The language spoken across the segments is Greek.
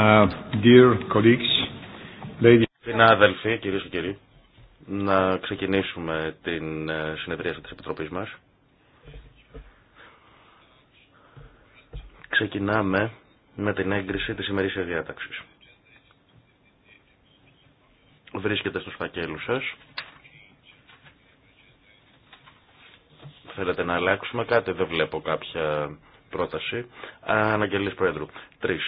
Uh, dear κυρίες και κύριοι, να ξεκινήσουμε την ε, συνεδρίαση της Επιτροπής μας. Ξεκινάμε με την έγκριση της ημερήσιας διάταξης. Βρίσκεται στους φακέλους σας. Θέλετε να αλλάξουμε κάτι, δεν βλέπω κάποια πρόταση. Αναγγελής Πρόεδρου. Τρεις.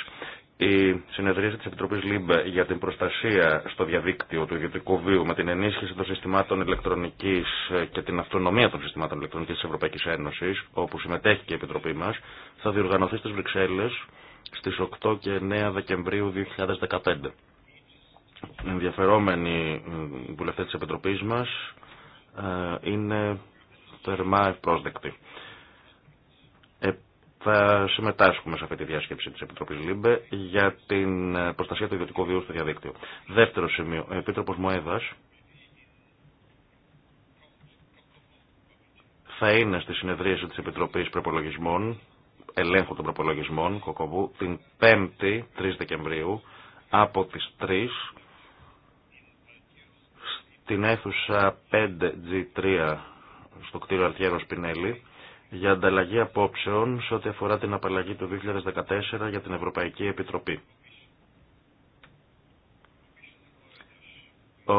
Η συνεδρίαση τη Επιτροπής ΛΥΜΠΕ για την προστασία στο διαδίκτυο του ιδιωτικού βίου με την ενίσχυση των συστημάτων ηλεκτρονικής και την αυτονομία των συστημάτων ηλεκτρονικής τη Ευρωπαϊκή Ένωση, όπου συμμετέχει και η Επιτροπή μα, θα διοργανωθεί στι Βρυξέλλες στις 8 και 9 Δεκεμβρίου 2015. Ενδιαφερόμενοι βουλευτέ τη Επιτροπής μας ε, είναι θερμά ευπρόσδεκτοι. Ε, θα συμμετάσχουμε σε αυτή τη διάσκεψη της Επιτροπής ΛΥΜΠΕ για την προστασία του ιδιωτικού βίου στο διαδίκτυο. Δεύτερο σημείο, ο Επίτροπος Μοέδας θα είναι στη συνεδρίαση της Επιτροπής Προπολογισμών, ελέγχου των προπολογισμών, Κοκοβού, την 5η, 3 Δεκεμβρίου, από τις 3 στην αίθουσα 5G3 στο κτίριο Αρτιέρο Σπινέλη για ανταλλαγή απόψεων σε ό,τι αφορά την απαλλαγή του 2014 για την Ευρωπαϊκή Επιτροπή. Ο,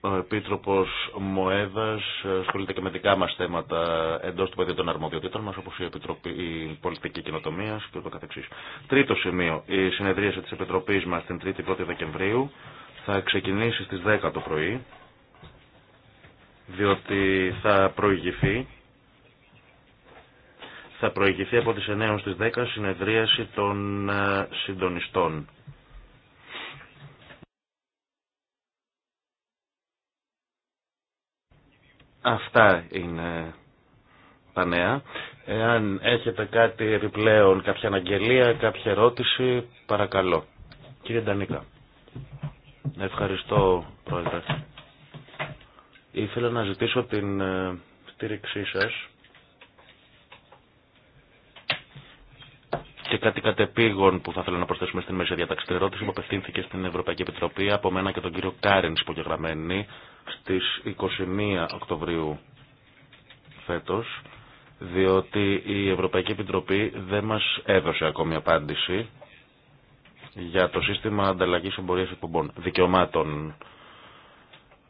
ο Επίτροπος Μοέδας ε, ασχολείται και με δικά μας θέματα εντός του παιδιού των αρμοδιοτήτων μας, όπως η, Επιτροπή, η πολιτική κοινοτομία και το καθεξής. Τρίτο σημείο, η συνεδρίαση της Επιτροπής μας την 3η-1η Δεκεμβρίου θα ξεκινήσει στις 10 το πρωί διότι θα προηγηθεί θα προηγηθεί από τις 9 στις 10 συνεδρίαση των ε, συντονιστών. Αυτά είναι τα νέα. Εάν έχετε κάτι επιπλέον, κάποια αναγγελία, κάποια ερώτηση, παρακαλώ. Κύριε Ντανίκα. Ευχαριστώ, Πρόεδρε. Ήθελα να ζητήσω την ε, στήριξή σας και κάτι κατεπήγον που θα ήθελα να προσθέσουμε στην μέση διατάξη. Την ερώτηση που απευθύνθηκε στην Ευρωπαϊκή Επιτροπή από μένα και τον κύριο Κάριν υπογεγραμμένη στις 21 Οκτωβρίου φέτος, διότι η Ευρωπαϊκή Επιτροπή δεν μας έδωσε ακόμη απάντηση για το σύστημα ανταλλαγής εμπορίας δικαιωμάτων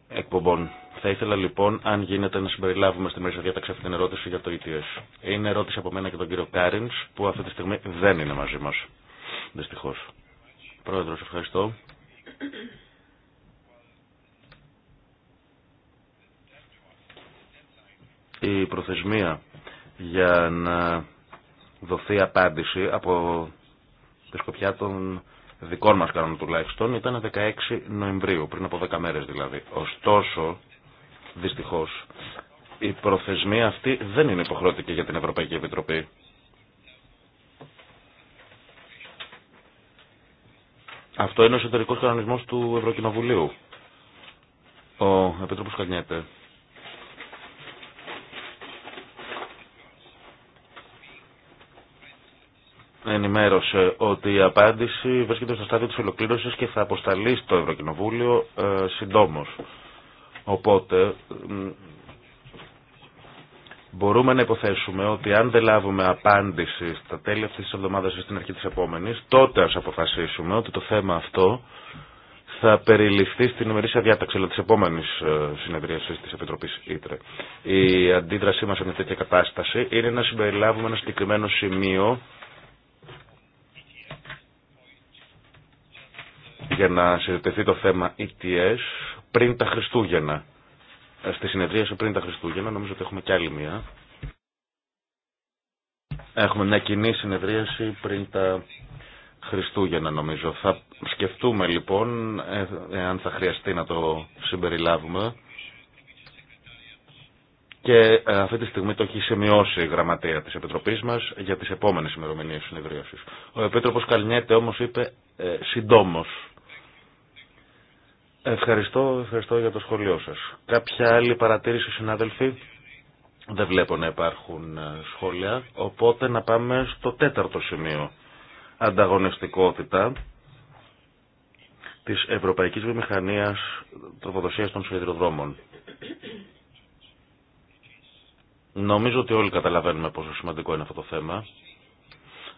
εκπομπών. Θα ήθελα λοιπόν, αν γίνεται, να συμπεριλάβουμε στη μέση διάταξη αυτή την ερώτηση για το ETS. Είναι ερώτηση από μένα και τον κύριο Κάριν, που αυτή τη στιγμή δεν είναι μαζί μα. Δυστυχώ. Πρόεδρο, ευχαριστώ. Η προθεσμία για να δοθεί απάντηση από τη σκοπιά των δικών μας κανόνων τουλάχιστον ήταν 16 Νοεμβρίου, πριν από 10 μέρες δηλαδή. Ωστόσο, δυστυχώς. Η προθεσμία αυτή δεν είναι υποχρεωτική για την Ευρωπαϊκή Επιτροπή. Αυτό είναι ο εσωτερικός κανονισμός του Ευρωκοινοβουλίου. Ο Επίτροπος Καλνιέται. ενημέρωσε ότι η απάντηση βρίσκεται στο στάδιο της ολοκλήρωσης και θα αποσταλεί στο Ευρωκοινοβούλιο ε, συντόμως. Οπότε μπορούμε να υποθέσουμε ότι αν δεν λάβουμε απάντηση στα τέλη αυτής της εβδομάδας ή στην αρχή της επόμενης, τότε ας αποφασίσουμε ότι το θέμα αυτό θα περιληφθεί στην ημερήσια διάταξη αλλά τη επόμενη ε, συνεδρίαση τη Επιτροπή Ήτρε. Η στην αρχη της επομενης τοτε ας αποφασισουμε οτι το θεμα αυτο θα περιληφθει στην ημερησια διαταξη της επομενης επομενη της επιτροπης επιτροπη ητρε η αντιδραση μας σε μια τέτοια κατάσταση είναι να συμπεριλάβουμε ένα συγκεκριμένο σημείο για να συζητηθεί το θέμα ETS πριν τα Χριστούγεννα. Ε, στη συνεδρίαση πριν τα Χριστούγεννα, νομίζω ότι έχουμε κι άλλη μία. Έχουμε μια κοινή συνεδρίαση πριν τα Χριστούγεννα νομίζω. Θα σκεφτούμε λοιπόν αν ε, θα χρειαστεί να το συμπεριλάβουμε. Και ε, αυτή τη στιγμή το έχει σημειώσει η γραμματεία της Επιτροπής μας για τις επόμενες ημερομηνίες συνεδρίασης. Ο Επίτροπος Καλνιέται όμως είπε ε, συντόμως Ευχαριστώ, ευχαριστώ για το σχολείο σας. Κάποια άλλη παρατήρηση, συνάδελφοι. Δεν βλέπω να υπάρχουν ε, σχόλια, οπότε να πάμε στο τέταρτο σημείο. Ανταγωνιστικότητα της Ευρωπαϊκής Βιομηχανίας Τροφοδοσίας των Σιδηροδρόμων. Νομίζω ότι όλοι καταλαβαίνουμε πόσο σημαντικό είναι αυτό το θέμα.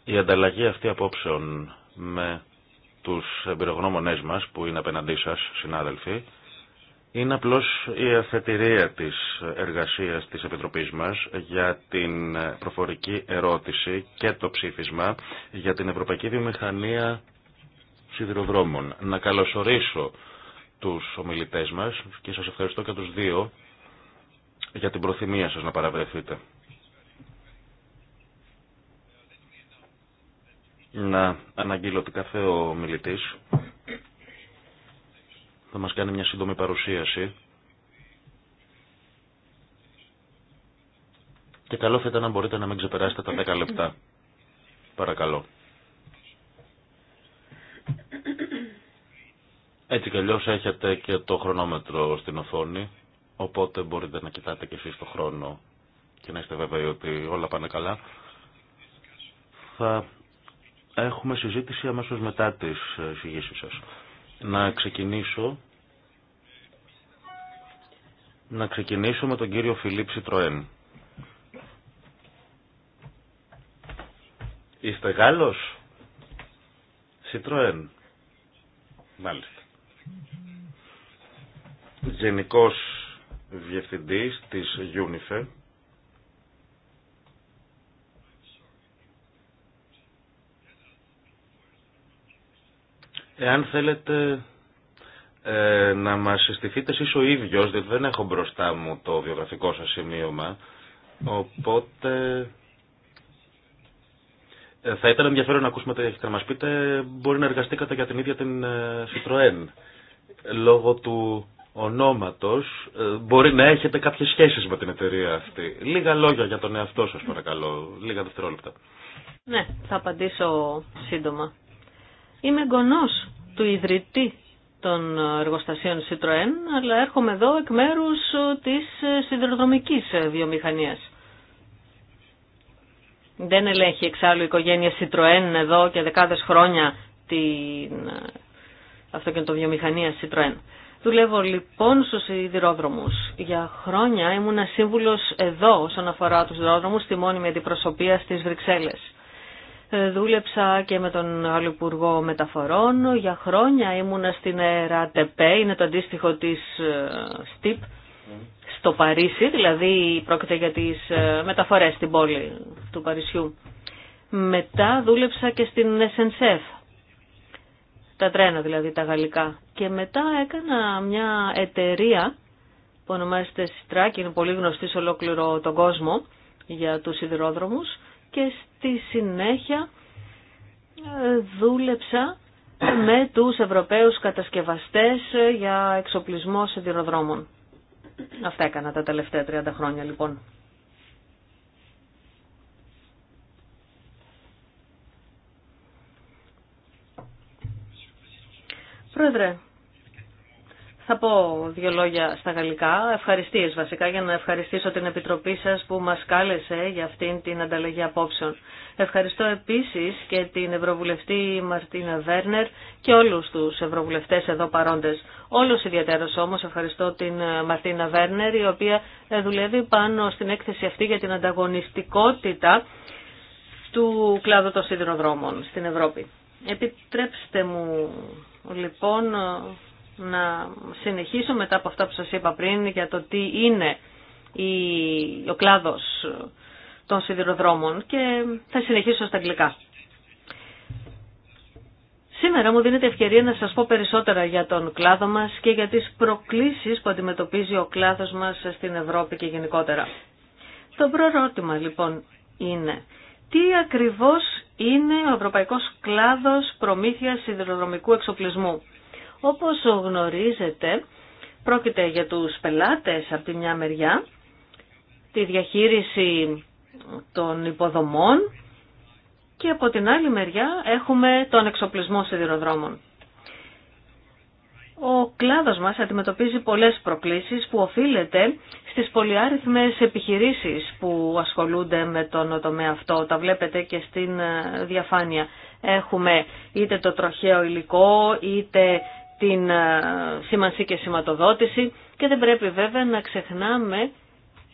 Η ανταλλαγή αυτή απόψεων με τους εμπειρογνώμονέ μας που είναι απέναντί σα συνάδελφοι, είναι απλώ η αφετηρία της εργασία της Επιτροπής μας για την προφορική ερώτηση και το ψήφισμα για την Ευρωπαϊκή Βιομηχανία Σιδηροδρόμων. Να καλωσορίσω τους ομιλητέ μας και σα ευχαριστώ και τους δύο για την προθυμία σας να παραβρεθείτε. να αναγγείλω ότι κάθε ο μιλητής θα μας κάνει μια σύντομη παρουσίαση και καλό θα ήταν να μπορείτε να μην ξεπεράσετε τα 10 λεπτά. Παρακαλώ. Έτσι κι αλλιώς έχετε και το χρονόμετρο στην οθόνη, οπότε μπορείτε να κοιτάτε κι εσείς το χρόνο και να είστε βέβαιοι ότι όλα πάνε καλά. Θα Έχουμε συζήτηση αμέσως μετά τις ε, εισηγήσεις σας. Να ξεκινήσω, να ξεκινήσω με τον κύριο Φιλίπ Σιτροέν. Είστε Γάλλος? Σιτροέν. Μάλιστα. Γενικός Διευθυντής της UNIFE Εάν θέλετε ε, να μας συστηθείτε εσείς ο ίδιος, διότι δεν έχω μπροστά μου το βιογραφικό σας σημείωμα, οπότε ε, θα ήταν ενδιαφέρον να ακούσουμε τι έχετε να μας πείτε. Μπορεί να εργαστήκατε για την ίδια την ε, Citroën. Λόγω του ονόματος ε, μπορεί να έχετε κάποιες σχέσεις με την εταιρεία αυτή. Λίγα λόγια για τον εαυτό σας παρακαλώ, λίγα δευτερόλεπτα. Ναι, θα απαντήσω σύντομα. Είμαι γονός του ιδρυτή των εργοστασίων Citroën, αλλά έρχομαι εδώ εκ μέρους της σιδηροδρομικής βιομηχανίας. Δεν ελέγχει εξάλλου η οικογένεια Citroën εδώ και δεκάδες χρόνια την αυτοκινητοβιομηχανία Citroën. Δουλεύω λοιπόν στους σιδηρόδρομους. Για χρόνια ήμουν σύμβουλος εδώ όσον αφορά του σιδηρόδρομους στη μόνιμη αντιπροσωπεία στις Βρυξέλλες. Ε, δούλεψα και με τον άλλο Υπουργό Μεταφορών. Για χρόνια ήμουνα στην ΕΡΑΤΕΠΕ, είναι το αντίστοιχο της ε, ΣΤΙΠ, στο Παρίσι, δηλαδή πρόκειται για τις ε, μεταφορές στην πόλη του Παρισιού. Μετά δούλεψα και στην SNCF, τα τρένα δηλαδή τα γαλλικά. Και μετά έκανα μια εταιρεία που ονομάζεται Στράκ, είναι πολύ γνωστή σε ολόκληρο τον κόσμο για τους σιδηρόδρομους και στη συνέχεια ε, δούλεψα με τους Ευρωπαίους κατασκευαστές ε, για εξοπλισμό σιδηροδρόμων. Αυτά έκανα τα τελευταία 30 χρόνια λοιπόν. Πρόεδρε, θα πω δύο λόγια στα γαλλικά, ευχαριστίες βασικά για να ευχαριστήσω την Επιτροπή σας που μας κάλεσε για αυτήν την ανταλλαγή απόψεων. Ευχαριστώ επίσης και την Ευρωβουλευτή Μαρτίνα Βέρνερ και όλους τους Ευρωβουλευτές εδώ παρόντες. Όλους ιδιαίτερος όμως ευχαριστώ την Μαρτίνα Βέρνερ η οποία ε, δουλεύει πάνω στην έκθεση αυτή για την ανταγωνιστικότητα του κλάδου των σιδηροδρόμων στην Ευρώπη. Επιτρέψτε μου λοιπόν να συνεχίσω μετά από αυτά που σας είπα πριν για το τι είναι η, ο κλάδος των σιδηροδρόμων και θα συνεχίσω στα αγγλικά. Σήμερα μου δίνεται ευκαιρία να σας πω περισσότερα για τον κλάδο μας και για τις προκλήσεις που αντιμετωπίζει ο κλάδος μας στην Ευρώπη και γενικότερα. Το ερώτημα, λοιπόν είναι τι ακριβώς είναι ο ευρωπαϊκός κλάδος προμήθειας σιδηροδρομικού εξοπλισμού όπως γνωρίζετε, πρόκειται για τους πελάτες από τη μια μεριά, τη διαχείριση των υποδομών και από την άλλη μεριά έχουμε τον εξοπλισμό σιδηροδρόμων. Ο κλάδος μας αντιμετωπίζει πολλές προκλήσεις που οφείλεται στις πολυάριθμες επιχειρήσεις που ασχολούνται με τον τομέα αυτό. Τα βλέπετε και στην ε, διαφάνεια. Έχουμε είτε το τροχαίο υλικό, είτε την ε, σήμανση και σηματοδότηση και δεν πρέπει βέβαια να ξεχνάμε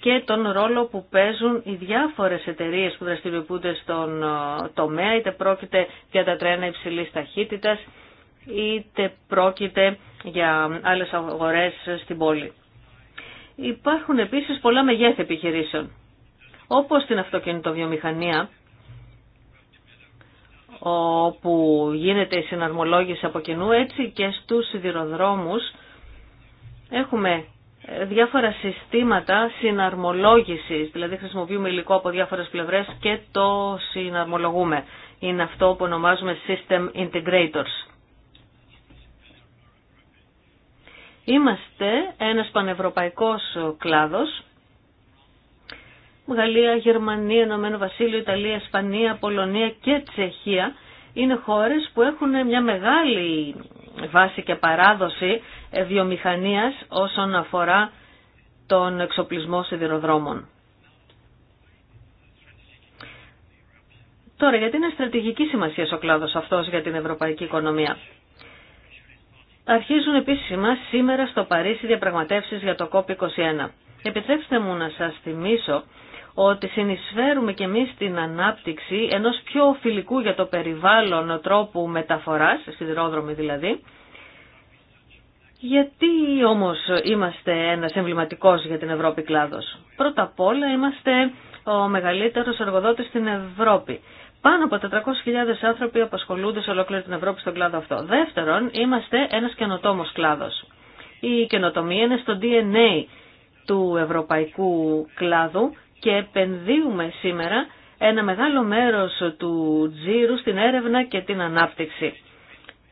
και τον ρόλο που παίζουν οι διάφορες εταιρείες που δραστηριοποιούνται στον ε, τομέα, είτε πρόκειται για τα τρένα υψηλής ταχύτητας, είτε πρόκειται για άλλες αγορές στην πόλη. Υπάρχουν επίσης πολλά μεγέθη επιχειρήσεων. Όπως την αυτοκινητοβιομηχανία, όπου γίνεται η συναρμολόγηση από κοινού, έτσι και στους σιδηροδρόμους έχουμε διάφορα συστήματα συναρμολόγησης, δηλαδή χρησιμοποιούμε υλικό από διάφορες πλευρές και το συναρμολογούμε. Είναι αυτό που ονομάζουμε System Integrators. Είμαστε ένας πανευρωπαϊκός κλάδος Γαλλία, Γερμανία, Ενωμένο Βασίλειο, Ιταλία, Ισπανία, Πολωνία και Τσεχία είναι χώρες που έχουν μια μεγάλη βάση και παράδοση ε, βιομηχανίας όσον αφορά τον εξοπλισμό σιδηροδρόμων. Τώρα, γιατί είναι στρατηγική σημασία ο κλάδο αυτός για την ευρωπαϊκή οικονομία. Αρχίζουν επίσημα σήμερα στο Παρίσι διαπραγματεύσει για το COP21. Επιτρέψτε μου να σα θυμίσω ότι συνεισφέρουμε και εμείς την ανάπτυξη ενός πιο φιλικού για το περιβάλλον τρόπου μεταφοράς, σιδηρόδρομη δηλαδή, γιατί όμως είμαστε ένας εμβληματικός για την Ευρώπη κλάδος. Πρώτα απ' όλα είμαστε ο μεγαλύτερος εργοδότης στην Ευρώπη. Πάνω από 400.000 άνθρωποι απασχολούνται σε ολόκληρη την Ευρώπη στον κλάδο αυτό. Δεύτερον, είμαστε ένας καινοτόμος κλάδος. Η καινοτομία είναι στο DNA του ευρωπαϊκού κλάδου και επενδύουμε σήμερα ένα μεγάλο μέρος του τζίρου στην έρευνα και την ανάπτυξη.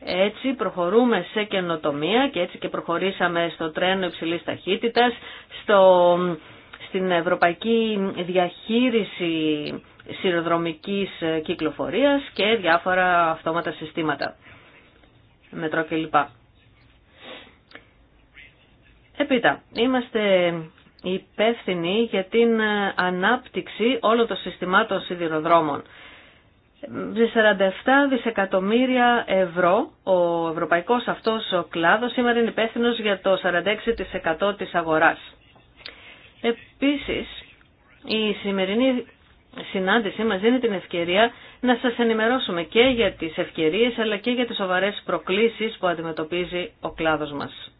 Έτσι προχωρούμε σε καινοτομία και έτσι και προχωρήσαμε στο τρένο υψηλής ταχύτητας, στο, στην ευρωπαϊκή διαχείριση σειροδρομικής κυκλοφορίας και διάφορα αυτόματα συστήματα, μετρό κλπ. Επίτα, είμαστε υπεύθυνη για την ε, ανάπτυξη όλων των συστημάτων σιδηροδρόμων. 47 δισεκατομμύρια ευρώ ο ευρωπαϊκός αυτός ο κλάδος σήμερα είναι υπεύθυνο για το 46% της αγοράς. Επίσης, η σημερινή συνάντηση μας δίνει την ευκαιρία να σας ενημερώσουμε και για τις ευκαιρίες αλλά και για τις σοβαρές προκλήσεις που αντιμετωπίζει ο κλάδος μας.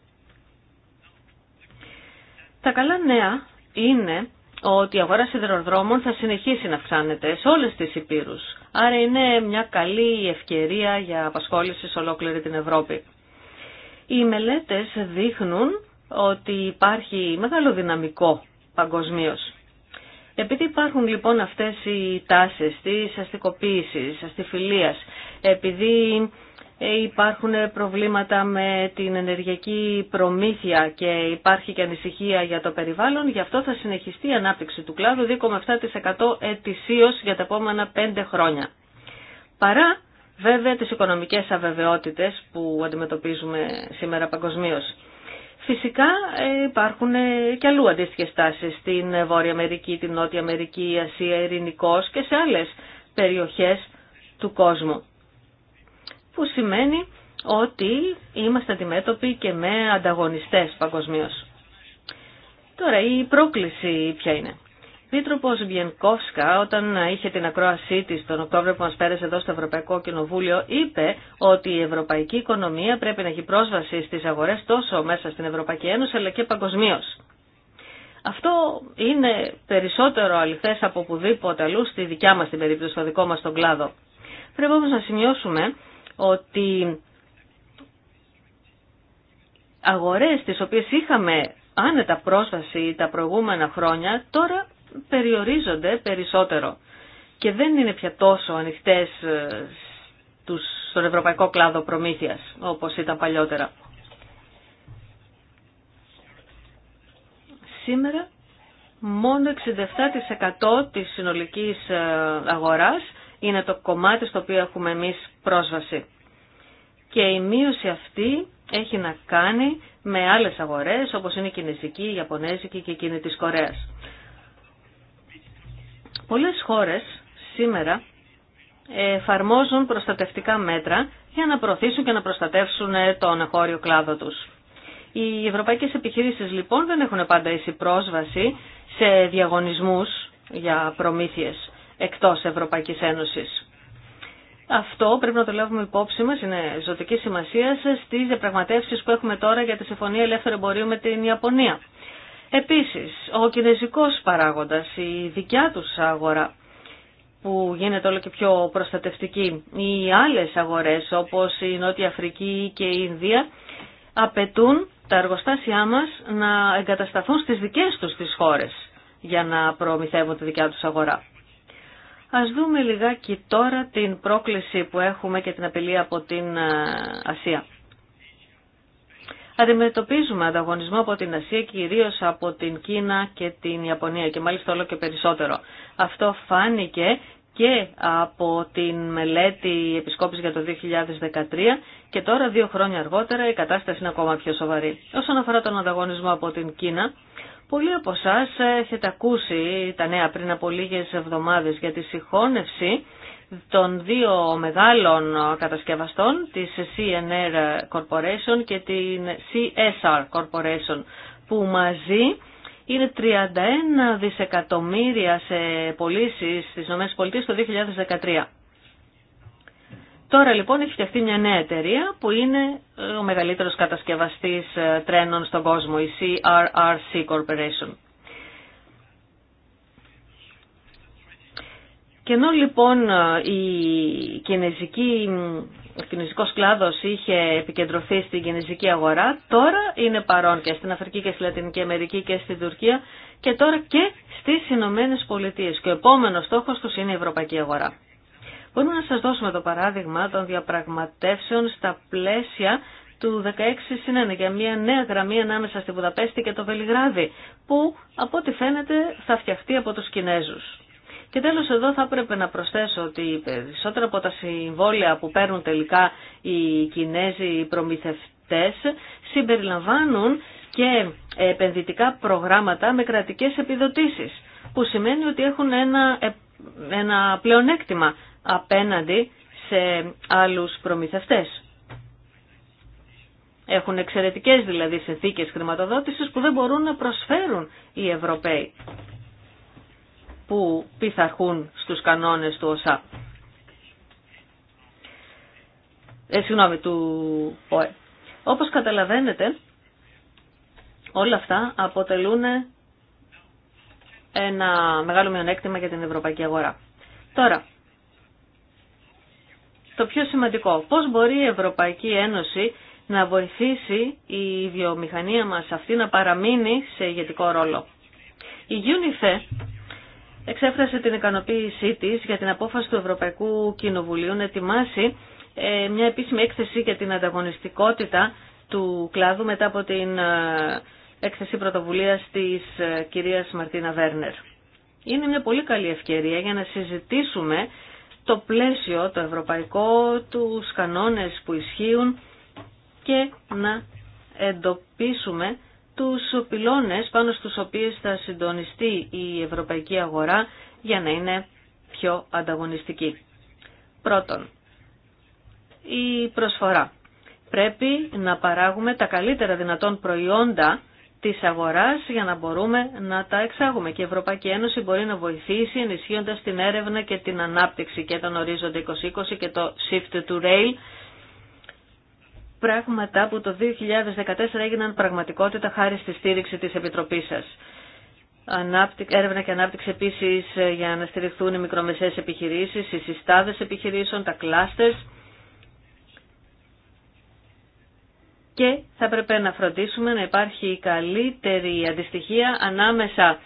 Τα καλά νέα είναι ότι η αγορά σιδηροδρόμων θα συνεχίσει να αυξάνεται σε όλες τις υπήρους. Άρα είναι μια καλή ευκαιρία για απασχόληση σε ολόκληρη την Ευρώπη. Οι μελέτες δείχνουν ότι υπάρχει μεγάλο δυναμικό παγκοσμίω. Επειδή υπάρχουν λοιπόν αυτές οι τάσεις της αστικοποίησης, αστιφιλίας, επειδή ε, υπάρχουν προβλήματα με την ενεργειακή προμήθεια και υπάρχει και ανησυχία για το περιβάλλον. Γι' αυτό θα συνεχιστεί η ανάπτυξη του κλάδου 2,7% ετησίως για τα επόμενα πέντε χρόνια. Παρά βέβαια τις οικονομικές αβεβαιότητες που αντιμετωπίζουμε σήμερα παγκοσμίω. Φυσικά ε, υπάρχουν ε, και αλλού αντίστοιχε τάσει στην Βόρεια Αμερική, την Νότια Αμερική, η Ασία, Ειρηνικός και σε άλλες περιοχές του κόσμου που σημαίνει ότι είμαστε αντιμέτωποι και με ανταγωνιστές παγκοσμίω. Τώρα η πρόκληση ποια είναι. Επίτροπος Μπιενκόφσκα όταν είχε την ακρόασή της τον Οκτώβριο που μας πέρασε εδώ στο Ευρωπαϊκό Κοινοβούλιο είπε ότι η ευρωπαϊκή οικονομία πρέπει να έχει πρόσβαση στις αγορές τόσο μέσα στην Ευρωπαϊκή Ένωση αλλά και παγκοσμίω. Αυτό είναι περισσότερο αληθές από οπουδήποτε αλλού στη δικιά μας την περίπτωση, στο δικό μας τον κλάδο. Πρέπει όμως να σημειώσουμε ότι αγορές τις οποίες είχαμε άνετα πρόσβαση τα προηγούμενα χρόνια τώρα περιορίζονται περισσότερο και δεν είναι πια τόσο ανοιχτές ε, στον ευρωπαϊκό κλάδο προμήθειας όπως ήταν παλιότερα. Σήμερα μόνο 67% της συνολικής ε, αγοράς είναι το κομμάτι στο οποίο έχουμε εμείς πρόσβαση. Και η μείωση αυτή έχει να κάνει με άλλες αγορές όπως είναι η Κινέζικη, η Ιαπωνέζικη και εκείνη της Κορέας. Πολλές χώρες σήμερα εφαρμόζουν προστατευτικά μέτρα για να προωθήσουν και να προστατεύσουν τον χώριο κλάδο τους. Οι ευρωπαϊκές επιχειρήσεις λοιπόν δεν έχουν πάντα ίση πρόσβαση σε διαγωνισμούς για προμήθειες εκτός Ευρωπαϊκής Ένωσης. Αυτό πρέπει να το λάβουμε υπόψη μας, είναι ζωτική σημασία στις διαπραγματεύσεις που έχουμε τώρα για τη Συμφωνία Ελεύθερου Εμπορίου με την Ιαπωνία. Επίσης, ο κινέζικος παράγοντας, η δικιά τους αγορά που γίνεται όλο και πιο προστατευτική, οι άλλες αγορές όπως η Νότια Αφρική και η Ινδία απαιτούν τα εργοστάσια μας να εγκατασταθούν στις δικές τους τις χώρες για να προμηθεύουν τη δικιά τους αγορά. Ας δούμε λιγάκι τώρα την πρόκληση που έχουμε και την απειλή από την ε, Ασία. Αντιμετωπίζουμε ανταγωνισμό από την Ασία, κυρίως από την Κίνα και την Ιαπωνία και μάλιστα όλο και περισσότερο. Αυτό φάνηκε και από την μελέτη επισκόπηση για το 2013 και τώρα δύο χρόνια αργότερα η κατάσταση είναι ακόμα πιο σοβαρή. Όσον αφορά τον ανταγωνισμό από την Κίνα, Πολλοί από εσά έχετε ακούσει τα νέα πριν από λίγες εβδομάδες για τη συγχώνευση των δύο μεγάλων κατασκευαστών, της CNR Corporation και την CSR Corporation, που μαζί είναι 31 δισεκατομμύρια σε πωλήσει στις ΗΠΑ το 2013. Τώρα λοιπόν έχει φτιαχτεί μια νέα εταιρεία που είναι ε, ο μεγαλύτερος κατασκευαστής ε, τρένων στον κόσμο, η CRRC Corporation. Και ενώ λοιπόν ε, η κινέζικη, ο κινέζικος κλάδος είχε επικεντρωθεί στην κινέζικη αγορά, τώρα είναι παρόν και στην Αφρική και στη Λατινική Αμερική και στην Τουρκία και τώρα και στις Ηνωμένε Πολιτείες. Και ο επόμενος στόχος τους είναι η ευρωπαϊκή αγορά. Μπορούμε να σας δώσουμε το παράδειγμα των διαπραγματεύσεων στα πλαίσια του 16 1 για μια νέα γραμμή ανάμεσα στη Βουδαπέστη και το Βελιγράδι, που από ό,τι φαίνεται θα φτιαχτεί από τους Κινέζους. Και τέλος εδώ θα πρέπει να προσθέσω ότι περισσότερα από τα συμβόλαια που παίρνουν τελικά οι Κινέζοι προμηθευτές συμπεριλαμβάνουν και επενδυτικά προγράμματα με κρατικές επιδοτήσεις, που σημαίνει ότι έχουν ένα ε, πλεονέκτημα απέναντι σε άλλους προμηθευτές. Έχουν εξαιρετικές δηλαδή συνθήκες χρηματοδότησης που δεν μπορούν να προσφέρουν οι Ευρωπαίοι που πειθαρχούν στους κανόνες του ΟΣΑ. Ε, συγγνώμη, του ΟΕ. Όπως καταλαβαίνετε, όλα αυτά αποτελούν ένα μεγάλο μειονέκτημα για την ευρωπαϊκή αγορά. Τώρα, το πιο σημαντικό. Πώς μπορεί η Ευρωπαϊκή Ένωση να βοηθήσει η βιομηχανία μας αυτή να παραμείνει σε ηγετικό ρόλο. Η UNIFE εξέφρασε την ικανοποίησή της για την απόφαση του Ευρωπαϊκού Κοινοβουλίου να ετοιμάσει ε, μια επίσημη έκθεση για την ανταγωνιστικότητα του κλάδου μετά από την ε, έκθεση πρωτοβουλίας της ε, κυρίας Μαρτίνα Βέρνερ. Είναι μια πολύ καλή ευκαιρία για να συζητήσουμε το πλαίσιο, το ευρωπαϊκό, τους κανόνες που ισχύουν και να εντοπίσουμε τους πυλώνες πάνω στους οποίους θα συντονιστεί η ευρωπαϊκή αγορά για να είναι πιο ανταγωνιστική. Πρώτον, η προσφορά. Πρέπει να παράγουμε τα καλύτερα δυνατόν προϊόντα της αγοράς για να μπορούμε να τα εξάγουμε. Και η Ευρωπαϊκή Ένωση μπορεί να βοηθήσει ενισχύοντας την έρευνα και την ανάπτυξη και τον ορίζοντα 2020 και το shift to rail, πράγματα που το 2014 έγιναν πραγματικότητα χάρη στη στήριξη της Επιτροπής σας. Έρευνα και ανάπτυξη επίσης ε, για να στηριχθούν οι μικρομεσαίες επιχειρήσεις, οι συστάδες επιχειρήσεων, τα κλάστες. και θα πρέπει να φροντίσουμε να υπάρχει καλύτερη αντιστοιχία ανάμεσα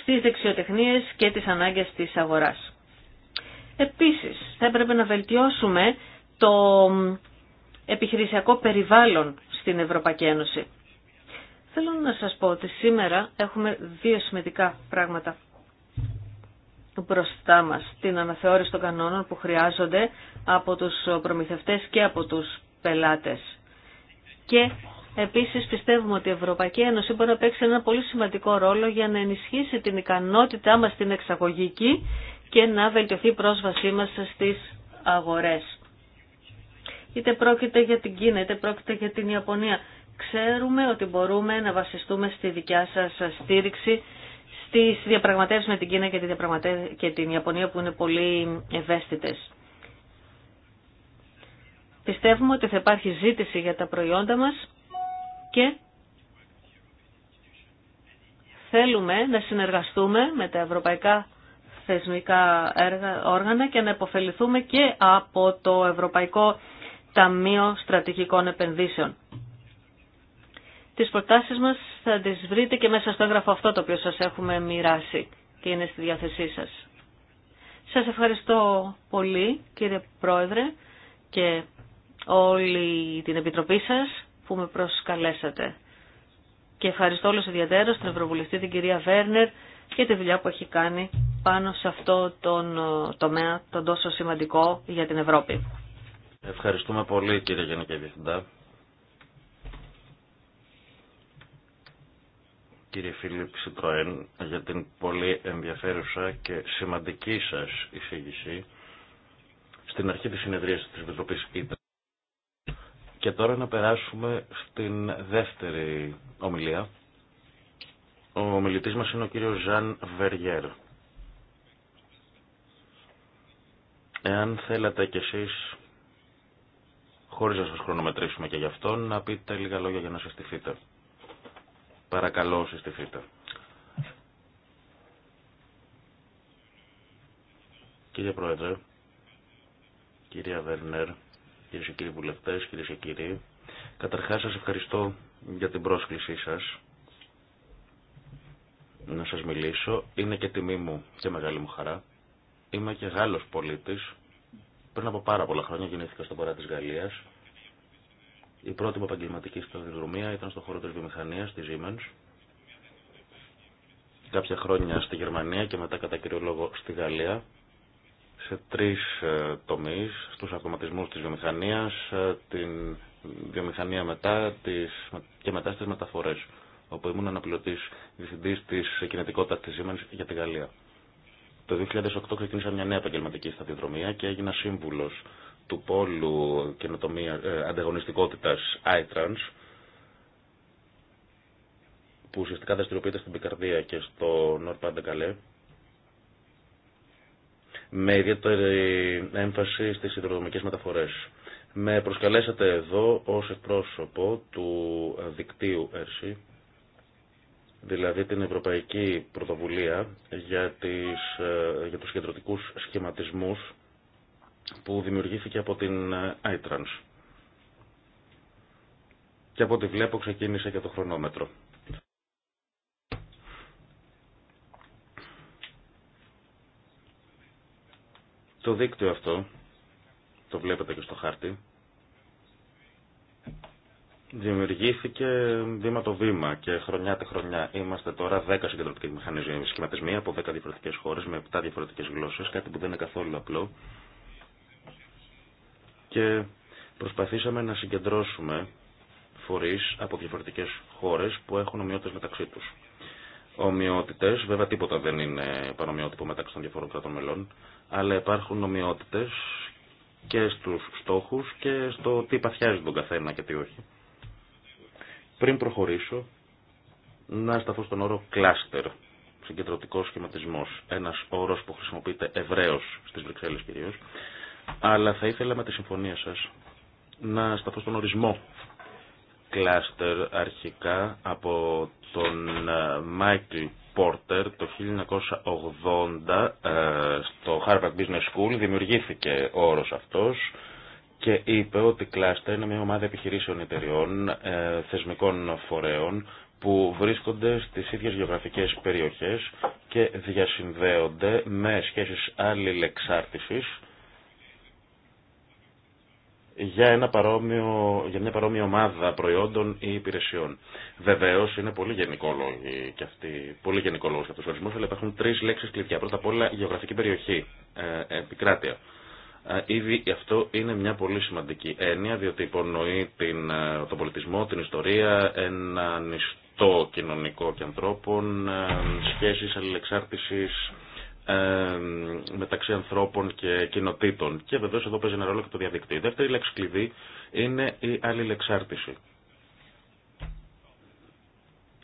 στις δεξιοτεχνίες και τις ανάγκες της αγοράς. Επίσης, θα έπρεπε να βελτιώσουμε το επιχειρησιακό περιβάλλον στην Ευρωπαϊκή Ένωση. Θέλω να σας πω ότι σήμερα έχουμε δύο σημαντικά πράγματα μπροστά μας. Την αναθεώρηση των κανόνων που χρειάζονται από τους προμηθευτές και από τους πελάτες και Επίσης πιστεύουμε ότι η Ευρωπαϊκή Ένωση μπορεί να παίξει ένα πολύ σημαντικό ρόλο για να ενισχύσει την ικανότητά μας στην εξαγωγική και να βελτιωθεί η πρόσβασή μας στις αγορές. Είτε πρόκειται για την Κίνα, είτε πρόκειται για την Ιαπωνία. Ξέρουμε ότι μπορούμε να βασιστούμε στη δικιά σας στήριξη στις διαπραγματεύσεις με την Κίνα και την, Ιαπωνία που είναι πολύ ευαίσθητες. Πιστεύουμε ότι θα υπάρχει ζήτηση για τα προϊόντα μας και θέλουμε να συνεργαστούμε με τα ευρωπαϊκά θεσμικά έργα, όργανα και να υποφεληθούμε και από το Ευρωπαϊκό Ταμείο Στρατηγικών Επενδύσεων. Τις προτάσεις μας θα τις βρείτε και μέσα στο έγγραφο αυτό το οποίο σας έχουμε μοιράσει και είναι στη διάθεσή σας. Σας ευχαριστώ πολύ κύριε Πρόεδρε και όλη την Επιτροπή σας που με προσκαλέσατε. Και ευχαριστώ όλους ιδιαίτερα την Ευρωβουλευτή την κυρία Βέρνερ και τη δουλειά που έχει κάνει πάνω σε αυτό τον ε, τομέα, τον τόσο σημαντικό για την Ευρώπη. Ευχαριστούμε πολύ κύριε Γενική Διευθυντά. κύριε Φίλιπ Σιτροέν για την πολύ ενδιαφέρουσα και σημαντική σας εισήγηση στην αρχή της συνεδρίας της Επιτροπής και τώρα να περάσουμε στην δεύτερη ομιλία. Ο ομιλητής μας είναι ο κύριος Ζαν Βεργιέρ. Εάν θέλατε κι εσείς, χωρίς να σας χρονομετρήσουμε και γι' αυτό, να πείτε λίγα λόγια για να συστηθείτε. Παρακαλώ συστηθείτε. Κύριε Πρόεδρε, κυρία Βέρνερ, κυρίε και κύριοι βουλευτέ, κυρίε και κύριοι. Καταρχά σα ευχαριστώ για την πρόσκλησή σα να σα μιλήσω. Είναι και τιμή μου και μεγάλη μου χαρά. Είμαι και Γάλλος πολίτης. Πριν από πάρα πολλά χρόνια γεννήθηκα στον παρά τη Γαλλία. Η πρώτη μου επαγγελματική σταδιοδρομία ήταν στον χώρο της Βιομηχανία στη Siemens. Κάποια χρόνια στη Γερμανία και μετά κατά κύριο λόγο στη Γαλλία σε τρεις ε, τομείς, στους αυτοματισμούς της βιομηχανίας, ε, την βιομηχανία μετά τις, και μετά στις μεταφορές, όπου ήμουν αναπληρωτής διευθυντής της κινητικότητας της Siemens για τη Γαλλία. Το 2008 ξεκίνησα μια νέα επαγγελματική σταδιοδρομία και έγινα σύμβουλος του πόλου καινοτομία, ε, ανταγωνιστικότητας iTrans, που ουσιαστικά δραστηριοποιείται στην Πικαρδία και στο Νορπάντε Καλέ, με ιδιαίτερη έμφαση στις υδροδρομικές μεταφορές. Με προσκαλέσατε εδώ ως πρόσωπο του δικτύου ΕΡΣΥ, δηλαδή την Ευρωπαϊκή Πρωτοβουλία για, τις, ε, για τους κεντρωτικούς σχηματισμούς που δημιουργήθηκε από την ε, iTrans. Και από ό,τι βλέπω ξεκίνησε και το χρονόμετρο. Το δίκτυο αυτό, το βλέπετε και στο χάρτη, δημιουργήθηκε βήμα το βήμα και χρονιά τα χρονιά. Είμαστε τώρα 10 συγκεντρωτικοί μηχανισμοί, σχηματισμοί από 10 διαφορετικέ χώρε με 7 διαφορετικέ γλώσσε, κάτι που δεν είναι καθόλου απλό. Και προσπαθήσαμε να συγκεντρώσουμε φορεί από διαφορετικέ χώρε που έχουν ομοιότητε μεταξύ του ομοιότητε. βέβαια τίποτα δεν είναι παρομοιότυπο μεταξύ των διαφορών κρατών μελών, αλλά υπάρχουν ομοιότητε και στους στόχου και στο τι παθιάζει τον καθένα και τι όχι. Πριν προχωρήσω, να σταθώ στον όρο κλάστερ, συγκεντρωτικό σχηματισμό, ένα όρο που χρησιμοποιείται ευρέω στι Βρυξέλλε κυρίω. Αλλά θα ήθελα με τη συμφωνία σα να σταθώ στον ορισμό κλάστερ αρχικά από τον Μάικλ ε, Πόρτερ το 1980 ε, στο Harvard Business School δημιουργήθηκε ο όρος αυτός και είπε ότι Cluster είναι μια ομάδα επιχειρήσεων εταιριών, ε, θεσμικών φορέων που βρίσκονται στις ίδιες γεωγραφικές περιοχές και διασυνδέονται με σχέσεις αλληλεξάρτησης για, ένα παρόμοιο, για μια παρόμοια ομάδα προϊόντων ή υπηρεσιών. Βεβαίω είναι πολύ γενικόλογοι και αυτοί, πολύ γενικόλογος αυτός ο ορισμός, αλλά υπάρχουν τρεις λέξεις κλειδιά. Πρώτα απ' όλα γεωγραφική περιοχή, ε, επικράτεια. Ε, ήδη αυτό είναι μια πολύ σημαντική έννοια, διότι υπονοεί την, ε, τον πολιτισμό, την ιστορία, έναν ιστό κοινωνικό και ανθρώπων, σχέσει αλληλεξάρτηση μεταξύ ανθρώπων και κοινοτήτων. Και βεβαίω εδώ παίζει ένα ρόλο και το διαδικτύο. Η δεύτερη λέξη κλειδί είναι η αλληλεξάρτηση.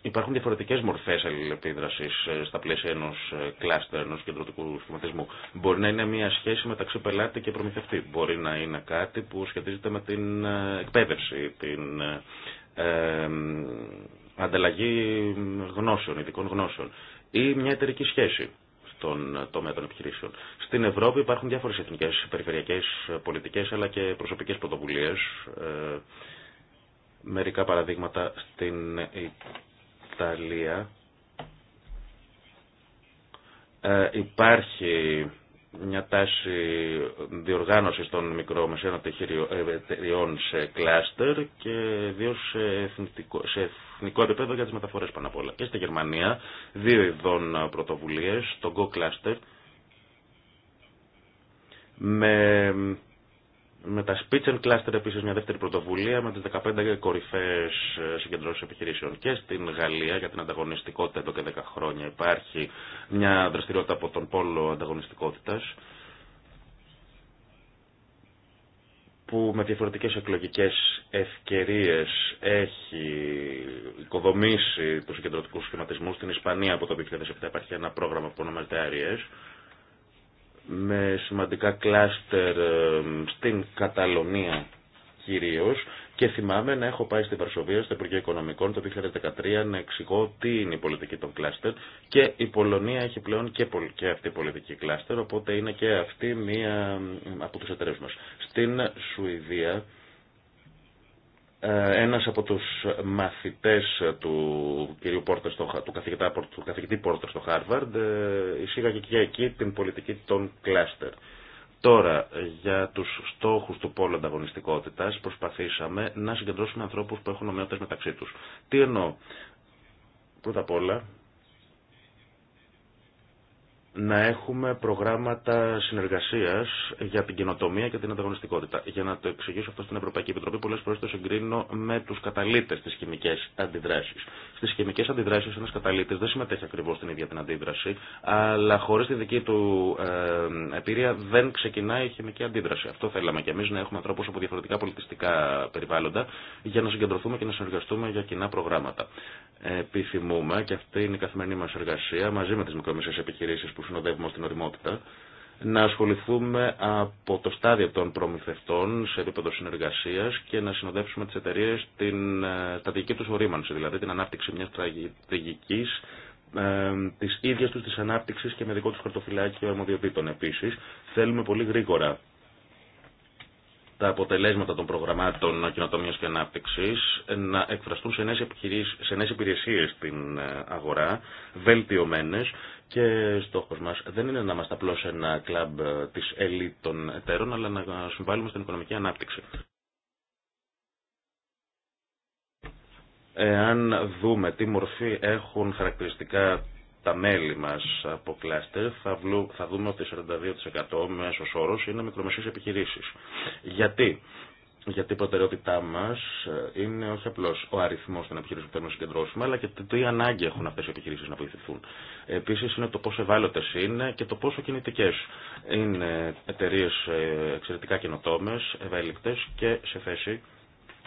Υπάρχουν διαφορετικέ μορφέ αλληλεπίδραση ε, στα πλαίσια ενό ε, κλάστερ, ενό κεντρωτικού σχηματισμού. Μπορεί να είναι μια σχέση μεταξύ πελάτη και προμηθευτή. Μπορεί να είναι κάτι που σχετίζεται με την ε, εκπαίδευση, την ανταλλαγή γνώσεων, ειδικών γνώσεων. Ή μια εταιρική σχέση των τομέα των επιχειρήσεων. Στην Ευρώπη υπάρχουν διάφορες εθνικές, περιφερειακές, πολιτικές αλλά και προσωπικές πρωτοβουλίες. Ε, μερικά παραδείγματα στην Ιταλία. Ε, υπάρχει μια τάση διοργάνωσης των μικρομεσαίων εταιριών σε κλάστερ και δύο σε εθνικό, σε επίπεδο για τις μεταφορές πάνω απ' όλα. Και στη Γερμανία δύο ειδών πρωτοβουλίες, το Go Cluster με με τα and Cluster επίσης μια δεύτερη πρωτοβουλία με τις 15 κορυφαίες ε, συγκεντρώσεις επιχειρήσεων και στην Γαλλία για την ανταγωνιστικότητα εδώ και 10 χρόνια υπάρχει μια δραστηριότητα από τον πόλο ανταγωνιστικότητας που με διαφορετικές εκλογικές ευκαιρίες έχει οικοδομήσει τους συγκεντρωτικούς σχηματισμούς στην Ισπανία από το 2007 υπάρχει ένα πρόγραμμα που ονομάζεται ARIES με σημαντικά κλάστερ ε, στην Καταλωνία κυρίως και θυμάμαι να έχω πάει στη Βαρσοβία, στο Υπουργείο Οικονομικών το 2013 να εξηγώ τι είναι η πολιτική των κλάστερ και η Πολωνία έχει πλέον και, και αυτή η πολιτική κλάστερ, οπότε είναι και αυτή μία ε, από τους εταιρείε μας. Στην Σουηδία ε, ένας από τους μαθητές του κυρίου Πόρτερ στο, του, καθηγητά, του καθηγητή Πόρτερ στο Χάρβαρντ ε, εισήγαγε και εκεί την πολιτική των κλάστερ. Τώρα, για τους στόχους του πόλου ανταγωνιστικότητας προσπαθήσαμε να συγκεντρώσουμε ανθρώπους που έχουν ομοιότητες μεταξύ τους. Τι εννοώ. Πρώτα απ' όλα, να έχουμε προγράμματα συνεργασία για την καινοτομία και την ανταγωνιστικότητα. Για να το εξηγήσω αυτό στην Ευρωπαϊκή Επιτροπή, πολλέ φορέ το συγκρίνω με του καταλήτε τη χημικές αντιδράση. Στι χημικέ αντιδράσει, ένα καταλήτη δεν συμμετέχει ακριβώ στην ίδια την αντίδραση, αλλά χωρί τη δική του ε, δεν ξεκινάει η χημική αντίδραση. Αυτό θέλαμε κι εμεί να έχουμε ανθρώπου από διαφορετικά πολιτιστικά περιβάλλοντα για να συγκεντρωθούμε και να συνεργαστούμε για κοινά προγράμματα. Επιθυμούμε, και αυτή είναι η καθημερινή μα εργασία, μαζί με τι μικρομεσαίε επιχειρήσει συνοδεύουμε στην οριμότητα, να ασχοληθούμε από το στάδιο των προμηθευτών σε επίπεδο συνεργασία και να συνοδεύσουμε τι εταιρείε στην στρατηγική ε, του ορίμανση, δηλαδή την ανάπτυξη μια στρατηγική ε, τη ίδια του τη ανάπτυξη και με δικό του χαρτοφυλάκιο αρμοδιοτήτων. Επίση, θέλουμε πολύ γρήγορα τα αποτελέσματα των προγραμμάτων κοινοτομία και ανάπτυξη να εκφραστούν σε νέε υπηρεσίε στην ε, αγορά, βελτιωμένε και στόχο μα δεν είναι να είμαστε απλώ ένα κλαμπ ε, τη ελίτ των εταίρων, αλλά να συμβάλλουμε στην οικονομική ανάπτυξη. Εάν δούμε τι μορφή έχουν χαρακτηριστικά τα μέλη μας από κλάστερ, θα, θα δούμε ότι 42% μέσος όρος είναι μικρομεσαίες επιχειρήσεις. Γιατί γιατί η προτεραιότητά μα ε, είναι όχι απλώ ο αριθμό των επιχειρήσεων που θέλουμε να συγκεντρώσουμε, αλλά και τι ανάγκη έχουν αυτέ οι επιχειρήσει να βοηθηθούν. Επίση είναι το πόσο ευάλωτε είναι και το πόσο κινητικέ. Είναι εταιρείε ε, εξαιρετικά καινοτόμε, ευέλικτε και σε θέση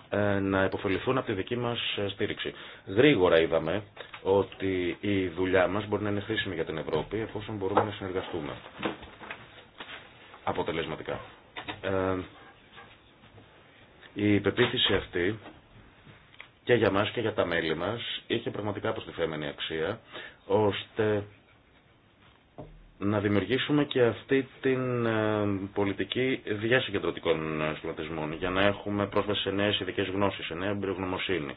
ε, να υποφεληθούν από τη δική μα στήριξη. Γρήγορα είδαμε ότι η δουλειά μα μπορεί να είναι χρήσιμη για την Ευρώπη εφόσον μπορούμε να συνεργαστούμε αποτελεσματικά. Η πεποίθηση αυτή και για μας και για τα μέλη μας είχε πραγματικά προστιθέμενη αξία ώστε να δημιουργήσουμε και αυτή την ε, πολιτική διασυγκεντρωτικών σχηματισμών για να έχουμε πρόσβαση σε νέες ειδικές γνώσεις, σε νέα εμπειρογνωμοσύνη.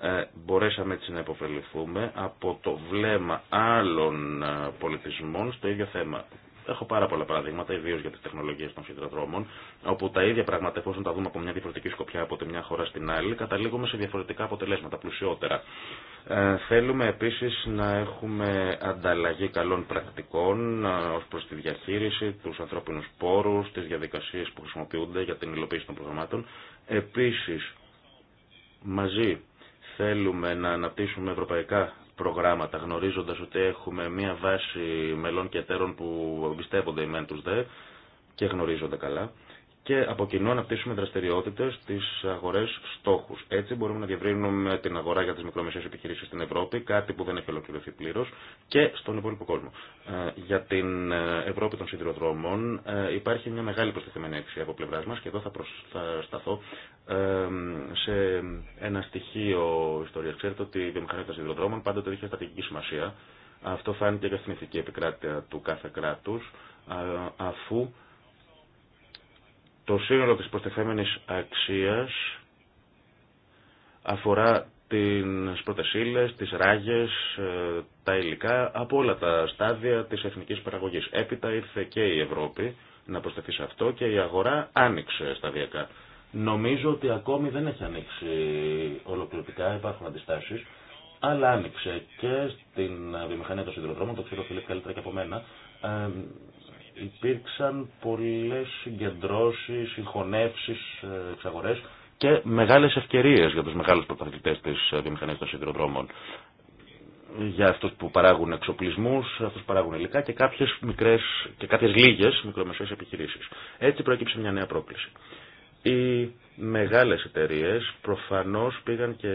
Ε, μπορέσαμε έτσι να υποφεληθούμε από το βλέμμα άλλων ε, πολιτισμών στο ίδιο θέμα Έχω πάρα πολλά παραδείγματα, ιδίω για τι τεχνολογίε των σιδηροδρόμων, όπου τα ίδια πράγματα, εφόσον τα δούμε από μια διαφορετική σκοπιά από τη μια χώρα στην άλλη, καταλήγουμε σε διαφορετικά αποτελέσματα, πλουσιότερα. Ε, θέλουμε επίση να έχουμε ανταλλαγή καλών πρακτικών ε, ω προ τη διαχείριση, του ανθρώπινου πόρου, τι διαδικασίε που χρησιμοποιούνται για την υλοποίηση των προγραμμάτων. Επίση, μαζί θέλουμε να αναπτύσσουμε ευρωπαϊκά προγράμματα, γνωρίζοντας ότι έχουμε μία βάση μελών και εταίρων που εμπιστεύονται οι μεν δε και γνωρίζονται καλά και από να αναπτύσσουμε δραστηριότητε στι αγορέ στόχου. Έτσι μπορούμε να διευρύνουμε την αγορά για τι μικρομεσαίε επιχειρήσει στην Ευρώπη, κάτι που δεν έχει ολοκληρωθεί πλήρω και στον υπόλοιπο κόσμο. Ε, για την ε, Ευρώπη των σιδηροδρόμων ε, υπάρχει μια μεγάλη προστιθέμενη αξία από πλευρά μα και εδώ θα, προσ... θα σταθώ σε ένα στοιχείο ιστορία. Ξέρετε ότι η βιομηχανία των σιδηροδρόμων πάντοτε είχε στρατηγική σημασία. Αυτό φάνηκε και στην ηθική επικράτεια του κάθε κράτου, αφού το σύνολο της προστιθέμενης αξίας αφορά τις πρωτεσίλες, τις ράγες, ε, τα υλικά, από όλα τα στάδια της εθνικής παραγωγής. Έπειτα ήρθε και η Ευρώπη να προσθεθεί σε αυτό και η αγορά άνοιξε σταδιακά. Νομίζω ότι ακόμη δεν έχει ανοίξει ολοκληρωτικά, υπάρχουν αντιστάσεις, αλλά άνοιξε και στην βιομηχανία των σιδηροδρόμων, το ξέρω Φιλίπ καλύτερα και από μένα, ε, υπήρξαν πολλές συγκεντρώσεις, συγχωνεύσεις, ε, εξαγορές και μεγάλες ευκαιρίες για τους μεγάλους πρωταθλητές της ε, βιομηχανίας των σιδηροδρόμων. Για αυτούς που παράγουν εξοπλισμούς, αυτούς που παράγουν υλικά και κάποιες, μικρές, και κάποιες λίγες μικρομεσαίες επιχειρήσεις. Έτσι προέκυψε μια νέα πρόκληση. Οι μεγάλες εταιρείες προφανώς πήγαν και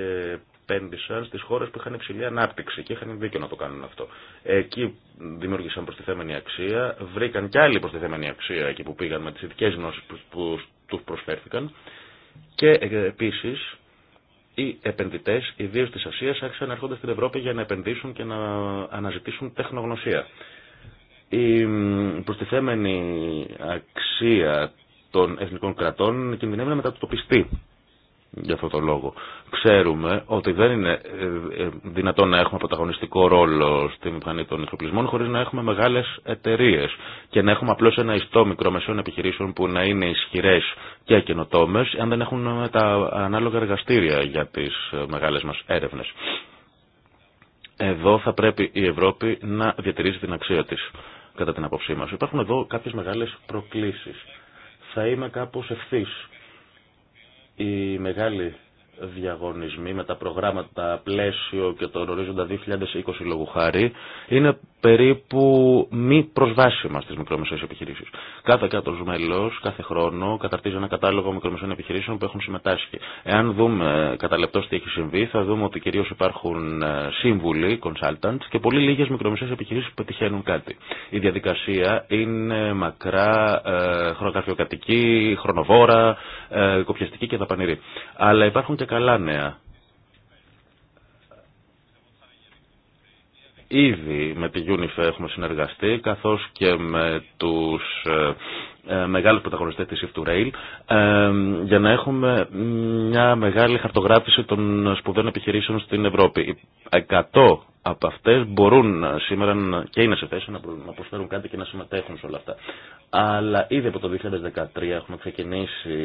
επένδυσαν στις χώρες που είχαν υψηλή ανάπτυξη και είχαν δίκιο να το κάνουν αυτό. Εκεί δημιούργησαν προστιθέμενη αξία, βρήκαν και άλλη προστιθέμενη αξία εκεί που πήγαν με τις ειδικέ γνώσει που του προσφέρθηκαν και ε, επίση, οι επενδυτέ, ιδίω τη Ασία, άρχισαν να έρχονται στην Ευρώπη για να επενδύσουν και να αναζητήσουν τεχνογνωσία. Η προστιθέμενη αξία των εθνικών κρατών κινδυνεύει να μετατοπιστεί για αυτό το λόγο. Ξέρουμε ότι δεν είναι ε, ε, δυνατόν να έχουμε πρωταγωνιστικό ρόλο στην μηχανή των εξοπλισμών χωρίς να έχουμε μεγάλες εταιρείε και να έχουμε απλώς ένα ιστό μικρομεσαίων επιχειρήσεων που να είναι ισχυρές και καινοτόμε, αν δεν έχουν ε, τα ανάλογα εργαστήρια για τις μεγάλες μας έρευνες. Εδώ θα πρέπει η Ευρώπη να διατηρήσει την αξία της, κατά την απόψή μας. Υπάρχουν εδώ κάποιες μεγάλες προκλήσεις. Θα είμαι κάπως ευθύς η μεγάλη διαγωνισμοί με τα προγράμματα πλαίσιο και τον ορίζοντα 2020 λόγου χάρη είναι περίπου μη προσβάσιμα στις μικρομεσαίες επιχειρήσεις. Κάθε κάτω μέλος, κάθε χρόνο καταρτίζει ένα κατάλογο μικρομεσαίων επιχειρήσεων που έχουν συμμετάσχει. Εάν δούμε κατά τι έχει συμβεί θα δούμε ότι κυρίως υπάρχουν ε, σύμβουλοι, consultants και πολύ λίγες μικρομεσαίες επιχειρήσεις που πετυχαίνουν κάτι. Η διαδικασία είναι μακρά, ε, χρονοβόρα, ε, κοπιαστική και δαπανηρή. Αλλά υπάρχουν και καλά νέα. Ήδη με τη UNIFE έχουμε συνεργαστεί, καθώς και με τους ε, ε, μεγάλους πρωταγωνιστές της Shift Rail ε, για να έχουμε μια μεγάλη χαρτογράφηση των σπουδών επιχειρήσεων στην Ευρώπη. 100 από αυτές μπορούν σήμερα και είναι σε θέση να προσφέρουν κάτι και να συμμετέχουν σε όλα αυτά. Αλλά ήδη από το 2013 έχουμε ξεκινήσει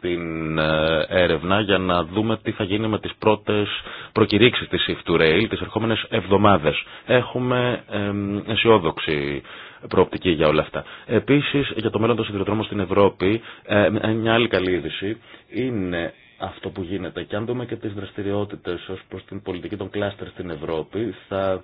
την ε, έρευνα για να δούμε τι θα γίνει με τις πρώτες προκηρύξεις της Shift Rail τις ερχόμενες εβδομάδες. Έχουμε αισιόδοξη προοπτική για όλα αυτά. Επίση, για το μέλλον των σιδηροδρόμων στην Ευρώπη, ε, μια άλλη καλή είδηση είναι αυτό που γίνεται. Και αν δούμε και τι δραστηριότητε ω προ την πολιτική των κλάστερ στην Ευρώπη, θα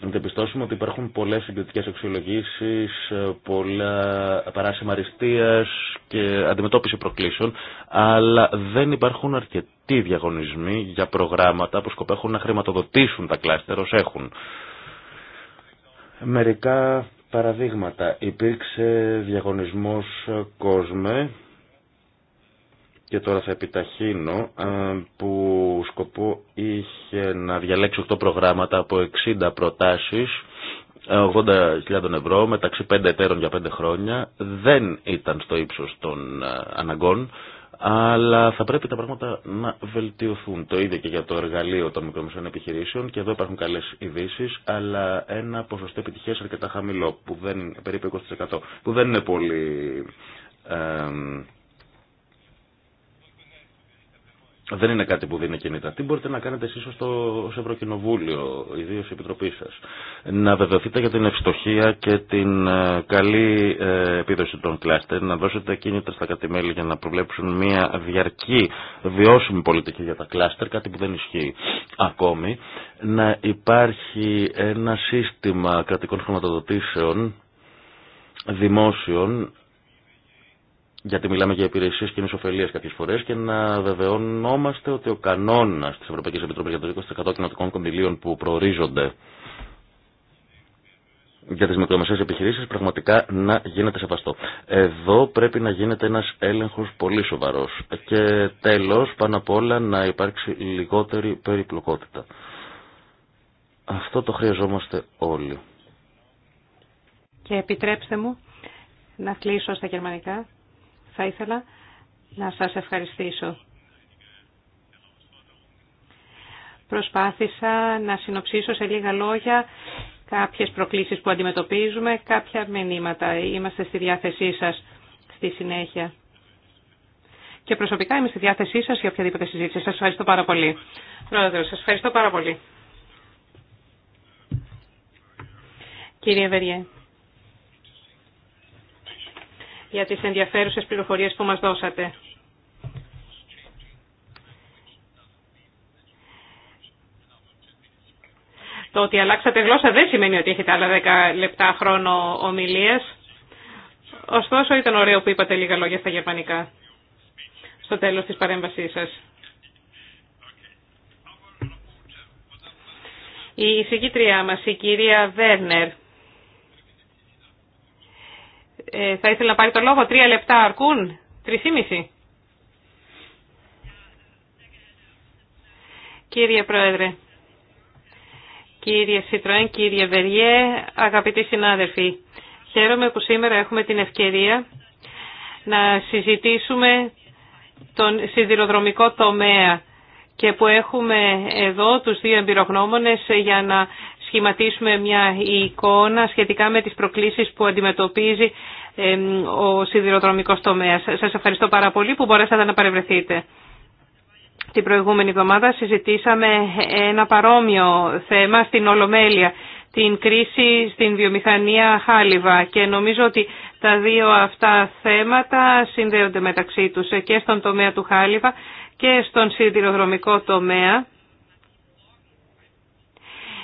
διαπιστώσουμε ότι υπάρχουν πολλέ συγκριτικέ αξιολογήσει, ε, πολλά παράσημα αριστεία και αντιμετώπιση προκλήσεων, αλλά δεν υπάρχουν αρκετοί διαγωνισμοί για προγράμματα που σκοπεύουν να χρηματοδοτήσουν τα κλάστερ ω. έχουν. Μερικά παραδείγματα. Υπήρξε διαγωνισμός κόσμε και τώρα θα επιταχύνω που σκοπό είχε να διαλέξει 8 προγράμματα από 60 προτάσεις 80.000 ευρώ μεταξύ 5 εταίρων για 5 χρόνια δεν ήταν στο ύψος των αναγκών αλλά θα πρέπει τα πράγματα να βελτιωθούν. Το ίδιο και για το εργαλείο των μικρομεσαίων επιχειρήσεων και εδώ υπάρχουν καλέ ειδήσει, αλλά ένα ποσοστό επιτυχίας αρκετά χαμηλό, που δεν, περίπου 20%, που δεν είναι πολύ ε, δεν είναι κάτι που δίνει κινήτα. Τι μπορείτε να κάνετε εσείς στο, ως Ευρωκοινοβούλιο, ιδίω η Επιτροπή σας. Να βεβαιωθείτε για την ευστοχία και την ε, καλή ε, επίδοση των κλάστερ, να δώσετε κίνητα στα κατημέλη για να προβλέψουν μια διαρκή βιώσιμη πολιτική για τα κλάστερ, κάτι που δεν ισχύει ακόμη. Να υπάρχει ένα σύστημα κρατικών χρηματοδοτήσεων δημόσιων γιατί μιλάμε για υπηρεσίε κοινή ωφελία κάποιε φορέ και να βεβαιωνόμαστε ότι ο κανόνα τη Ευρωπαϊκή Επιτροπή για το 20% κοινοτικών κονδυλίων που προορίζονται για τι μικρομεσαίε επιχειρήσει πραγματικά να γίνεται σεβαστό. Εδώ πρέπει να γίνεται ένα έλεγχο πολύ σοβαρό. Και τέλο, πάνω απ' όλα, να υπάρξει λιγότερη περιπλοκότητα. Αυτό το χρειαζόμαστε όλοι. Και επιτρέψτε μου να κλείσω στα γερμανικά θα ήθελα να σας ευχαριστήσω. Προσπάθησα να συνοψίσω σε λίγα λόγια κάποιες προκλήσεις που αντιμετωπίζουμε, κάποια μηνύματα. Είμαστε στη διάθεσή σας στη συνέχεια. Και προσωπικά είμαι στη διάθεσή σας για οποιαδήποτε συζήτηση. Σας ευχαριστώ πάρα πολύ. Πρόεδρο, σας ευχαριστώ πάρα πολύ. Κύριε Βεριέ για τις ενδιαφέρουσες πληροφορίες που μας δώσατε. Το ότι αλλάξατε γλώσσα δεν σημαίνει ότι έχετε άλλα 10 λεπτά χρόνο ομιλίας. Ωστόσο ήταν ωραίο που είπατε λίγα λόγια στα γερμανικά στο τέλος της παρέμβασής σας. Η συγκήτριά μας, η κυρία Βέρνερ, ε, θα ήθελα να πάρει το λόγο. Τρία λεπτά αρκούν. Τρισήμιση. Κύριε Πρόεδρε, κύριε Σιτροέν, κύριε Βεριέ, αγαπητοί συνάδελφοι, χαίρομαι που σήμερα έχουμε την ευκαιρία να συζητήσουμε τον σιδηροδρομικό τομέα και που έχουμε εδώ τους δύο εμπειρογνώμονες για να σχηματίσουμε μια εικόνα σχετικά με τις προκλήσεις που αντιμετωπίζει ο σιδηροδρομικός τομέας. Σας ευχαριστώ πάρα πολύ που μπορέσατε να παρευρεθείτε. Την προηγούμενη εβδομάδα συζητήσαμε ένα παρόμοιο θέμα στην Ολομέλεια, την κρίση στην βιομηχανία Χάλιβα και νομίζω ότι τα δύο αυτά θέματα συνδέονται μεταξύ τους και στον τομέα του Χάλιβα και στον σιδηροδρομικό τομέα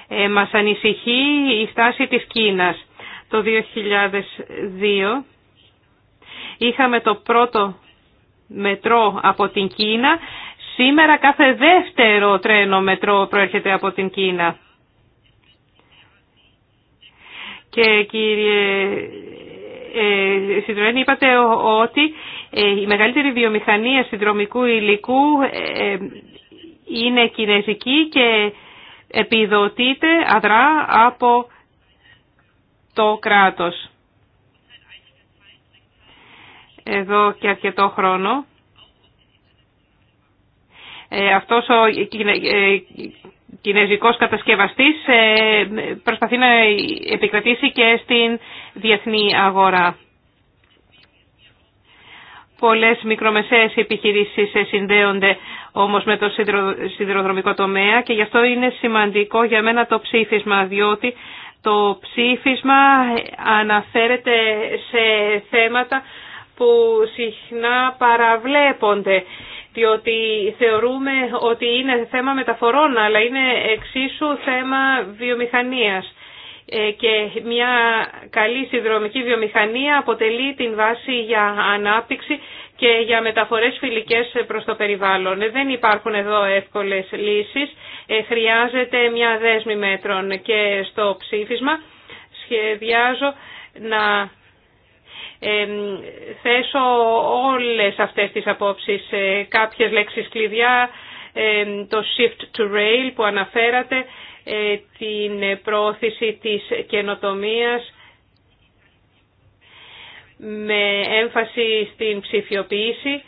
ε, μας ανησυχεί η στάση της Κίνας. Το 2002 είχαμε το πρώτο μετρό από την Κίνα. Σήμερα κάθε δεύτερο τρένο μετρό προέρχεται από την Κίνα. Και κύριε ε, είπατε ότι ε, η μεγαλύτερη βιομηχανία συνδρομικού υλικού ε, είναι κινέζικη και επιδοτείται αδρά από το κράτος. Εδώ και αρκετό χρόνο. Ε, αυτός ο ε, κινέζικος κατασκευαστής ε, προσπαθεί να επικρατήσει και στην διεθνή αγορά. Πολλές μικρομεσαίες επιχειρήσεις συνδέονται όμως με το σιδηροδρομικό τομέα και γι' αυτό είναι σημαντικό για μένα το ψήφισμα, διότι το ψήφισμα αναφέρεται σε θέματα που συχνά παραβλέπονται διότι θεωρούμε ότι είναι θέμα μεταφορών αλλά είναι εξίσου θέμα βιομηχανίας. Ε, και μια καλή συνδρομική βιομηχανία αποτελεί την βάση για ανάπτυξη και για μεταφορές φιλικές προς το περιβάλλον. Δεν υπάρχουν εδώ εύκολες λύσεις. Ε, χρειάζεται μια δέσμη μέτρων και στο ψήφισμα σχεδιάζω να θέσω όλες αυτές τις απόψεις, ε, κάποιες λέξεις κλειδιά, το shift to rail που αναφέρατε, ε, την πρόωθηση της καινοτομίας με έμφαση στην ψηφιοποίηση,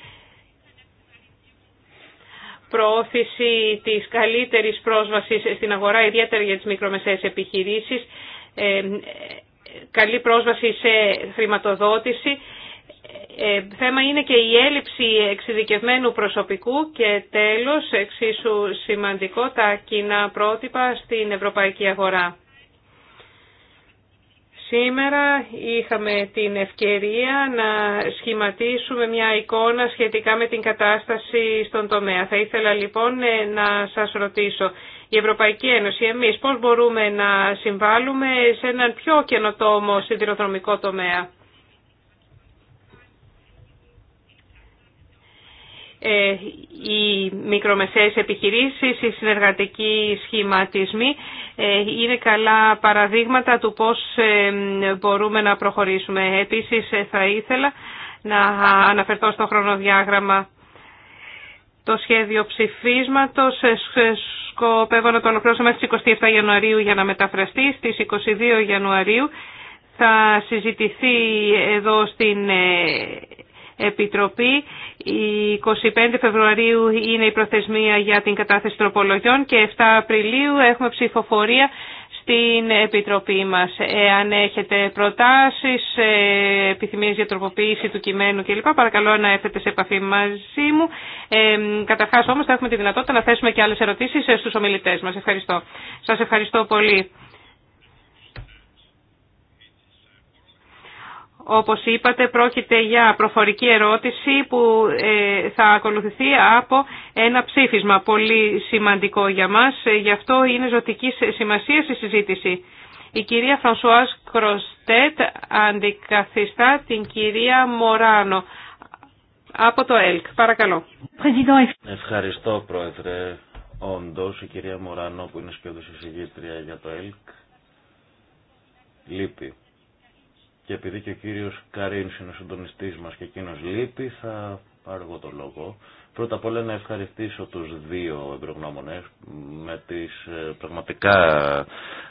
προώθηση της καλύτερης πρόσβασης στην αγορά, ιδιαίτερα για τις μικρομεσαίες επιχειρήσεις, ε, καλή πρόσβαση σε χρηματοδότηση ε, θέμα είναι και η έλλειψη εξειδικευμένου προσωπικού και τέλος εξίσου σημαντικό τα κοινά πρότυπα στην ευρωπαϊκή αγορά. Σήμερα είχαμε την ευκαιρία να σχηματίσουμε μια εικόνα σχετικά με την κατάσταση στον τομέα. Θα ήθελα λοιπόν ε, να σας ρωτήσω, η Ευρωπαϊκή Ένωση, εμείς πώς μπορούμε να συμβάλλουμε σε έναν πιο καινοτόμο σιδηροδρομικό τομέα. Ε, οι μικρομεσαίες επιχειρήσεις, οι συνεργατικοί σχηματισμοί ε, είναι καλά παραδείγματα του πώς ε, μπορούμε να προχωρήσουμε. Επίσης θα ήθελα να αναφερθώ στο χρονοδιάγραμμα το σχέδιο ψηφίσματος. Σκοπεύω να το ολοκληρώσω μέχρι τις 27 Ιανουαρίου για να μεταφραστεί. Στις 22 Ιανουαρίου θα συζητηθεί εδώ στην Επιτροπή. Η 25 Φεβρουαρίου είναι η προθεσμία για την κατάθεση τροπολογιών και 7 Απριλίου έχουμε ψηφοφορία στην Επιτροπή μας. Εάν έχετε προτάσεις, ε, επιθυμίες για τροποποίηση του κειμένου κλπ. Παρακαλώ να έρθετε σε επαφή μαζί μου. Ε, καταρχάς όμως θα έχουμε τη δυνατότητα να θέσουμε και άλλες ερωτήσεις ε, στους ομιλητές μας. Ευχαριστώ. Σας ευχαριστώ πολύ. Όπως είπατε, πρόκειται για προφορική ερώτηση που ε, θα ακολουθηθεί από ένα ψήφισμα πολύ σημαντικό για μας. Γι' αυτό είναι ζωτική σημασία η συζήτηση. Η κυρία Φρανσουάς Κροστέτ αντικαθιστά την κυρία Μοράνο από το ΕΛΚ. Παρακαλώ. Ευχαριστώ, Πρόεδρε. Όντως, η κυρία Μοράνο που είναι σκέδωση συζητήτρια για το ΕΛΚ λείπει και επειδή και ο κύριος Καρίνς είναι ο συντονιστής μας και εκείνος λείπει, θα πάρω εγώ το λόγο. Πρώτα απ' όλα να ευχαριστήσω τους δύο εμπρογνώμονες με τις ε, πραγματικά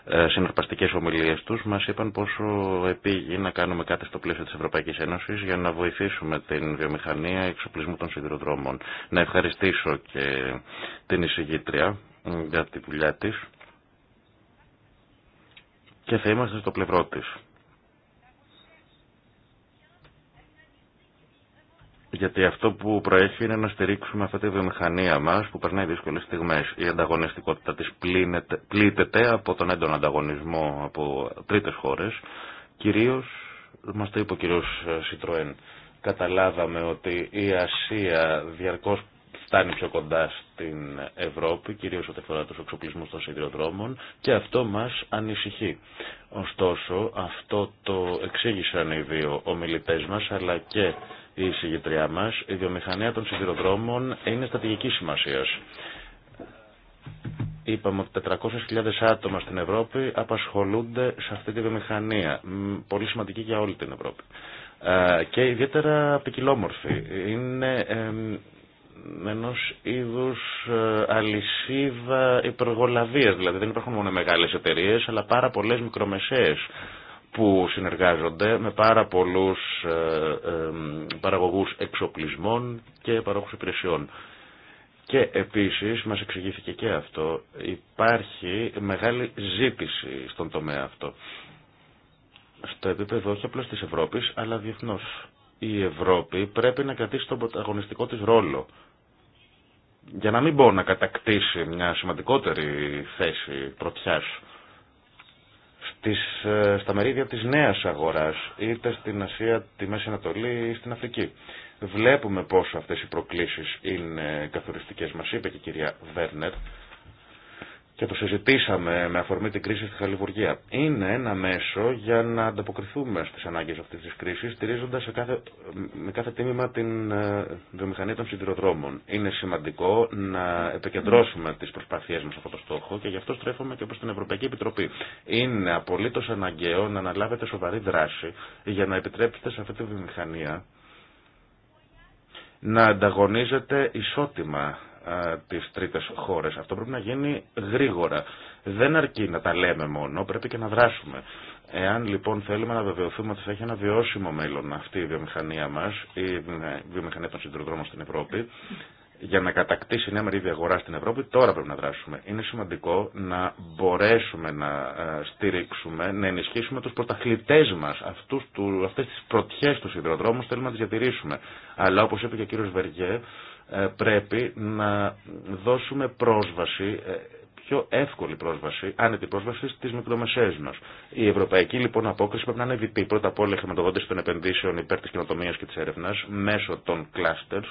ε, συναρπαστικές ομιλίες τους. Μας είπαν πόσο επίγει να κάνουμε κάτι στο πλαίσιο της Ευρωπαϊκής Ένωσης για να βοηθήσουμε την βιομηχανία εξοπλισμού των σιδηροδρόμων. Να ευχαριστήσω και την εισηγήτρια για τη δουλειά της και θα είμαστε στο πλευρό της Γιατί αυτό που προέχει είναι να στηρίξουμε αυτή τη βιομηχανία μα που περνάει δύσκολε στιγμέ. Η ανταγωνιστικότητα τη πλήτεται από τον έντονο ανταγωνισμό από τρίτε χώρε. Κυρίω, μα το είπε ο κύριο Σιτροέν, καταλάβαμε ότι η Ασία διαρκώ φτάνει πιο κοντά στην Ευρώπη, κυρίω ό,τι αφορά του εξοπλισμού των σιδηροδρόμων, και αυτό μα ανησυχεί. Ωστόσο, αυτό το εξήγησαν οι δύο ομιλητέ μα, αλλά και η συγγετριά μας, η βιομηχανία των σιδηροδρόμων είναι στατηγική σημασίας. Είπαμε ότι 400.000 άτομα στην Ευρώπη απασχολούνται σε αυτή τη βιομηχανία. Πολύ σημαντική για όλη την Ευρώπη. Ε, και ιδιαίτερα ποικιλόμορφη. Είναι ενό είδου ε, αλυσίδα υπεργολαβία. Δηλαδή δεν υπάρχουν μόνο μεγάλε εταιρείε, αλλά πάρα πολλέ μικρομεσαίε που συνεργάζονται με πάρα πολλούς ε, παραγωγούς εξοπλισμών και παρόχους υπηρεσιών. Και επίσης, μας εξηγήθηκε και αυτό, υπάρχει μεγάλη ζήτηση στον τομέα αυτό. Στο επίπεδο όχι απλώς της Ευρώπης, αλλά διεθνώς. Η Ευρώπη πρέπει να κρατήσει τον πρωταγωνιστικό της ρόλο. Για να μην μπορεί να κατακτήσει μια σημαντικότερη θέση πρωτιάς της ε, στα μερίδια της νέας αγοράς, είτε στην Ασία, τη Μέση Ανατολή ή στην Αφρική. Βλέπουμε πόσο αυτές οι προκλήσεις είναι καθοριστικές. Μας είπε και η κυρία Βέρνερ και το συζητήσαμε με αφορμή την κρίση στη Χαλιβουργία. Είναι ένα μέσο για να ανταποκριθούμε στι ανάγκε αυτή τη κρίση, στηρίζοντα με κάθε τίμημα την ε, βιομηχανία των συντηροδρόμων. Είναι σημαντικό να επικεντρώσουμε τι προσπαθίε μα σε αυτό το στόχο και γι' αυτό στρέφουμε και προ την Ευρωπαϊκή Επιτροπή. Είναι απολύτω αναγκαίο να αναλάβετε σοβαρή δράση για να επιτρέψετε σε αυτή τη βιομηχανία να ανταγωνίζεται ισότιμα ε, τι τρίτε χώρε, Αυτό πρέπει να γίνει γρήγορα. Δεν αρκεί να τα λέμε μόνο, πρέπει και να δράσουμε. Εάν λοιπόν θέλουμε να βεβαιωθούμε ότι θα έχει ένα βιώσιμο μέλλον αυτή η βιομηχανία μα ή η βιομηχανία των συνδροδρόμων στην Ευρώπη, για να κατακτήσει νέα μερίδια αγορά στην Ευρώπη, τώρα πρέπει να δράσουμε. Είναι σημαντικό να μπορέσουμε να ε, στηρίξουμε, να ενισχύσουμε του πρωταθλητέ μα αυτέ τι πρωτιέ του συντροδρόμου θέλουμε να τι διατηρήσουμε. Αλλά όπω είπε και ο κύριο Βεργέ, ε, πρέπει να δώσουμε πρόσβαση ε, πιο εύκολη πρόσβαση, άνετη πρόσβαση στις μικρομεσαίε μα. Η ευρωπαϊκή λοιπόν απόκριση πρέπει να είναι διπλή. Πρώτα απ' όλα η χρηματοδότηση των επενδύσεων υπέρ τη κοινοτομίας και της έρευνας μέσω των clusters.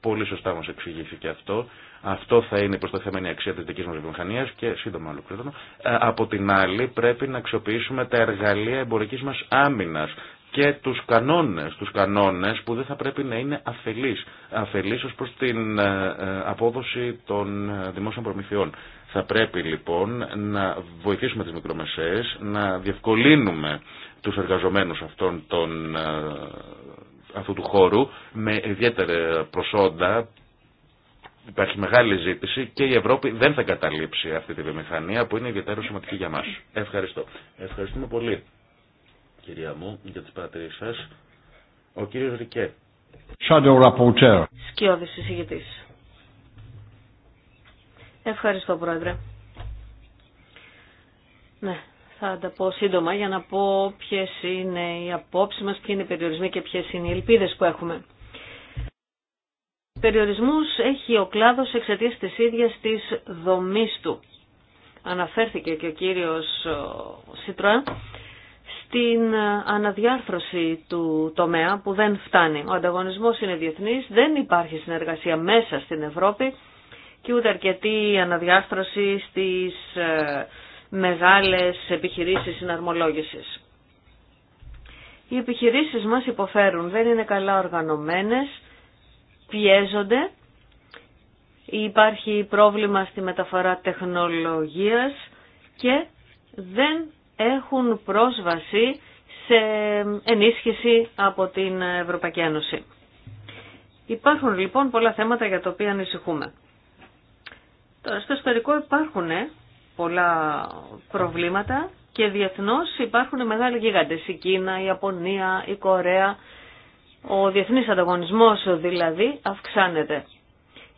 Πολύ σωστά μας εξηγήθηκε αυτό. Αυτό θα είναι η προσταθέμενη αξία τη δική μα βιομηχανία και σύντομα ολοκληρώνω. Ε, από την άλλη, πρέπει να αξιοποιήσουμε τα εργαλεία εμπορική μας άμυνας και τους κανόνες, τους κανόνες που δεν θα πρέπει να είναι αφελείς, αφελείς ως προς την ε, ε, απόδοση των ε, δημόσιων προμηθειών. Θα πρέπει λοιπόν να βοηθήσουμε τις μικρομεσαίες, να διευκολύνουμε τους εργαζομένους αυτών των, αυτού του χώρου με ιδιαίτερα προσόντα υπάρχει μεγάλη ζήτηση και η Ευρώπη δεν θα καταλήψει αυτή τη βιομηχανία που είναι ιδιαίτερα σημαντική για μας. Ευχαριστώ. Ευχαριστούμε πολύ κυρία μου, για τις παρατηρήσεις σας. Ο κύριος Ρικέ. Shadow Rapporteur. Σκιώδης εισηγητής. Ευχαριστώ, Πρόεδρε. Ναι, θα τα πω σύντομα για να πω ποιες είναι οι απόψεις μας, ποιοι είναι οι περιορισμοί και ποιες είναι οι ελπίδες που έχουμε. Περιορισμούς έχει ο κλάδος εξαιτίας της ίδιας της δομής του. Αναφέρθηκε και ο κύριος Σιτρά την αναδιάρθρωση του τομέα που δεν φτάνει. Ο ανταγωνισμός είναι διεθνής, δεν υπάρχει συνεργασία μέσα στην Ευρώπη και ούτε αρκετή αναδιάρθρωση στις ε, μεγάλες επιχειρήσεις συναρμολόγησης. Οι επιχειρήσεις μας υποφέρουν, δεν είναι καλά οργανωμένες, πιέζονται, υπάρχει πρόβλημα στη μεταφορά τεχνολογίας και δεν έχουν πρόσβαση σε ενίσχυση από την Ευρωπαϊκή Ένωση. Υπάρχουν λοιπόν πολλά θέματα για τα οποία ανησυχούμε. Τώρα στο ιστορικό υπάρχουν ε, πολλά προβλήματα και διεθνώς υπάρχουν μεγάλοι γίγαντες, η Κίνα, η Ιαπωνία, η Κορέα. Ο διεθνής ανταγωνισμός δηλαδή αυξάνεται.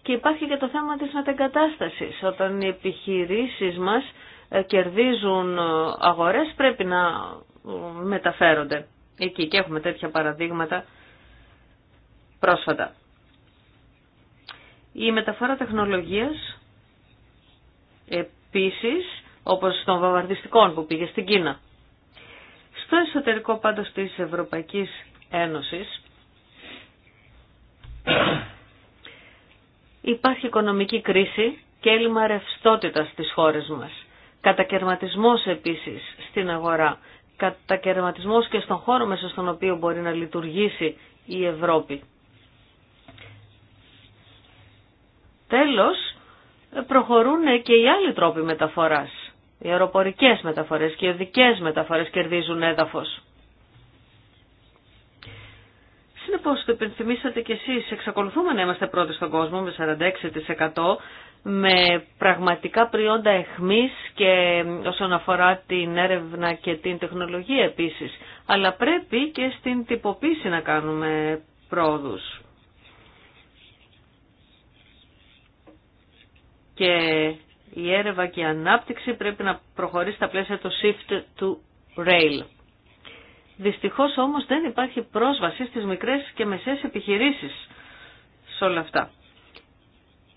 Και υπάρχει και το θέμα της μετεγκατάστασης, όταν οι επιχειρήσεις μας ε, κερδίζουν ε, αγορές πρέπει να ε, μεταφέρονται εκεί και έχουμε τέτοια παραδείγματα πρόσφατα. Η μεταφορά τεχνολογίας επίσης όπως των βαβαρδιστικών που πήγε στην Κίνα. Στο εσωτερικό πάντως της Ευρωπαϊκής Ένωσης υπάρχει οικονομική κρίση και έλλειμμα ρευστότητα στις χώρες μας. Κατακαιρματισμός επίσης στην αγορά. Κατακαιρματισμός και στον χώρο μέσα στον οποίο μπορεί να λειτουργήσει η Ευρώπη. Τέλος, προχωρούν και οι άλλοι τρόποι μεταφοράς. Οι αεροπορικές μεταφορές και οι οδικές μεταφορές κερδίζουν έδαφος πω το υπενθυμίσατε κι εσείς, εξακολουθούμε να είμαστε πρώτοι στον κόσμο με 46% με πραγματικά προϊόντα εχμής και όσον αφορά την έρευνα και την τεχνολογία επίσης. Αλλά πρέπει και στην τυποποίηση να κάνουμε πρόοδους. Και η έρευνα και η ανάπτυξη πρέπει να προχωρήσει στα πλαίσια του shift to rail. Δυστυχώς όμως δεν υπάρχει πρόσβαση στις μικρές και μεσαίες επιχειρήσεις σε όλα αυτά.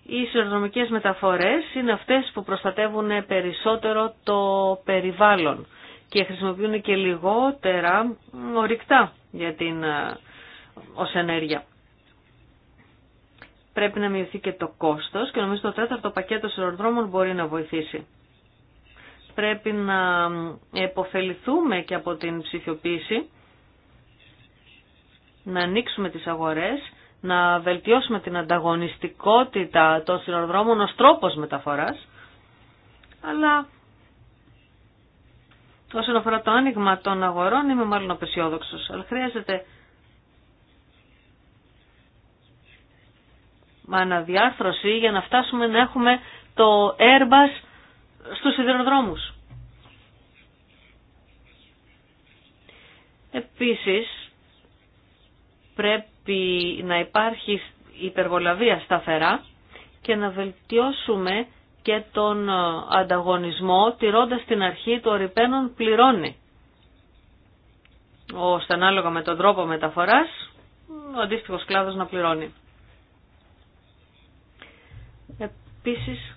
Οι ισοδρομικές μεταφορές είναι αυτές που προστατεύουν περισσότερο το περιβάλλον και χρησιμοποιούν και λιγότερα ορυκτά για την, ε, ως ενέργεια. Πρέπει να μειωθεί και το κόστος και νομίζω το τέταρτο πακέτο σειροδρόμων μπορεί να βοηθήσει πρέπει να επωφεληθούμε και από την ψηφιοποίηση, να ανοίξουμε τις αγορές, να βελτιώσουμε την ανταγωνιστικότητα των συνοδρόμων ως τρόπος μεταφοράς, αλλά όσον αφορά το άνοιγμα των αγορών είμαι μάλλον απεσιόδοξος, αλλά χρειάζεται αναδιάρθρωση για να φτάσουμε να έχουμε το Airbus στους σιδηροδρόμους. Επίσης, πρέπει να υπάρχει υπεργολαβία σταθερά και να βελτιώσουμε και τον ε, ανταγωνισμό τηρώντας την αρχή του ορυπαίνων πληρώνει. Ώστε ανάλογα με τον τρόπο μεταφοράς, ο αντίστοιχος κλάδος να πληρώνει. Επίσης,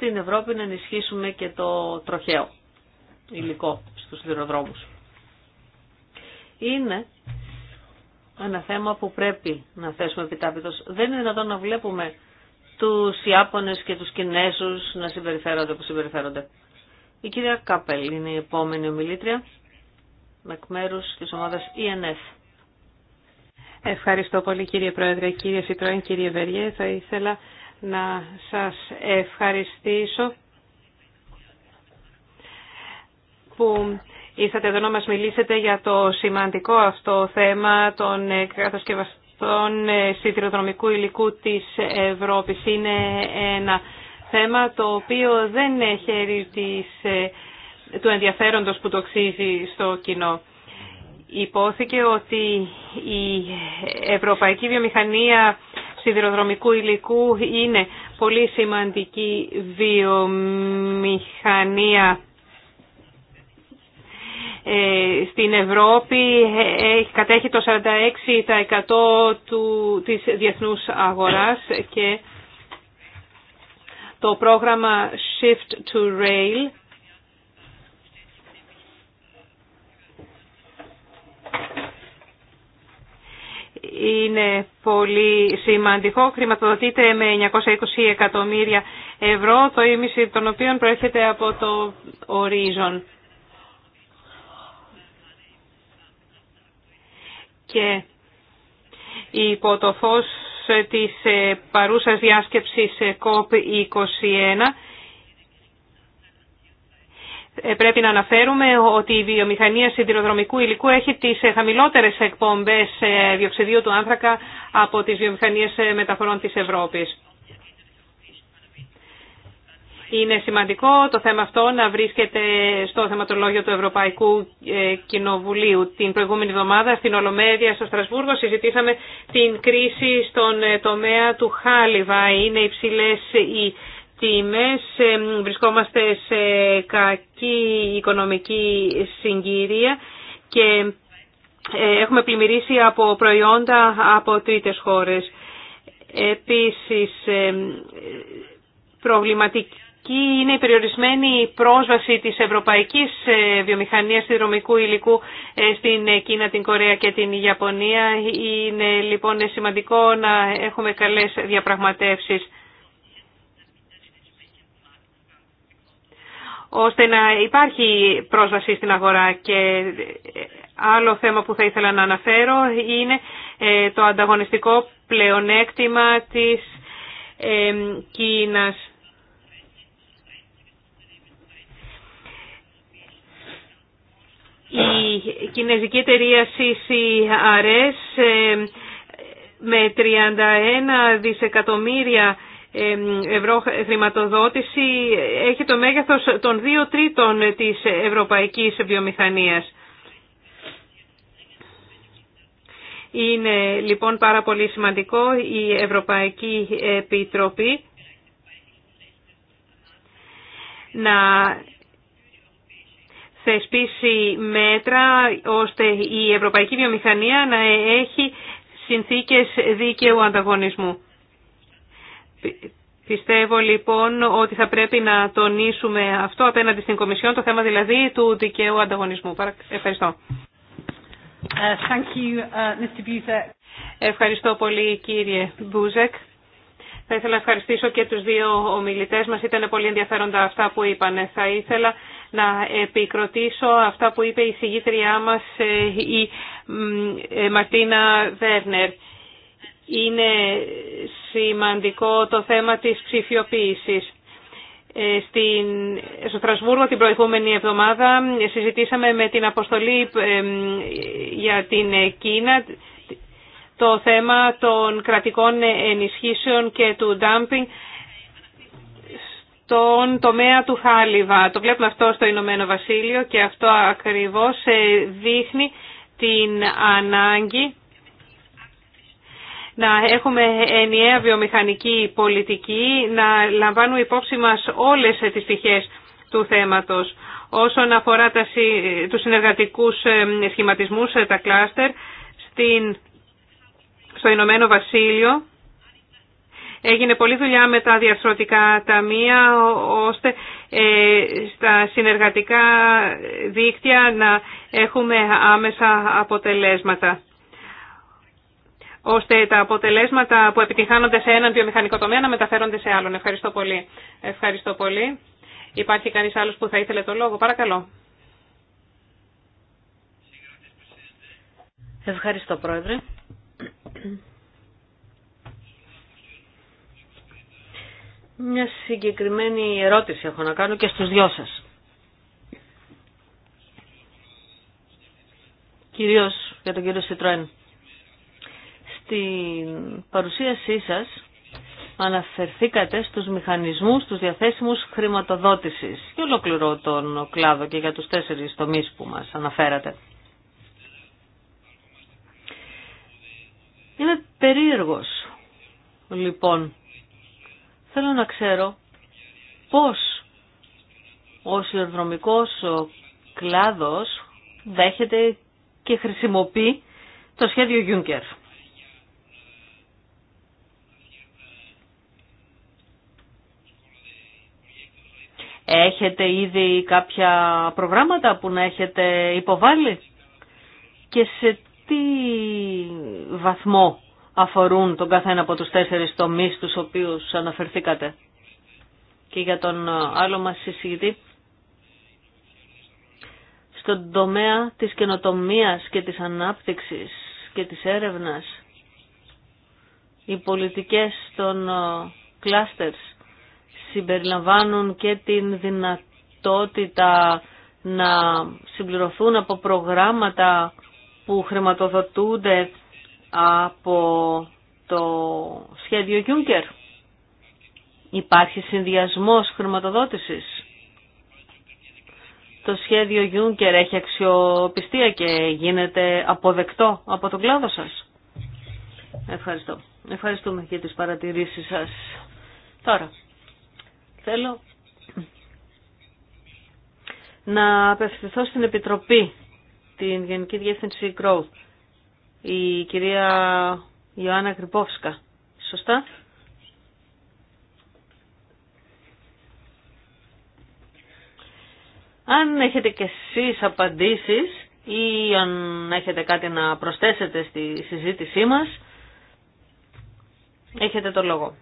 στην Ευρώπη να ενισχύσουμε και το τροχαίο υλικό στους σιδηροδρόμους. Είναι ένα θέμα που πρέπει να θέσουμε επιτάπητος. Δεν είναι δυνατόν να βλέπουμε τους Ιάπωνες και τους Κινέζους να συμπεριφέρονται όπως συμπεριφέρονται. Η κυρία Κάπελ είναι η επόμενη ομιλήτρια με μέρου της ομάδας ENF. Ευχαριστώ πολύ κύριε Πρόεδρε, κύριε Σιτρόεν, κύριε Βεριέ. Θα ήθελα να σας ευχαριστήσω που ήρθατε εδώ να μας μιλήσετε για το σημαντικό αυτό θέμα των ε, κατασκευαστών ε, σιδηροδρομικού υλικού της Ευρώπης. Είναι ένα θέμα το οποίο δεν έχει της, ε, του ενδιαφέροντος που το αξίζει στο κοινό. Υπόθηκε ότι η ευρωπαϊκή βιομηχανία σιδηροδρομικού υλικού είναι πολύ σημαντική βιομηχανία ε, στην Ευρώπη ε, κατέχει το 46% του, της διεθνούς αγοράς και το πρόγραμμα Shift to Rail είναι πολύ σημαντικό. Χρηματοδοτείται με 920 εκατομμύρια ευρώ, το ίμιση των οποίων προέρχεται από το ορίζον. Και υπό το φως της παρούσας διάσκεψης COP21 ε, πρέπει να αναφέρουμε ότι η βιομηχανία σιδηροδρομικού υλικού έχει τις ε, χαμηλότερες εκπομπές ε, διοξιδίου του άνθρακα από τις βιομηχανίες μεταφορών της Ευρώπης. Είναι σημαντικό το θέμα αυτό να βρίσκεται στο θεματολόγιο του Ευρωπαϊκού Κοινοβουλίου. Την προηγούμενη εβδομάδα στην Ολομέδια στο Στρασβούργο συζητήσαμε την κρίση στον τομέα του Χάλιβα. Είναι υψηλές οι τιμές, βρισκόμαστε σε κακή οικονομική συγκύρια και ε, έχουμε πλημμυρίσει από προϊόντα από τρίτες χώρες. Επίσης, προβληματική είναι η περιορισμένη πρόσβαση της ευρωπαϊκής ε, βιομηχανίας συνδρομικού υλικού ε, στην Κίνα, την Κορέα και την Ιαπωνία. Είναι λοιπόν σημαντικό να έχουμε καλές διαπραγματεύσεις. ώστε να υπάρχει πρόσβαση στην αγορά. Και άλλο θέμα που θα ήθελα να αναφέρω είναι ε, το ανταγωνιστικό πλεονέκτημα της ε, Κίνας. Η κινέζικη εταιρεία CCRS ε, με 31 δισεκατομμύρια ευρώ χρηματοδότηση έχει το μέγεθος των δύο τρίτων της ευρωπαϊκής βιομηχανίας. Είναι λοιπόν πάρα πολύ σημαντικό η Ευρωπαϊκή Επιτροπή να θεσπίσει μέτρα ώστε η ευρωπαϊκή βιομηχανία να έχει συνθήκες δίκαιου ανταγωνισμού. Πιστεύω λοιπόν ότι θα πρέπει να τονίσουμε αυτό απέναντι στην Κομισιόν, το θέμα δηλαδή του δικαίου ανταγωνισμού. Ευχαριστώ. Ε, thank you, ε, Mr. Ευχαριστώ πολύ κύριε Μπούζεκ. Θα ήθελα να ευχαριστήσω και τους δύο ομιλητές μας. Ήταν πολύ ενδιαφέροντα αυτά που είπαν. Θα ήθελα να επικροτήσω αυτά που είπε η συγγήτριά μας ε, η Μαρτίνα Βέρνερ είναι σημαντικό το θέμα της ψηφιοποίησης. Ε, στην, στο Στρασβούργο την προηγούμενη εβδομάδα συζητήσαμε με την αποστολή για την Κίνα το θέμα των κρατικών ενισχύσεων και του ντάμπινγκ στον τομέα του χάλιβα. Το βλέπουμε αυτό στο Ηνωμένο Βασίλειο και αυτό ακριβώς ε, δείχνει την ανάγκη να έχουμε ενιαία βιομηχανική πολιτική, να λαμβάνουμε υπόψη μας όλες τις πτυχές του θέματος. Όσον αφορά τα, τους συνεργατικούς ε, σχηματισμούς, ε, τα κλάστερ, στην, στο Ηνωμένο Βασίλειο, Έγινε πολλή δουλειά με τα διαστρωτικά ταμεία ώστε ε, στα συνεργατικά δίκτυα να έχουμε άμεσα αποτελέσματα ώστε τα αποτελέσματα που επιτυχάνονται σε έναν βιομηχανικό τομέα να μεταφέρονται σε άλλον. Ευχαριστώ πολύ. Ευχαριστώ πολύ. Υπάρχει κανείς άλλος που θα ήθελε το λόγο. Παρακαλώ. Ευχαριστώ, Πρόεδρε. Μια συγκεκριμένη ερώτηση έχω να κάνω και στους δυο σας. Κυρίως για τον κύριο Σιτρόεν στην παρουσίασή σας αναφερθήκατε στους μηχανισμούς, τους διαθέσιμους χρηματοδότησης και ολόκληρο τον κλάδο και για τους τέσσερις τομείς που μας αναφέρατε. Είμαι περίεργος, λοιπόν. Θέλω να ξέρω πώς ο σιδηροδρομικός κλάδος δέχεται και χρησιμοποιεί το σχέδιο Juncker. Έχετε ήδη κάποια προγράμματα που να έχετε υποβάλει και σε τι βαθμό αφορούν τον καθένα από τους τέσσερις τομείς τους οποίους αναφερθήκατε. Και για τον άλλο μας συζητητή, στον τομέα της καινοτομίας και της ανάπτυξης και της έρευνας, οι πολιτικές των κλάστερς συμπεριλαμβάνουν και την δυνατότητα να συμπληρωθούν από προγράμματα που χρηματοδοτούνται από το σχέδιο Juncker. Υπάρχει συνδυασμός χρηματοδότησης. Το σχέδιο Juncker έχει αξιοπιστία και γίνεται αποδεκτό από τον κλάδο σας. Ευχαριστώ. Ευχαριστούμε για τις παρατηρήσεις σας. Τώρα, Θέλω να απευθυνθώ στην Επιτροπή, την Γενική Διεύθυνση Growth, η κυρία Ιωάννα Κρυπόφσκα. Σωστά. Αν έχετε κι εσείς απαντήσεις ή αν έχετε κάτι να προσθέσετε στη συζήτησή μας, έχετε το λόγο.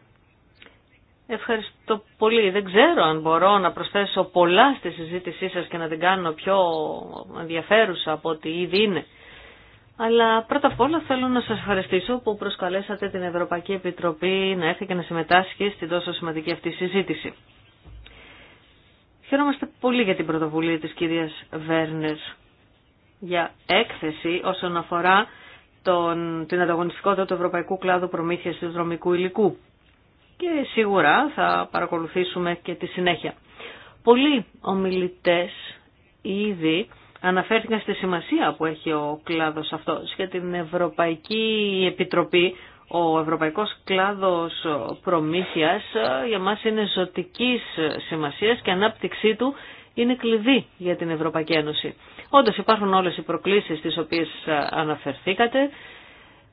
Ευχαριστώ πολύ. Δεν ξέρω αν μπορώ να προσθέσω πολλά στη συζήτησή σας και να την κάνω πιο ενδιαφέρουσα από ό,τι ήδη είναι. Αλλά πρώτα απ' όλα θέλω να σας ευχαριστήσω που προσκαλέσατε την Ευρωπαϊκή Επιτροπή να έρθει και να συμμετάσχει στην τόσο σημαντική αυτή συζήτηση. Χαίρομαστε πολύ για την πρωτοβουλία της κυρίας Βέρνερ για έκθεση όσον αφορά τον, την ανταγωνιστικότητα του ευρωπαϊκού κλάδου προμήθειας του δρομικού υλικού και σίγουρα θα παρακολουθήσουμε και τη συνέχεια. Πολλοί ομιλητές ήδη αναφέρθηκαν στη σημασία που έχει ο κλάδος αυτός για την Ευρωπαϊκή Επιτροπή. Ο Ευρωπαϊκός Κλάδος Προμήθειας για μας είναι ζωτικής σημασίας και ανάπτυξή του είναι κλειδί για την Ευρωπαϊκή Ένωση. Όντως υπάρχουν όλες οι προκλήσεις τις οποίες αναφερθήκατε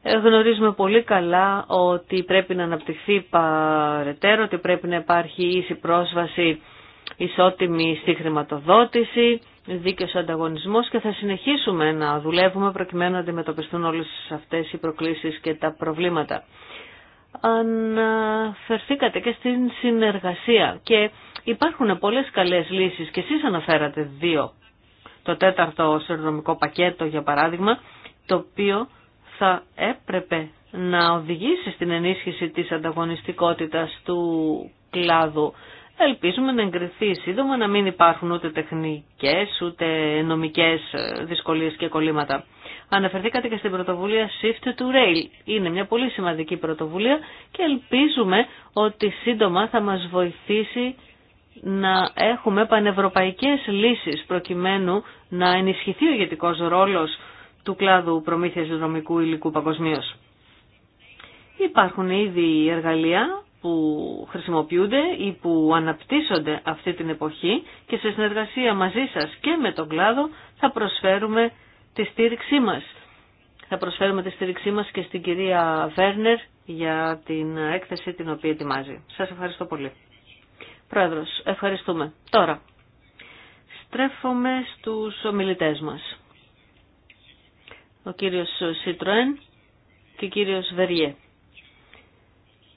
Γνωρίζουμε πολύ καλά ότι πρέπει να αναπτυχθεί παρετέρω, ότι πρέπει να υπάρχει ίση πρόσβαση ισότιμη στη χρηματοδότηση, δίκαιος ανταγωνισμός και θα συνεχίσουμε να δουλεύουμε προκειμένου να αντιμετωπιστούν όλες αυτές οι προκλήσεις και τα προβλήματα. Αναφερθήκατε και στην συνεργασία και υπάρχουν πολλές καλές λύσεις και εσείς αναφέρατε δύο. Το τέταρτο σερνομικό πακέτο για παράδειγμα, το οποίο θα έπρεπε να οδηγήσει στην ενίσχυση της ανταγωνιστικότητας του κλάδου. Ελπίζουμε να εγκριθεί σύντομα, να μην υπάρχουν ούτε τεχνικές ούτε νομικές ε, δυσκολίες και κολλήματα. Αναφερθήκατε και στην πρωτοβουλία Shift to Rail. Είναι μια πολύ σημαντική πρωτοβουλία και ελπίζουμε ότι σύντομα θα μας βοηθήσει να έχουμε πανευρωπαϊκές λύσεις προκειμένου να ενισχυθεί ο ηγετικός ρόλος του κλάδου προμήθειας δρομικού υλικού παγκοσμίω. Υπάρχουν ήδη εργαλεία που χρησιμοποιούνται ή που αναπτύσσονται αυτή την εποχή και σε συνεργασία μαζί σας και με τον κλάδο θα προσφέρουμε τη στήριξή μας. Θα προσφέρουμε τη στήριξή μας και στην κυρία Βέρνερ για την έκθεση την οποία ετοιμάζει. Σας ευχαριστώ πολύ. Πρόεδρος, ευχαριστούμε. Τώρα, στρέφομαι στους ομιλητές μας ο κύριος Σιτροέν και ο κύριος Βεριέ.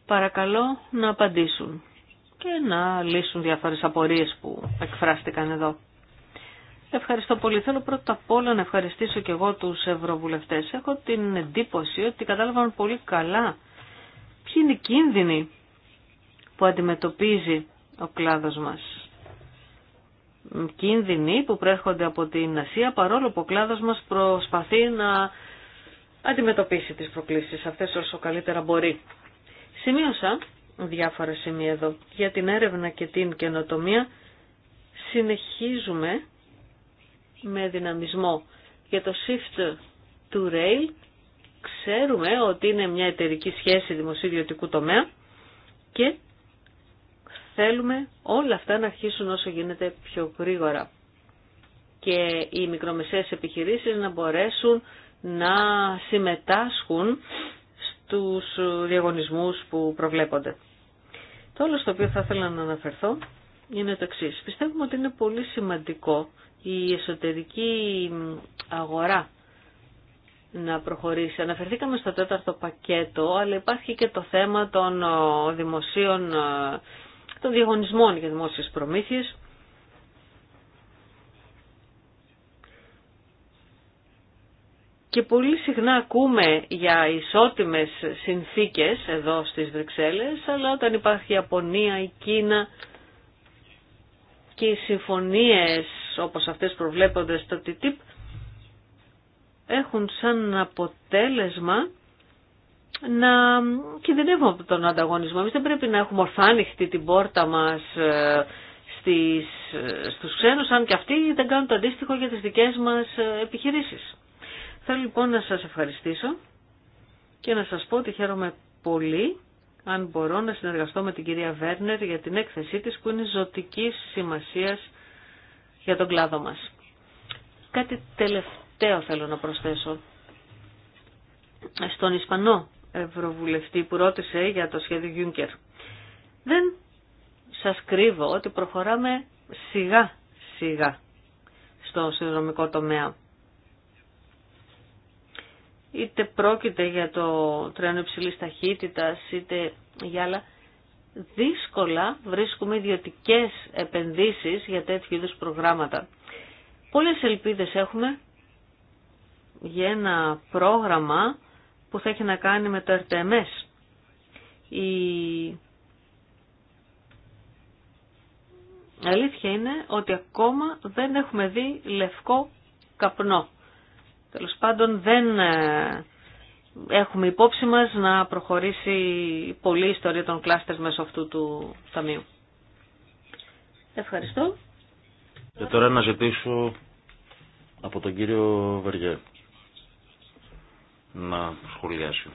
Παρακαλώ να απαντήσουν και να λύσουν διάφορες απορίες που εκφράστηκαν εδώ. Ευχαριστώ πολύ. Θέλω πρώτα απ' όλα να ευχαριστήσω και εγώ τους ευρωβουλευτές. Έχω την εντύπωση ότι κατάλαβαν πολύ καλά ποιοι είναι οι κίνδυνοι που αντιμετωπίζει ο κλάδος μας κίνδυνοι που προέρχονται από την Ασία παρόλο που ο κλάδος μας προσπαθεί να αντιμετωπίσει τις προκλήσεις αυτές όσο καλύτερα μπορεί. Σημείωσα διάφορα σημεία εδώ για την έρευνα και την καινοτομία συνεχίζουμε με δυναμισμό για το shift to rail ξέρουμε ότι είναι μια εταιρική σχέση δημοσίου ιδιωτικού τομέα και Θέλουμε όλα αυτά να αρχίσουν όσο γίνεται πιο γρήγορα και οι μικρομεσαίες επιχειρήσεις να μπορέσουν να συμμετάσχουν στους διαγωνισμούς που προβλέπονται. Το όλο στο οποίο θα ήθελα να αναφερθώ είναι το εξή. Πιστεύουμε ότι είναι πολύ σημαντικό η εσωτερική αγορά να προχωρήσει. Αναφερθήκαμε στο τέταρτο πακέτο, αλλά υπάρχει και το θέμα των ε, δημοσίων ε, των διαγωνισμών για δημόσιες προμήθειες. Και πολύ συχνά ακούμε για ισότιμες συνθήκες εδώ στις Βρυξέλλες, αλλά όταν υπάρχει η Απωνία, η Κίνα και οι συμφωνίες όπως αυτές προβλέπονται στο TTIP έχουν σαν αποτέλεσμα να κινδυνεύουμε από τον ανταγωνισμό. Εμείς δεν πρέπει να έχουμε ορθάνυχτη την πόρτα μας ε, στις, ε, στους ξένους, αν και αυτοί δεν κάνουν το αντίστοιχο για τις δικές μας ε, επιχειρήσεις. Θέλω λοιπόν να σας ευχαριστήσω και να σας πω ότι χαίρομαι πολύ αν μπορώ να συνεργαστώ με την κυρία Βέρνερ για την έκθεσή της που είναι ζωτική σημασία για τον κλάδο μας. Κάτι τελευταίο θέλω να προσθέσω. Στον Ισπανό Ευρωβουλευτή που ρώτησε για το σχέδιο Juncker. Δεν σας κρύβω ότι προχωράμε σιγά σιγά στο συνδρομικό τομέα. Είτε πρόκειται για το τρένο υψηλή ταχύτητα, είτε για άλλα. Δύσκολα βρίσκουμε ιδιωτικέ επενδύσεις για τέτοιου είδου προγράμματα. Πολλές ελπίδες έχουμε για ένα πρόγραμμα που θα έχει να κάνει με το RTMS. Η αλήθεια είναι ότι ακόμα δεν έχουμε δει λευκό καπνό. Τέλος πάντων δεν ε, έχουμε υπόψη μας να προχωρήσει πολύ η ιστορία των κλάστερς μέσω αυτού του ταμείου. Ευχαριστώ. Και τώρα να ζητήσω από τον κύριο Βεργέ να σχολιάσει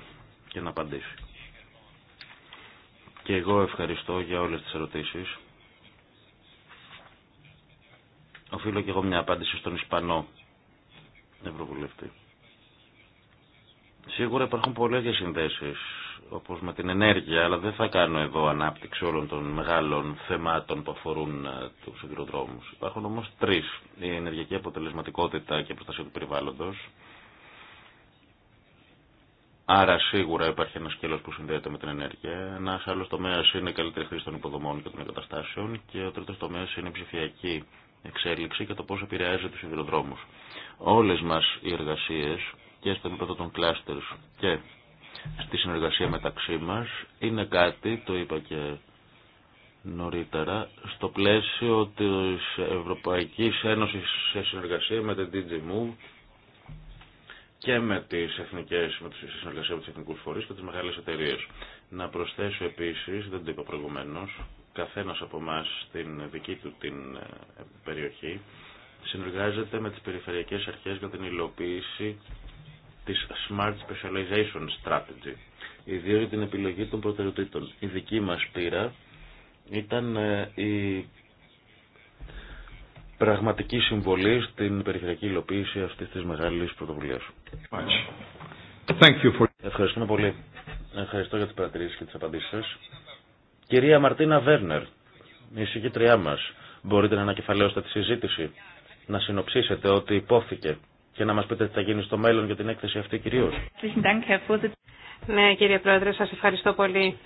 και να απαντήσει. Και εγώ ευχαριστώ για όλες τις ερωτήσεις. Οφείλω και εγώ μια απάντηση στον Ισπανό Ευρωβουλευτή. Σίγουρα υπάρχουν πολλές διασυνδέσεις, όπως με την ενέργεια, αλλά δεν θα κάνω εδώ ανάπτυξη όλων των μεγάλων θεμάτων που αφορούν ε, τους υδροδρόμους. Υπάρχουν όμως τρεις. Η ενεργειακή αποτελεσματικότητα και προστασία του περιβάλλοντος, Άρα σίγουρα υπάρχει ένα σκέλο που συνδέεται με την ενέργεια. Ένα άλλο τομέα είναι η καλύτερη χρήση των υποδομών και των εγκαταστάσεων. Και ο τρίτο τομέα είναι η ψηφιακή εξέλιξη και το πώ επηρεάζει του σιδηροδρόμου. Όλε μα οι εργασίε και στον επίπεδο των κλάστερ και στη συνεργασία μεταξύ μα είναι κάτι, το είπα και νωρίτερα, στο πλαίσιο τη Ευρωπαϊκή Ένωση σε συνεργασία με την DG και με τις εθνικές, με τις συνεργασία με εθνικούς φορείς και τις μεγάλες εταιρείες. Να προσθέσω επίσης, δεν το είπα προηγουμένως, καθένας από εμά στην δική του την ε, περιοχή συνεργάζεται με τις περιφερειακές αρχές για την υλοποίηση της Smart Specialization Strategy, ιδίως για την επιλογή των προτεραιοτήτων. Η δική μας πείρα ήταν ε, η πραγματική συμβολή στην περιφερειακή υλοποίηση αυτή τη μεγάλη πρωτοβουλία. Ευχαριστούμε πολύ. Ευχαριστώ για τι παρατηρήσει και τι απαντήσει σα. Κυρία Μαρτίνα Βέρνερ, η συγκεκριά μα. μπορείτε να ανακεφαλαίωσετε τη συζήτηση, να συνοψίσετε ότι υπόθηκε και να μα πείτε τι θα γίνει στο μέλλον για την έκθεση αυτή κυρίω. Ναι κύριε Πρόεδρε, σα ευχαριστώ πολύ.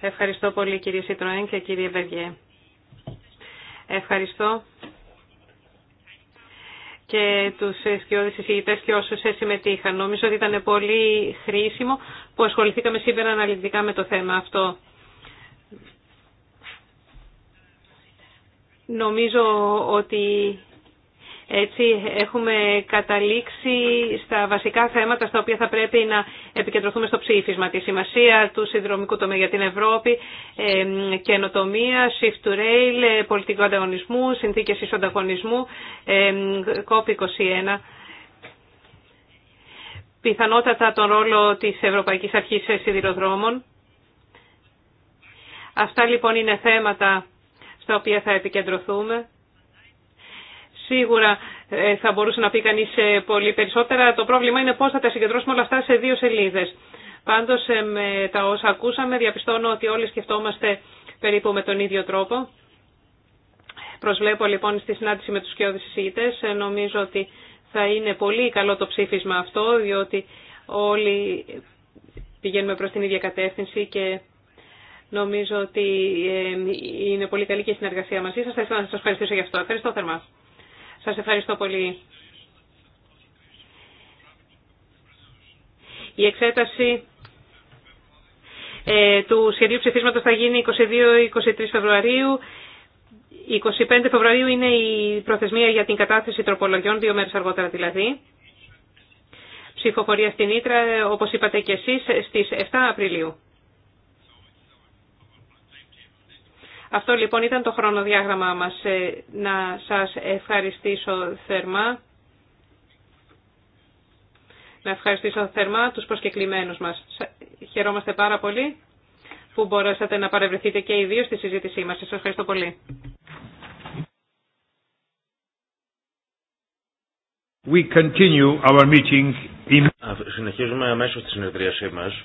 Ευχαριστώ πολύ κύριε Σιτροέν και κύριε Βεργέ. Ευχαριστώ και τους σκιώδεις εισηγητές και όσους συμμετείχαν. Νομίζω ότι ήταν πολύ χρήσιμο που ασχοληθήκαμε σήμερα αναλυτικά με το θέμα αυτό. Νομίζω ότι έτσι έχουμε καταλήξει στα βασικά θέματα στα οποία θα πρέπει να επικεντρωθούμε στο ψήφισμα. Τη σημασία του συνδρομικού τομέα για την Ευρώπη, ε, καινοτομία, shift to rail, ε, πολιτικό ανταγωνισμού, συνθήκες ισονταγωνισμού, COP21 ε, πιθανότατα τον ρόλο της Ευρωπαϊκής Αρχής Σιδηροδρόμων. Αυτά λοιπόν είναι θέματα στα οποία θα επικεντρωθούμε. Σίγουρα ε, θα μπορούσε να πει κανείς ε, πολύ περισσότερα. Το πρόβλημα είναι πώ θα τα συγκεντρώσουμε όλα αυτά σε δύο σελίδες. Πάντως ε, με τα όσα ακούσαμε διαπιστώνω ότι όλοι σκεφτόμαστε περίπου με τον ίδιο τρόπο. Προσβλέπω λοιπόν στη συνάντηση με τους κοιόδης εισηγητές. Νομίζω ότι θα είναι πολύ καλό το ψήφισμα αυτό, διότι όλοι πηγαίνουμε προ την ίδια κατεύθυνση και νομίζω ότι είναι πολύ καλή και η συνεργασία μαζί σα Θα ήθελα να σα ευχαριστήσω για αυτό. Ευχαριστώ θερμά. Σας ευχαριστώ πολύ. Η εξέταση ε, του σχεδίου ψηφίσματος θα γίνει 22-23 Φεβρουαρίου. 25 Φεβρουαρίου είναι η προθεσμία για την κατάθεση τροπολογιών, δύο μέρες αργότερα δηλαδή. Ψηφοφορία στην Ήτρα, όπως είπατε και εσείς, στις 7 Απριλίου. Αυτό λοιπόν ήταν το χρονοδιάγραμμά μας. Ε, να σας ευχαριστήσω θερμά. Να ευχαριστήσω θερμά τους προσκεκλημένους μας. Χαιρόμαστε πάρα πολύ που μπορέσατε να παρευρεθείτε και οι δύο στη συζήτησή μας. Σας ευχαριστώ πολύ. We continue our meeting in... Συνεχίζουμε αμέσως τη συνεδρίασή μας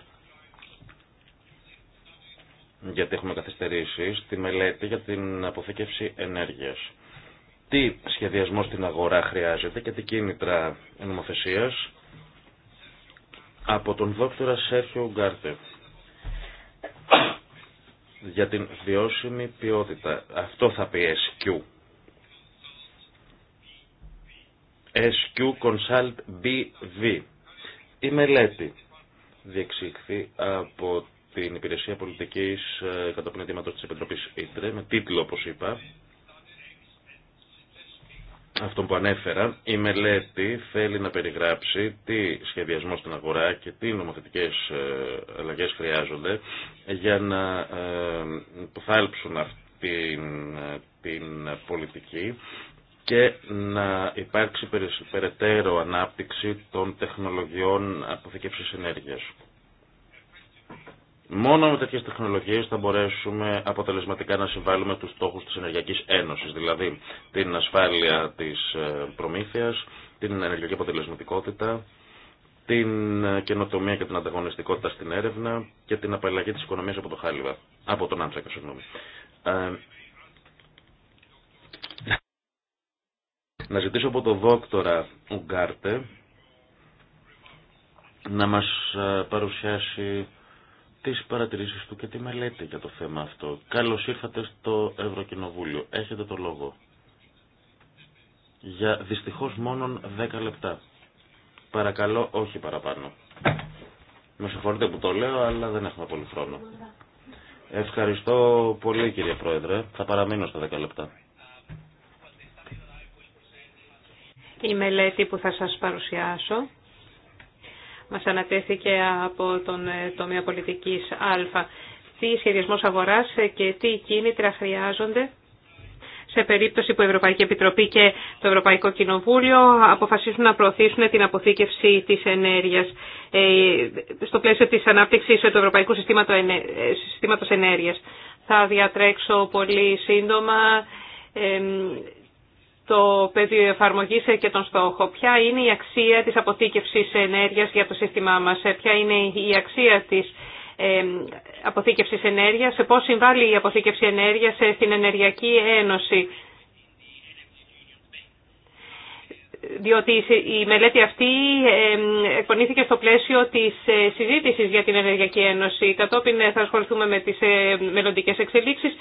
γιατί έχουμε καθυστερήσει, στη μελέτη για την αποθήκευση ενέργειας. Τι σχεδιασμό στην αγορά χρειάζεται και τι κίνητρα νομοθεσίας από τον δόκτωρα Σέρχιο Γκάρτε για την βιώσιμη ποιότητα. Αυτό θα πει SQ. SQ Consult BV. Η μελέτη διεξήχθη από την Υπηρεσία Πολιτικής ε, κατά Αιτήματος της Επιτροπής Ήτρε με τίτλο, όπως είπα, αυτό που ανέφερα, η μελέτη θέλει να περιγράψει τι σχεδιασμό στην αγορά και τι νομοθετικέ ε, αλλαγέ χρειάζονται για να ε, υποθάλψουν αυτή την πολιτική και να υπάρξει περαιτέρω ανάπτυξη των τεχνολογιών αποθηκεύσης ενέργειας. Μόνο με τέτοιε τεχνολογίες θα μπορέσουμε αποτελεσματικά να συμβάλλουμε του στόχους τη Ενεργειακή Ένωσης, δηλαδή την ασφάλεια της ε, προμήθειας, την ενεργειακή αποτελεσματικότητα, την ε, καινοτομία και την ανταγωνιστικότητα στην έρευνα και την απαλλαγή της οικονομίας από το χάλιβα, από τον Άντσακα, συγγνώμη. Ε, να ζητήσω από τον δόκτορα Ουγκάρτε να μας παρουσιάσει τις παρατηρήσεις του και τη μελέτη για το θέμα αυτό. Καλώς ήρθατε στο Ευρωκοινοβούλιο. Έχετε το λόγο. Για δυστυχώς μόνον 10 λεπτά. Παρακαλώ, όχι παραπάνω. Με συγχωρείτε που το λέω, αλλά δεν έχουμε πολύ χρόνο. Ευχαριστώ πολύ κύριε Πρόεδρε. Θα παραμείνω στα 10 λεπτά. Η μελέτη που θα σας παρουσιάσω μας ανατέθηκε από τον ε, τομέα πολιτικής Α. Τι σχεδιασμός αγοράς και τι κίνητρα χρειάζονται σε περίπτωση που η Ευρωπαϊκή Επιτροπή και το Ευρωπαϊκό Κοινοβούλιο αποφασίσουν να προωθήσουν την αποθήκευση της ενέργειας ε, στο πλαίσιο της ανάπτυξης του Ευρωπαϊκού ε, Συστήματος Ενέργειας. Θα διατρέξω πολύ σύντομα το πεδίο εφαρμογή ε, και τον στόχο. Ποια είναι η αξία της αποθήκευσης ενέργειας για το σύστημά μας, ε, ποια είναι η αξία της ε, αποθήκευσης ενέργειας, πώς συμβάλλει η αποθήκευση ενέργειας στην Ενεργειακή Ένωση. διότι η μελέτη αυτή εκπονήθηκε στο πλαίσιο της ε, συζήτησης για την Ενεργειακή Ένωση. Κατόπιν ε, θα ασχοληθούμε με τις ε, μελλοντικές εξελίξεις,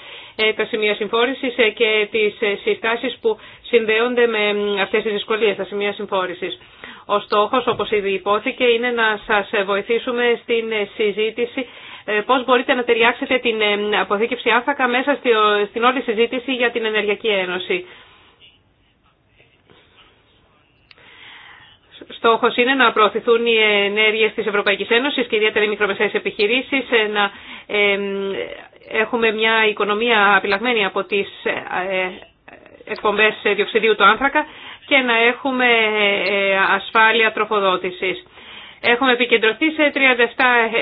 τα σημεία συμφόρησης και τις συστάσεις που συνδέονται με αυτές τις δυσκολίες, τα σημεία συμφόρησης. Ο στόχος, όπως ήδη υπόθηκε, είναι να σας βοηθήσουμε στην συζήτηση πώς μπορείτε να ταιριάξετε την αποθήκευση άνθακα μέσα στην όλη συζήτηση για την Ενεργειακή Ένωση. Στοχό είναι να προωθηθούν οι ενέργειε τη Ευρωπαϊκή Ένωση και ιδιαίτερα οι μικρομεσαίες επιχειρήσεις, ε, να ε, έχουμε μια οικονομία απειλαγμένη από τις ε, εκπομπέ διοξιδίου του άνθρακα και να έχουμε ασφάλεια τροφοδότηση. Έχουμε επικεντρωθεί σε 37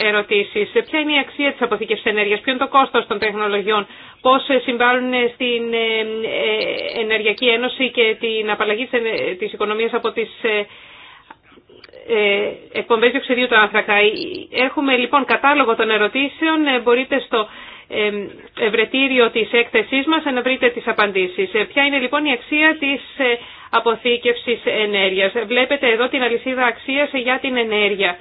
ερωτήσει. Ποια είναι η αξία τη αποθήκευση ενέργεια, ποιο είναι το κόστο των τεχνολογιών, πώ συμβάλλουν στην Ενεργειακή Ένωση και την απαλλαγή τη οικονομία από τις ε, εκπομπές διοξιδίου του άνθρακα. Ε, έχουμε λοιπόν κατάλογο των ερωτήσεων. Ε, μπορείτε στο ευρετήριο της έκθεσής μας να βρείτε τις απαντήσεις. Ποια είναι λοιπόν η αξία της αποθήκευσης ενέργειας. Βλέπετε εδώ την αλυσίδα αξίας για την ενέργεια.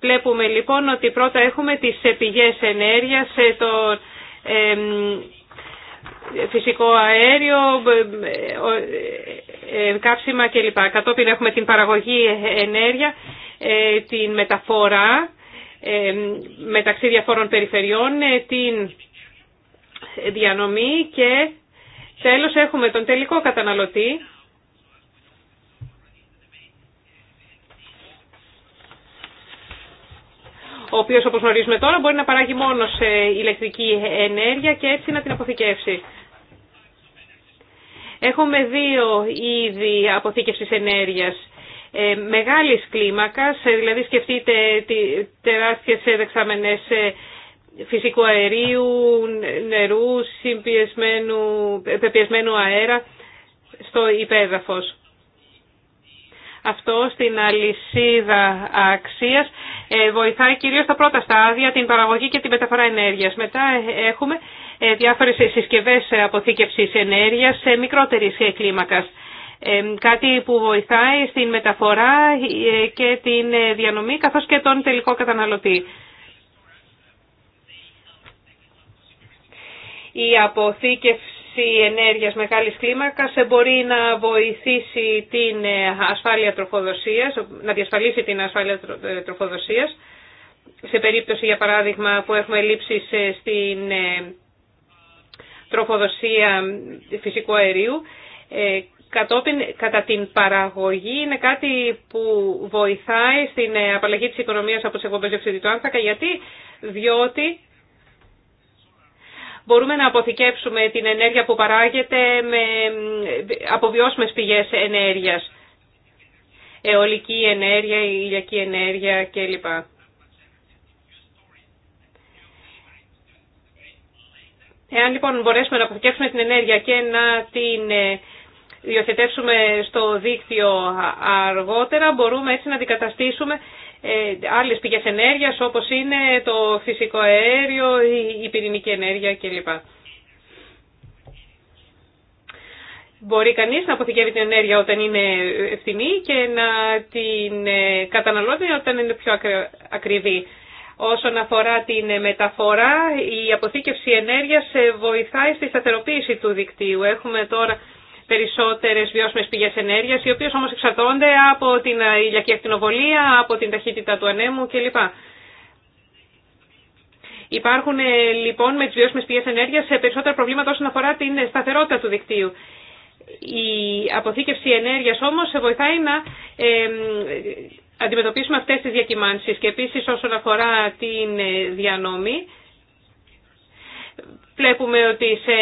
Βλέπουμε λοιπόν ότι πρώτα έχουμε τις πηγές ενέργειας, το, φυσικό αέριο, ε, ε, ε, κάψιμα κλπ. Κατόπιν έχουμε την παραγωγή ενέργεια, την μεταφορά μεταξύ διαφόρων περιφερειών, την διανομή και τέλος έχουμε τον τελικό καταναλωτή ο οποίος όπως γνωρίζουμε τώρα μπορεί να παράγει μόνο σε ηλεκτρική ενέργεια και έτσι να την αποθηκεύσει. Έχουμε δύο είδη αποθήκευσης ενέργειας. Ε, μεγάλης κλίμακας, ε, δηλαδή σκεφτείτε τεράστιες δεξαμενές ε, φυσικού αερίου, νερού, συμπιεσμένου, πεπιεσμένου αέρα στο υπέδαφος. Αυτό στην αλυσίδα αξίας ε, βοηθάει κυρίως τα πρώτα στάδια, την παραγωγή και την μεταφορά ενέργειας. Μετά ε, έχουμε ε, διάφορες συσκευές αποθήκευσης ενέργειας σε μικρότερης κλίμακας. Κάτι που βοηθάει στην μεταφορά και την διανομή καθώς και τον τελικό καταναλωτή. Η αποθήκευση η ενέργειας μεγάλης κλίμακας ε, μπορεί να βοηθήσει την ε, ασφάλεια τροφοδοσίας, να διασφαλίσει την ασφάλεια ε, τροφοδοσίας σε περίπτωση για παράδειγμα που έχουμε λήψεις στην τροφοδοσία φυσικού αερίου κατόπιν κατά την παραγωγή είναι κάτι που βοηθάει στην απαλλαγή της οικονομίας από τις εκπομπές γιατί διότι μπορούμε να αποθηκεύσουμε την ενέργεια που παράγεται με αποβιώσιμες πηγές ενέργειας. εολική ενέργεια, ηλιακή ενέργεια κλπ. Εάν λοιπόν μπορέσουμε να αποθηκεύσουμε την ενέργεια και να την διοθετεύσουμε ε, στο δίκτυο αργότερα, μπορούμε έτσι να αντικαταστήσουμε ε, άλλες πηγές ενέργειας όπως είναι το φυσικό αέριο, η πυρηνική ενέργεια κλπ. Μπορεί κανείς να αποθηκεύει την ενέργεια όταν είναι ευθυνή και να την ε, καταναλώνει όταν είναι πιο ακριβή. Όσον αφορά την μεταφορά, η αποθήκευση ενέργειας ε, βοηθάει στη σταθεροποίηση του δικτύου. Έχουμε τώρα Περισσότερε βιώσιμε πηγέ ενέργεια, οι οποίε όμω εξαρτώνται από την ε, ηλιακή ακτινοβολία, από την ταχύτητα του ανέμου κλπ. Υπάρχουν ε, λοιπόν με τι βιώσιμε πηγέ ενέργεια ε, περισσότερα προβλήματα όσον αφορά την σταθερότητα του δικτύου. Η αποθήκευση ενέργειας όμως βοηθάει να αντιμετωπίσουμε αυτέ τι διακυμάνσει. και επίση, όσον αφορά την διανομή βλέπουμε ότι σε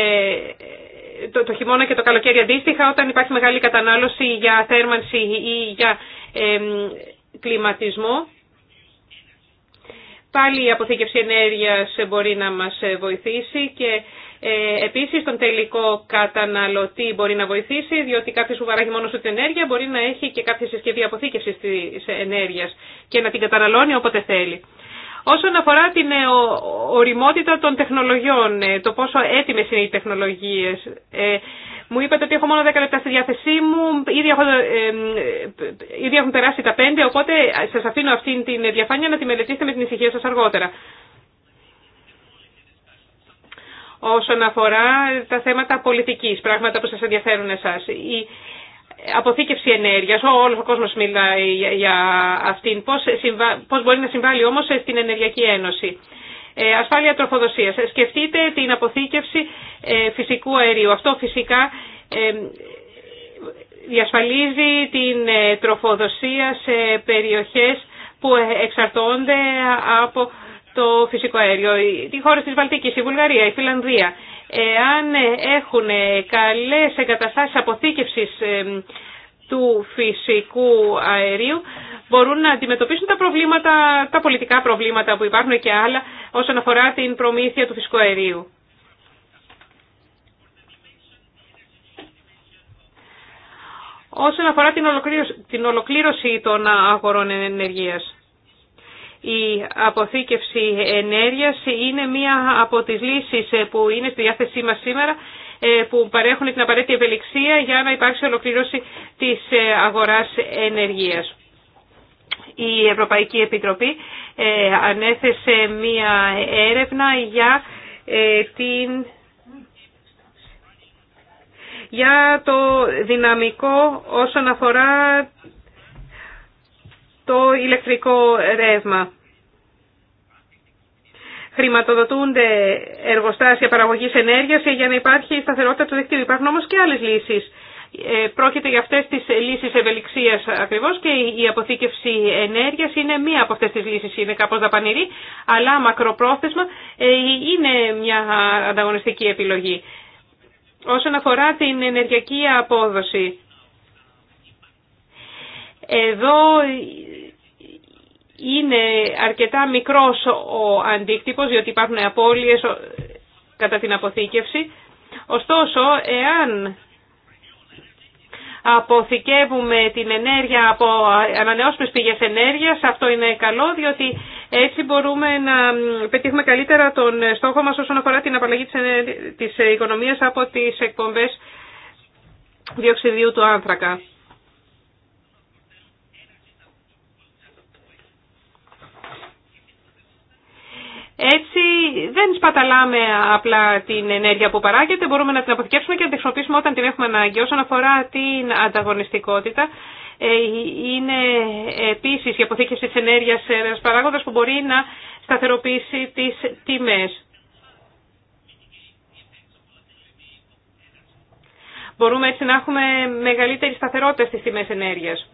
το, το χειμώνα και το καλοκαίρι αντίστοιχα όταν υπάρχει μεγάλη κατανάλωση για θέρμανση ή για κλιματισμό. Πάλι η αποθήκευση ενέργειας μπορεί να μας ε, βοηθήσει και ε, επίσης τον τελικό καταναλωτή μπορεί να βοηθήσει διότι κάποιος που παράγει μόνο του την ενέργεια μπορεί να έχει και κάποια συσκευή αποθήκευσης της ενέργειας και να την καταναλώνει όποτε θέλει. Όσον αφορά την ε, οριμότητα των τεχνολογιών, ε, το πόσο έτοιμες είναι οι τεχνολογίες, ε, μου είπατε ότι έχω μόνο 10 λεπτά στη διάθεσή μου, ήδη, έχουν περάσει τα 5, οπότε σας αφήνω αυτή την διαφάνεια να τη μελετήσετε με την ησυχία σας αργότερα. Όσον αφορά τα θέματα πολιτικής, πράγματα που σας ενδιαφέρουν εσάς. Η αποθήκευση ενέργειας, όλος ο κόσμος μιλάει για αυτήν, πώς, πώς μπορεί να συμβάλλει όμως στην Ενεργειακή Ένωση. Ε, ασφάλεια τροφοδοσίας. Ε, σκεφτείτε την αποθήκευση ε, φυσικού αερίου. Αυτό φυσικά ε, διασφαλίζει την τροφοδοσία σε περιοχές που εξαρτώνται από το φυσικό αέριο. Τι χώρες της Βαλτικής, η Βουλγαρία, η Φιλανδία εάν έχουν καλές εγκαταστάσεις αποθήκευσης ε, του φυσικού αερίου μπορούν να αντιμετωπίσουν τα προβλήματα, τα πολιτικά προβλήματα που υπάρχουν και άλλα όσον αφορά την προμήθεια του φυσικού αερίου. Όσον αφορά την ολοκλήρωση, την ολοκλήρωση των αγορών ενεργείας. Η αποθήκευση ενέργειας είναι μία από τις λύσεις που είναι στη διάθεσή μας σήμερα ε, που παρέχουν την απαραίτητη ευελιξία για να υπάρξει ολοκλήρωση της ε, αγοράς ενεργείας. Η Ευρωπαϊκή Επιτροπή ε, ανέθεσε μία έρευνα για την για το δυναμικό όσον αφορά το ηλεκτρικό ρεύμα χρηματοδοτούνται εργοστάσια παραγωγής ενέργειας για να υπάρχει σταθερότητα του δικτύου. Υπάρχουν όμως και άλλες λύσεις. Ε, πρόκειται για αυτές τις λύσεις ευελιξίας ακριβώς και η αποθήκευση ενέργειας είναι μία από αυτές τις λύσεις. Είναι κάπως δαπανηρή, αλλά μακροπρόθεσμα ε, είναι μια ανταγωνιστική επιλογή. Όσον αφορά την ενεργειακή απόδοση, εδώ είναι αρκετά μικρός ο αντίκτυπος, διότι υπάρχουν απώλειες κατά την αποθήκευση. Ωστόσο, εάν αποθηκεύουμε την ενέργεια από ανανεώσιμες πηγές ενέργειας, αυτό είναι καλό, διότι έτσι μπορούμε να πετύχουμε καλύτερα τον στόχο μας όσον αφορά την απαλλαγή της οικονομίας από τις εκπομπές διοξιδίου του άνθρακα. Έτσι δεν σπαταλάμε απλά την ενέργεια που παράγεται, μπορούμε να την αποθηκεύσουμε και να την χρησιμοποιήσουμε όταν την έχουμε ανάγκη. Όσον αφορά την ανταγωνιστικότητα, ε, είναι επίσης η αποθήκευση της ενέργειας ένα παράγοντα που μπορεί να σταθεροποιήσει τις τιμές. Μπορούμε έτσι να έχουμε μεγαλύτερη σταθερότητα στις τιμές ενέργειας.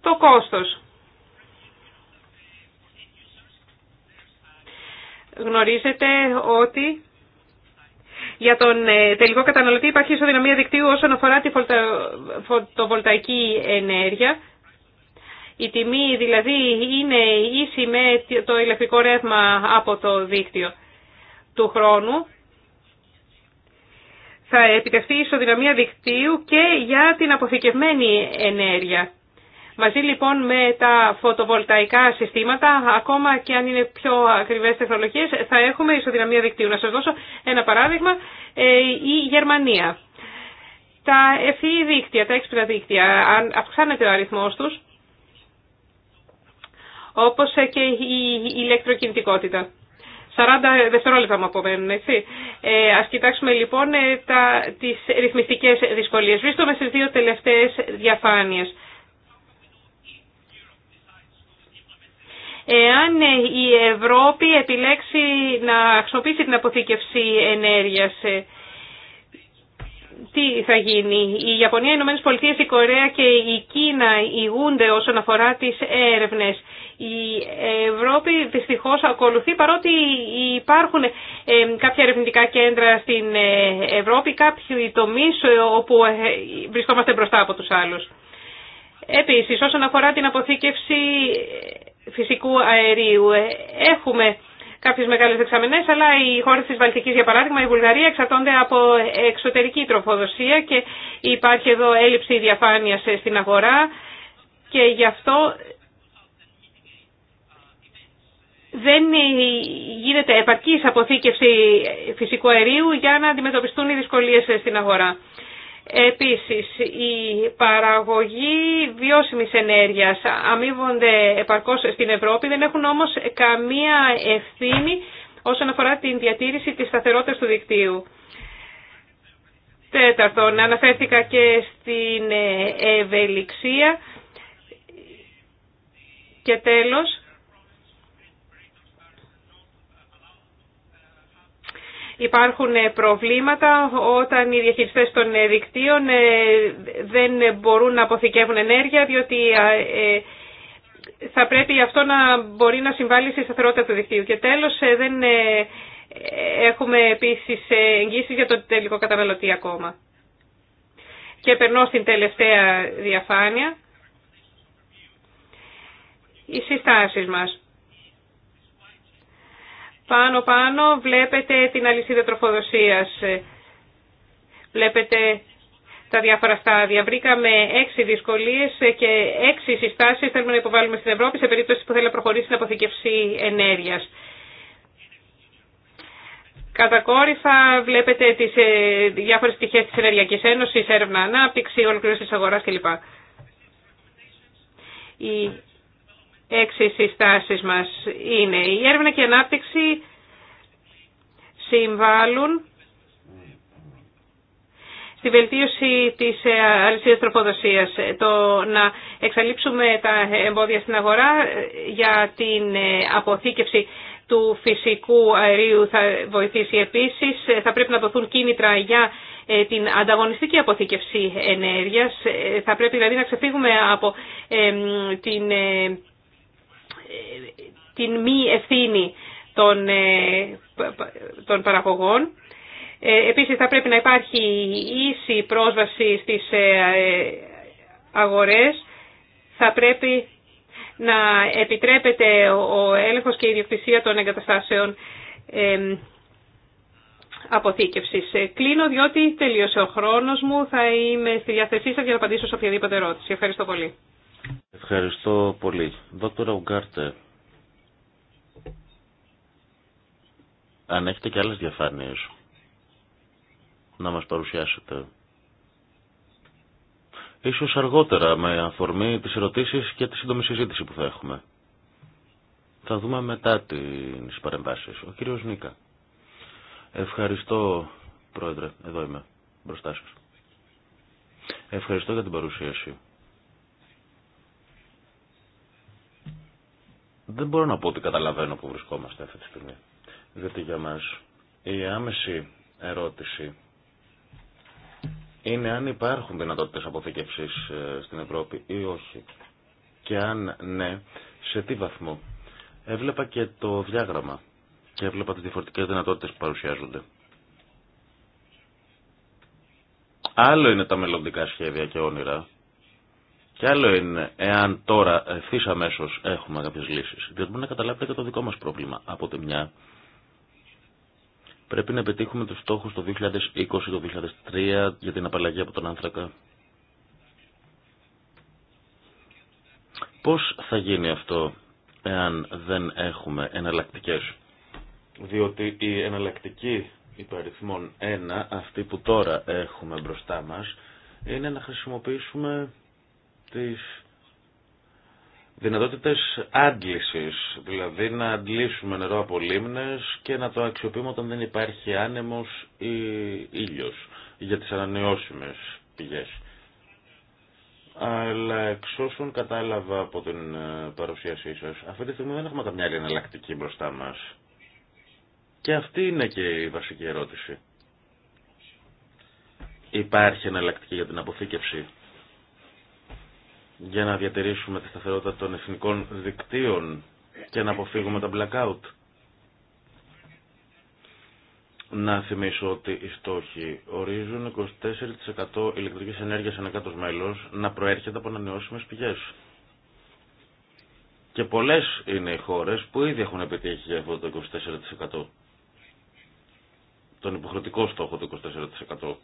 Το κόστος. γνωρίζετε ότι για τον ε, τελικό καταναλωτή υπάρχει ισοδυναμία δικτύου όσον αφορά τη φωτοβολταϊκή ενέργεια. Η τιμή δηλαδή είναι ίση με το ηλεκτρικό ρεύμα από το δίκτυο του χρόνου. Θα επιτευχθεί ισοδυναμία δικτύου και για την αποθηκευμένη ενέργεια. Μαζί λοιπόν με τα φωτοβολταϊκά συστήματα, ακόμα και αν είναι πιο ακριβές τεχνολογίες, θα έχουμε ισοδυναμία δικτύου. Να σας δώσω ένα παράδειγμα, ε, η Γερμανία. Τα ευθύ e δίκτυα, τα έξυπνα δίκτυα, αν αυξάνεται ο αριθμός τους, όπως ε, και η ηλεκτροκινητικότητα. 40 δευτερόλεπτα μου απομένουν, έτσι. Ε, ας κοιτάξουμε λοιπόν ε, τα, τις ρυθμιστικές δυσκολίες. Βρίσκομαι στις δύο τελευταίες διαφάνειες. εάν ε, η Ευρώπη επιλέξει να χρησιμοποιήσει την αποθήκευση ενέργειας. Ε, τι θα γίνει. Η Ιαπωνία, οι Ηνωμένες Πολιτείες, η Κορέα και η Κίνα ηγούνται όσον αφορά τις έρευνες. Η Ευρώπη δυστυχώς ακολουθεί παρότι υπάρχουν ε, κάποια ερευνητικά κέντρα στην Ευρώπη, κάποιοι τομείς όπου βρισκόμαστε μπροστά από τους άλλους. Επίσης, όσον αφορά την αποθήκευση φυσικού αερίου, ε, έχουμε κάποιες μεγάλες δεξαμενές, αλλά οι χώρες της Βαλτικής, για παράδειγμα, η Βουλγαρία, εξαρτώνται από εξωτερική τροφοδοσία και υπάρχει εδώ έλλειψη διαφάνειας ε, στην αγορά και γι' αυτό δεν γίνεται επαρκής αποθήκευση φυσικού αερίου για να αντιμετωπιστούν οι δυσκολίες ε, στην αγορά. Επίσης, η παραγωγή βιώσιμης ενέργειας αμείβονται επαρκώς στην Ευρώπη, δεν έχουν όμως καμία ευθύνη όσον αφορά την διατήρηση της σταθερότητας του δικτύου. Τέταρτον, αναφέρθηκα και στην ευελιξία. Και τέλος, Υπάρχουν ε, προβλήματα όταν οι διαχειριστές των ε, δικτύων ε, δεν μπορούν να αποθηκεύουν ενέργεια διότι θα πρέπει αυτό να μπορεί να συμβάλλει στη σταθερότητα του δικτύου. Και τέλος δεν έχουμε επίσης εγγύσεις για το τελικό καταναλωτή ακόμα. Και περνώ στην τελευταία διαφάνεια. Οι συστάσεις μας. Πάνω-πάνω βλέπετε την αλυσίδα τροφοδοσίας. Βλέπετε τα διάφορα στάδια. Βρήκαμε έξι δυσκολίες και έξι συστάσεις θέλουμε να υποβάλουμε στην Ευρώπη σε περίπτωση που θέλει να προχωρήσει την αποθηκευσή ενέργειας. Κατακόρυφα βλέπετε τις ε, διάφορες πτυχές της Ενεργειακής Ένωσης, έρευνα ανάπτυξη, ολοκλήρωση αγοράς κλπ έξι συστάσεις μας είναι η έρευνα και η ανάπτυξη συμβάλλουν στη βελτίωση της ε, αλυσίδας τροφοδοσίας. Το να εξαλείψουμε τα εμπόδια στην αγορά ε, για την ε, αποθήκευση του φυσικού αερίου θα βοηθήσει επίσης. Θα πρέπει να δοθούν κίνητρα για την ανταγωνιστική αποθήκευση ενέργειας. Θα πρέπει δηλαδή να ξεφύγουμε από την την μη ευθύνη των, ε, των παραγωγών. Ε, επίσης θα πρέπει να υπάρχει ίση πρόσβαση στις ε, αγορές. Θα πρέπει να επιτρέπεται ο έλεγχος και η ιδιοκτησία των εγκαταστάσεων αποθήκευσης. Κλείνω διότι τελείωσε ο χρόνος μου. Θα είμαι στη διάθεσή σας για να απαντήσω σε οποιαδήποτε ερώτηση. Ευχαριστώ πολύ. Ευχαριστώ πολύ. Δόκτωρα Ουγκάρτε, αν έχετε και άλλες διαφάνειες να μας παρουσιάσετε. Ίσως αργότερα με αφορμή τις ερωτήσεις και τη σύντομη συζήτηση που θα έχουμε. Θα δούμε μετά τις παρεμβάσεις. Ο κύριος Νίκα. Ευχαριστώ, Πρόεδρε. Εδώ είμαι, μπροστά σας. Ευχαριστώ για την παρουσίαση. Δεν μπορώ να πω ότι καταλαβαίνω που βρισκόμαστε αυτή τη στιγμή. Διότι για μας η άμεση ερώτηση είναι αν υπάρχουν δυνατότητες αποθήκευσης ε, στην Ευρώπη ή όχι. Και αν ναι, σε τι βαθμό. Έβλεπα και το διάγραμμα και έβλεπα τις διαφορετικές δυνατότητες που παρουσιάζονται. Άλλο είναι τα μελλοντικά σχέδια και όνειρα και άλλο είναι, εάν τώρα ευθύ αμέσω έχουμε κάποιε λύσει, διότι μπορεί να καταλάβετε και το δικό μα πρόβλημα. Από τη μια, πρέπει να πετύχουμε του στόχου το 2020, το 2003 για την απαλλαγή από τον άνθρακα. Πώ θα γίνει αυτό, εάν δεν έχουμε εναλλακτικέ. Διότι η εναλλακτική υπαριθμών 1, αυτή που τώρα έχουμε μπροστά μας, είναι να χρησιμοποιήσουμε τις δυνατότητες άντλησης, δηλαδή να αντλήσουμε νερό από λίμνες και να το αξιοποιούμε όταν δεν υπάρχει άνεμος ή ήλιος για τις ανανεώσιμες πηγές. Αλλά εξ όσων κατάλαβα από την ε, παρουσίασή σας, αυτή τη στιγμή δεν έχουμε καμιά άλλη εναλλακτική μπροστά μας. Και αυτή είναι και η βασική ερώτηση. Υπάρχει εναλλακτική για την αποθήκευση για να διατηρήσουμε τη σταθερότητα των εθνικών δικτύων και να αποφύγουμε τα blackout. Να θυμίσω ότι οι στόχοι ορίζουν 24% ηλεκτρικής ενέργειας ανά κάτω μέλος να προέρχεται από ανανεώσιμες πηγές. Και πολλές είναι οι χώρες που ήδη έχουν επιτύχει αυτό το 24%. Τον υποχρεωτικό στόχο του 24%.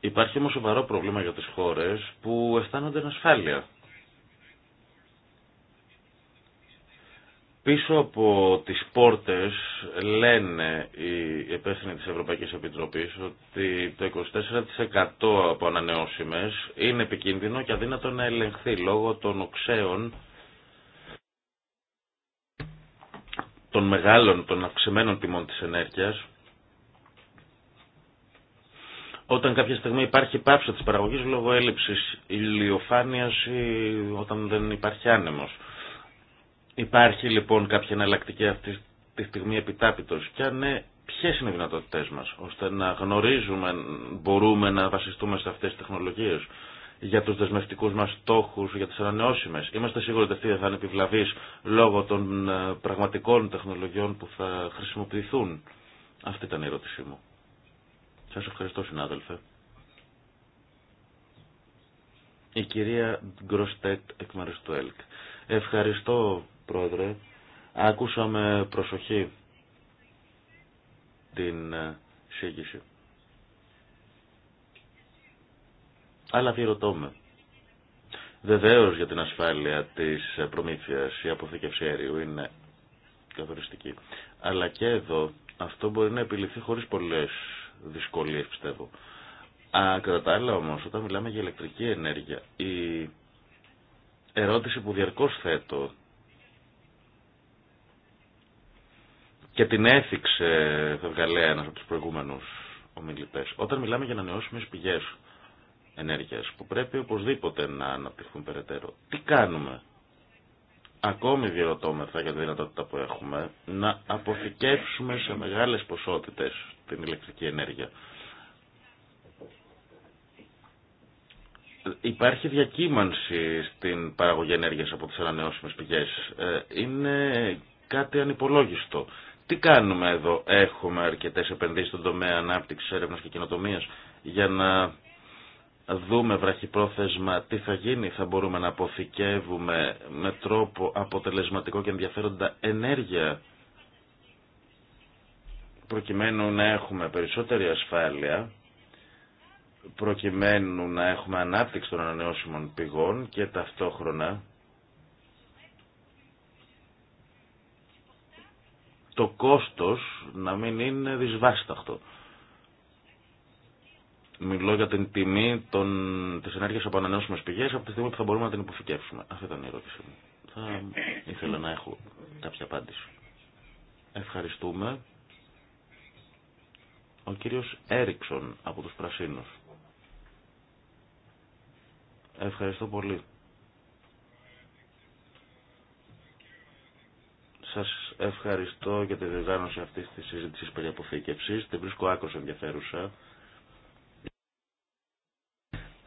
Υπάρχει όμως σοβαρό πρόβλημα για τις χώρες που αισθάνονται ασφάλεια. Πίσω από τις πόρτες λένε οι υπεύθυνοι της Ευρωπαϊκής Επιτροπής ότι το 24% από ανανεώσιμες είναι επικίνδυνο και αδύνατο να ελεγχθεί λόγω των οξέων των μεγάλων, των αυξημένων τιμών της ενέργειας όταν κάποια στιγμή υπάρχει πάυση της παραγωγής λόγω έλλειψης ηλιοφάνειας ή όταν δεν υπάρχει άνεμος. Υπάρχει λοιπόν κάποια εναλλακτική αυτή τη στιγμή επιτάπητος και αν ναι, ποιες είναι οι δυνατότητές μας ώστε να γνωρίζουμε, μπορούμε να βασιστούμε σε αυτές τις τεχνολογίες για τους δεσμευτικούς μας στόχους, για τις ανανεώσιμες. Είμαστε σίγουροι ότι αυτή θα είναι επιβλαβής λόγω των ε, πραγματικών τεχνολογιών που θα χρησιμοποιηθούν. Αυτή ήταν η ερώτησή μου. Σας ευχαριστώ συνάδελφε. Η κυρία Γκροστέτ εκ Ευχαριστώ πρόεδρε. Άκουσα με προσοχή την ε, σύγκριση. Αλλά διερωτώ με. Βεβαίω για την ασφάλεια της ε, προμήθειας η αποθήκευση αερίου είναι καθοριστική. Αλλά και εδώ αυτό μπορεί να επιληθεί χωρίς πολλές δυσκολίες πιστεύω. Α, κατά άλλα όμως, όταν μιλάμε για ηλεκτρική ενέργεια, η ερώτηση που διαρκώς θέτω και την έθιξε Φευγαλέα ένας από τους προηγούμενους ομιλητές. Όταν μιλάμε για ανανεώσιμες πηγές ενέργειας που πρέπει οπωσδήποτε να αναπτυχθούν περαιτέρω, τι κάνουμε Ακόμη διερωτώμεθα για τη δυνατότητα που έχουμε να αποθηκεύσουμε σε μεγάλες ποσότητες την ηλεκτρική ενέργεια. Υπάρχει διακύμανση στην παραγωγή ενέργειας από τις ανανεώσιμες πηγές. Ε, είναι κάτι ανυπολόγιστο. Τι κάνουμε εδώ, έχουμε αρκετές επενδύσεις στον τομέα ανάπτυξης, έρευνας και κοινοτομίας για να δούμε βραχυπρόθεσμα τι θα γίνει, θα μπορούμε να αποθηκεύουμε με τρόπο αποτελεσματικό και ενδιαφέροντα ενέργεια προκειμένου να έχουμε περισσότερη ασφάλεια, προκειμένου να έχουμε ανάπτυξη των ανανεώσιμων πηγών και ταυτόχρονα το κόστος να μην είναι δυσβάσταχτο. Μιλώ για την τιμή των, της ενέργειας από ανανεώσιμες πηγές από τη στιγμή που θα μπορούμε να την υποθηκεύσουμε. Αυτή ήταν η ερώτηση μου. Θα ήθελα να έχω κάποια απάντηση. Ευχαριστούμε. Ο κύριος Έριξον από τους Πρασίνους. Ευχαριστώ πολύ. Σας ευχαριστώ για τη διοργάνωση αυτής της συζήτησης περί αποθήκευσης. Την βρίσκω άκρως ενδιαφέρουσα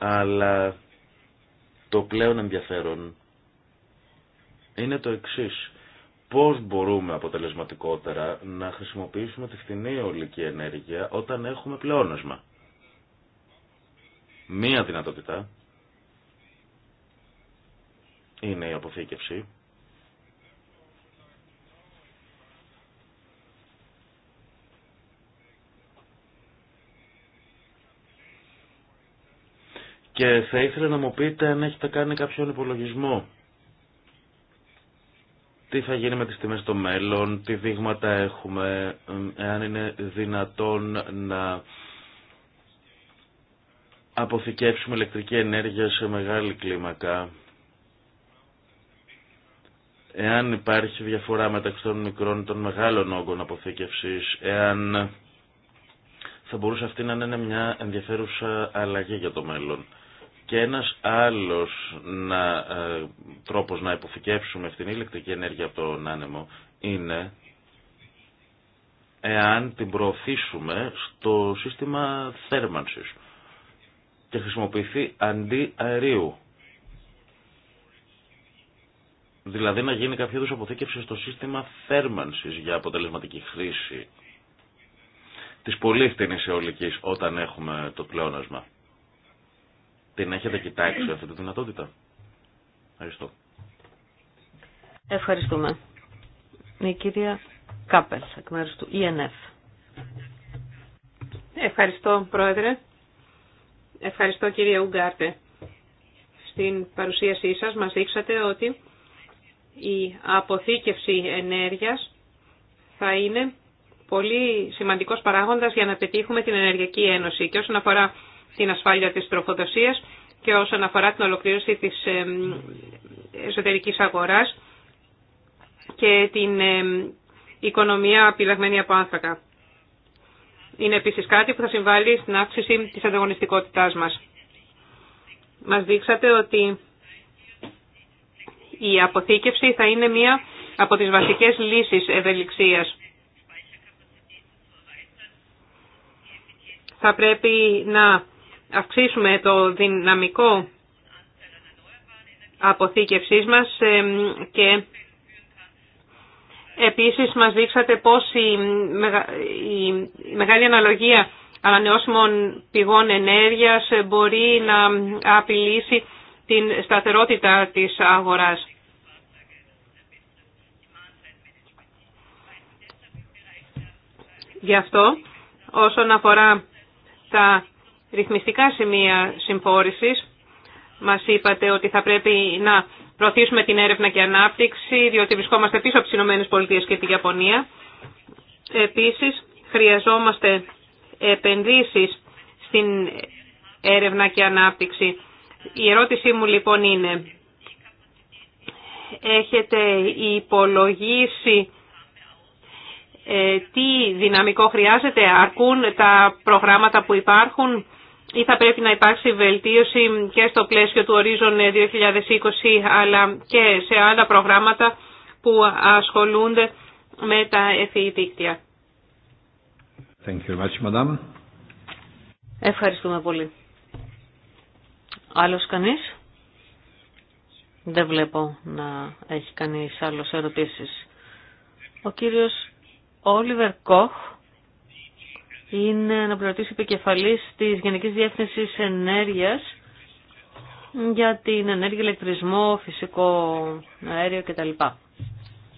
αλλά το πλέον ενδιαφέρον είναι το εξής. Πώς μπορούμε αποτελεσματικότερα να χρησιμοποιήσουμε τη φθηνή ολική ενέργεια όταν έχουμε πλεόνασμα. Μία δυνατότητα είναι η αποθήκευση Και θα ήθελα να μου πείτε αν έχετε κάνει κάποιον υπολογισμό. Τι θα γίνει με τις τιμές στο μέλλον, τι δείγματα έχουμε, εάν είναι δυνατόν να αποθηκεύσουμε ηλεκτρική ενέργεια σε μεγάλη κλίμακα. Εάν υπάρχει διαφορά μεταξύ των μικρών των μεγάλων όγκων αποθήκευσης, εάν θα μπορούσε αυτή να είναι μια ενδιαφέρουσα αλλαγή για το μέλλον. Και ένας άλλος να, ε, τρόπος να υποθηκεύσουμε την ηλεκτρική ενέργεια από τον άνεμο είναι εάν την προωθήσουμε στο σύστημα θέρμανσης και χρησιμοποιηθεί αντί αερίου. Δηλαδή να γίνει κάποια είδου αποθήκευση στο σύστημα θέρμανσης για αποτελεσματική χρήση της πολύ φτηνής όταν έχουμε το πλεόνασμα. Την έχετε κοιτάξει αυτή τη δυνατότητα. Ευχαριστώ. Ευχαριστούμε. Η κυρία Κάπελ, εκ μέρους του ΕΝΕΦ. E Ευχαριστώ, Πρόεδρε. Ευχαριστώ, κύριε Ουγκάρτε. Στην παρουσίασή σας μας δείξατε ότι η αποθήκευση ενέργειας θα είναι πολύ σημαντικός παράγοντας για να πετύχουμε την Ενεργειακή Ένωση. Και όσον αφορά την ασφάλεια της τροφοδοσίας και όσον αφορά την ολοκλήρωση της εσωτερικής αγοράς και την οικονομία απειλαγμένη από άνθρακα. Είναι επίσης κάτι που θα συμβάλλει στην αύξηση της ανταγωνιστικότητάς μας. Μας δείξατε ότι η αποθήκευση θα είναι μία από τις βασικές λύσεις ευελιξίας. Θα πρέπει να αυξήσουμε το δυναμικό αποθήκευσής μας και επίσης μας δείξατε πώς η, μεγάλη αναλογία ανανεώσιμων πηγών ενέργειας μπορεί να απειλήσει την σταθερότητα της αγοράς. Γι' αυτό όσον αφορά τα ρυθμιστικά σημεία συμφόρηση. Μας είπατε ότι θα πρέπει να προωθήσουμε την έρευνα και ανάπτυξη, διότι βρισκόμαστε πίσω από τις ΗΠΑ και τη Ιαπωνία. Επίσης, χρειαζόμαστε επενδύσεις στην έρευνα και ανάπτυξη. Η ερώτησή μου λοιπόν είναι, έχετε υπολογίσει ε, τι δυναμικό χρειάζεται, αρκούν τα προγράμματα που υπάρχουν, ή θα πρέπει να υπάρξει βελτίωση και στο πλαίσιο του Ορίζον 2020 αλλά και σε άλλα προγράμματα που ασχολούνται με τα FEE δίκτυα. Thank you much, Ευχαριστούμε πολύ. Άλλος κανείς? Δεν βλέπω να έχει κανείς άλλος ερωτήσεις. Ο κύριος Όλιβερ Κόχ είναι να αναπληρωτής επικεφαλής της Γενικής Διεύθυνσης Ενέργειας για την ενέργεια, ηλεκτρισμό, φυσικό αέριο κτλ.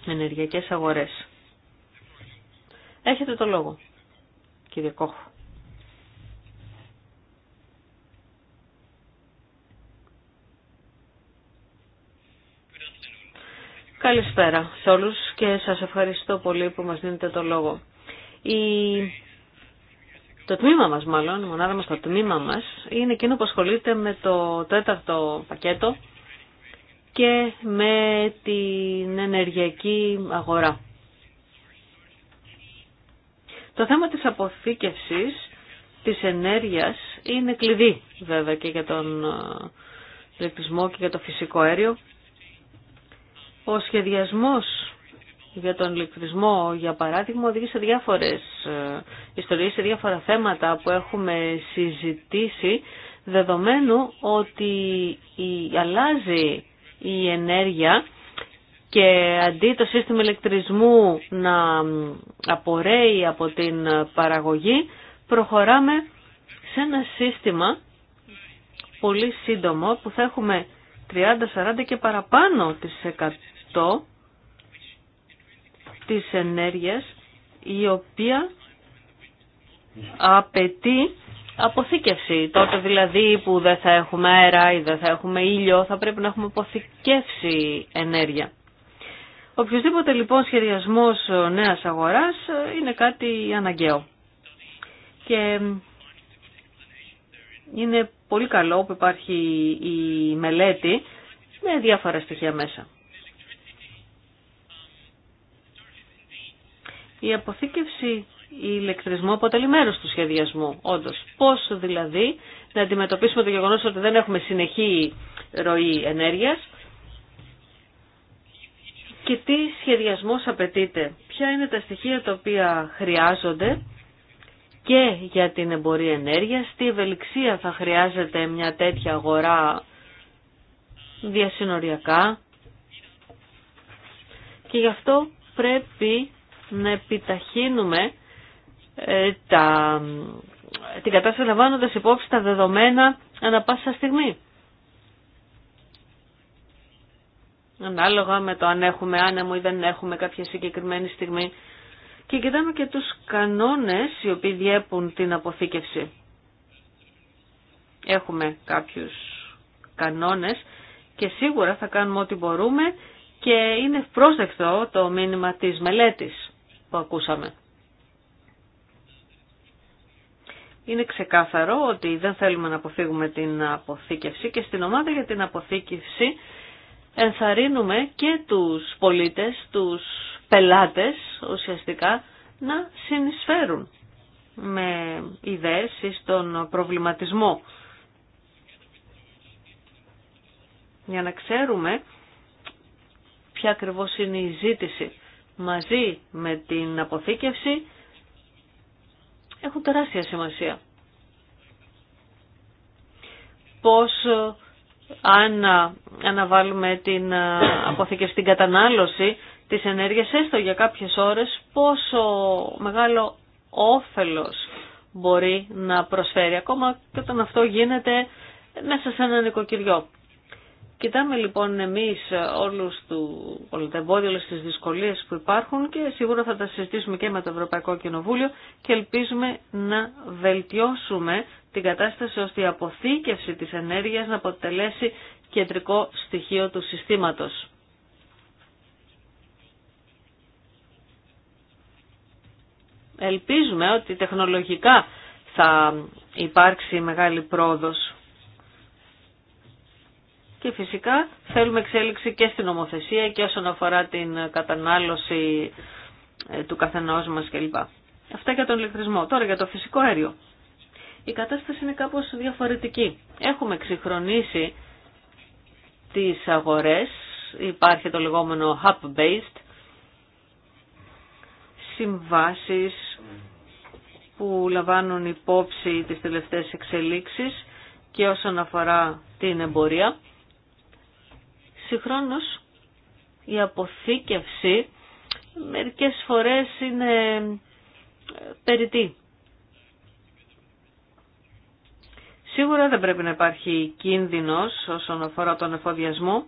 Ενεργειακές αγορές. Έχετε το λόγο, κύριε Κόχ. Καλησπέρα σε όλους και σας ευχαριστώ πολύ που μας δίνετε το λόγο. Η το τμήμα μας μάλλον, η μονάδα μας, το τμήμα μας είναι εκείνο που ασχολείται με το τέταρτο πακέτο και με την ενεργειακή αγορά. Το θέμα της αποθήκευσης της ενέργειας είναι κλειδί βέβαια και για τον ε, ηλεκτρισμό και για το φυσικό αέριο. Ο σχεδιασμός για τον ηλεκτρισμό, για παράδειγμα, οδηγεί σε διάφορες ε, ιστορίες, σε διάφορα θέματα που έχουμε συζητήσει, δεδομένου ότι η, αλλάζει η ενέργεια και αντί το σύστημα ηλεκτρισμού να απορρέει από την παραγωγή, προχωράμε σε ένα σύστημα πολύ σύντομο που θα έχουμε 30, 40 και παραπάνω της 100 της ενέργειας η οποία απαιτεί αποθήκευση. Τότε δηλαδή που δεν θα έχουμε αέρα ή δεν θα έχουμε ήλιο θα πρέπει να έχουμε αποθηκεύσει ενέργεια. Οποιουσδήποτε λοιπόν σχεδιασμός νέας αγοράς είναι κάτι αναγκαίο. Και είναι πολύ καλό που υπάρχει η μελέτη με διάφορα στοιχεία μέσα. Η αποθήκευση ηλεκτρισμού αποτελεί μέρο του σχεδιασμού, όντω. Πώ δηλαδή να αντιμετωπίσουμε το γεγονό ότι δεν έχουμε συνεχή ροή ενέργεια και τι σχεδιασμό απαιτείται. Ποια είναι τα στοιχεία τα οποία χρειάζονται και για την εμπορία ενέργεια, τι ευελιξία θα χρειάζεται μια τέτοια αγορά διασυνοριακά. Και γι' αυτό πρέπει να επιταχύνουμε ε, τα, την κατάσταση λαμβάνοντας υπόψη τα δεδομένα ανά πάσα στιγμή. Ανάλογα με το αν έχουμε άνεμο ή δεν έχουμε κάποια συγκεκριμένη στιγμή. Και κοιτάμε και τους κανόνες οι οποίοι διέπουν την αποθήκευση. Έχουμε κάποιους κανόνες και σίγουρα θα κάνουμε ό,τι μπορούμε και είναι πρόσδεκτο το μήνυμα της μελέτης ακούσαμε. Είναι ξεκάθαρο ότι δεν θέλουμε να αποφύγουμε την αποθήκευση και στην ομάδα για την αποθήκευση ενθαρρύνουμε και τους πολίτες, τους πελάτες ουσιαστικά να συνεισφέρουν με ιδέες στον προβληματισμό. Για να ξέρουμε ποια ακριβώς είναι η ζήτηση μαζί με την αποθήκευση έχουν τεράστια σημασία. Πώς ε, αν ε, αναβάλουμε την ε, αποθήκευση, την κατανάλωση της ενέργειας έστω για κάποιες ώρες, πόσο μεγάλο όφελος μπορεί να προσφέρει ακόμα και όταν αυτό γίνεται μέσα σε ένα νοικοκυριό. Κοιτάμε λοιπόν εμείς όλους του, όλα τα εμπόδια, όλες δυσκολίες που υπάρχουν και σίγουρα θα τα συζητήσουμε και με το Ευρωπαϊκό Κοινοβούλιο και ελπίζουμε να βελτιώσουμε την κατάσταση ώστε η αποθήκευση της ενέργειας να αποτελέσει κεντρικό στοιχείο του συστήματος. Ελπίζουμε ότι τεχνολογικά θα υπάρξει μεγάλη πρόοδος και φυσικά θέλουμε εξέλιξη και στην ομοθεσία και όσον αφορά την κατανάλωση ε, του καθενός μας κλπ. Αυτά για τον ηλεκτρισμό. Τώρα για το φυσικό αέριο. Η κατάσταση είναι κάπως διαφορετική. Έχουμε ξεχρονίσει τις αγορές. Υπάρχει το λεγόμενο hub-based. Συμβάσεις που λαμβάνουν υπόψη τις τελευταίες εξελίξεις και όσον αφορά την εμπορία. Συγχρόνως η αποθήκευση μερικές φορές είναι ε, περιττή. Σίγουρα δεν πρέπει να υπάρχει κίνδυνος όσον αφορά τον εφοδιασμό.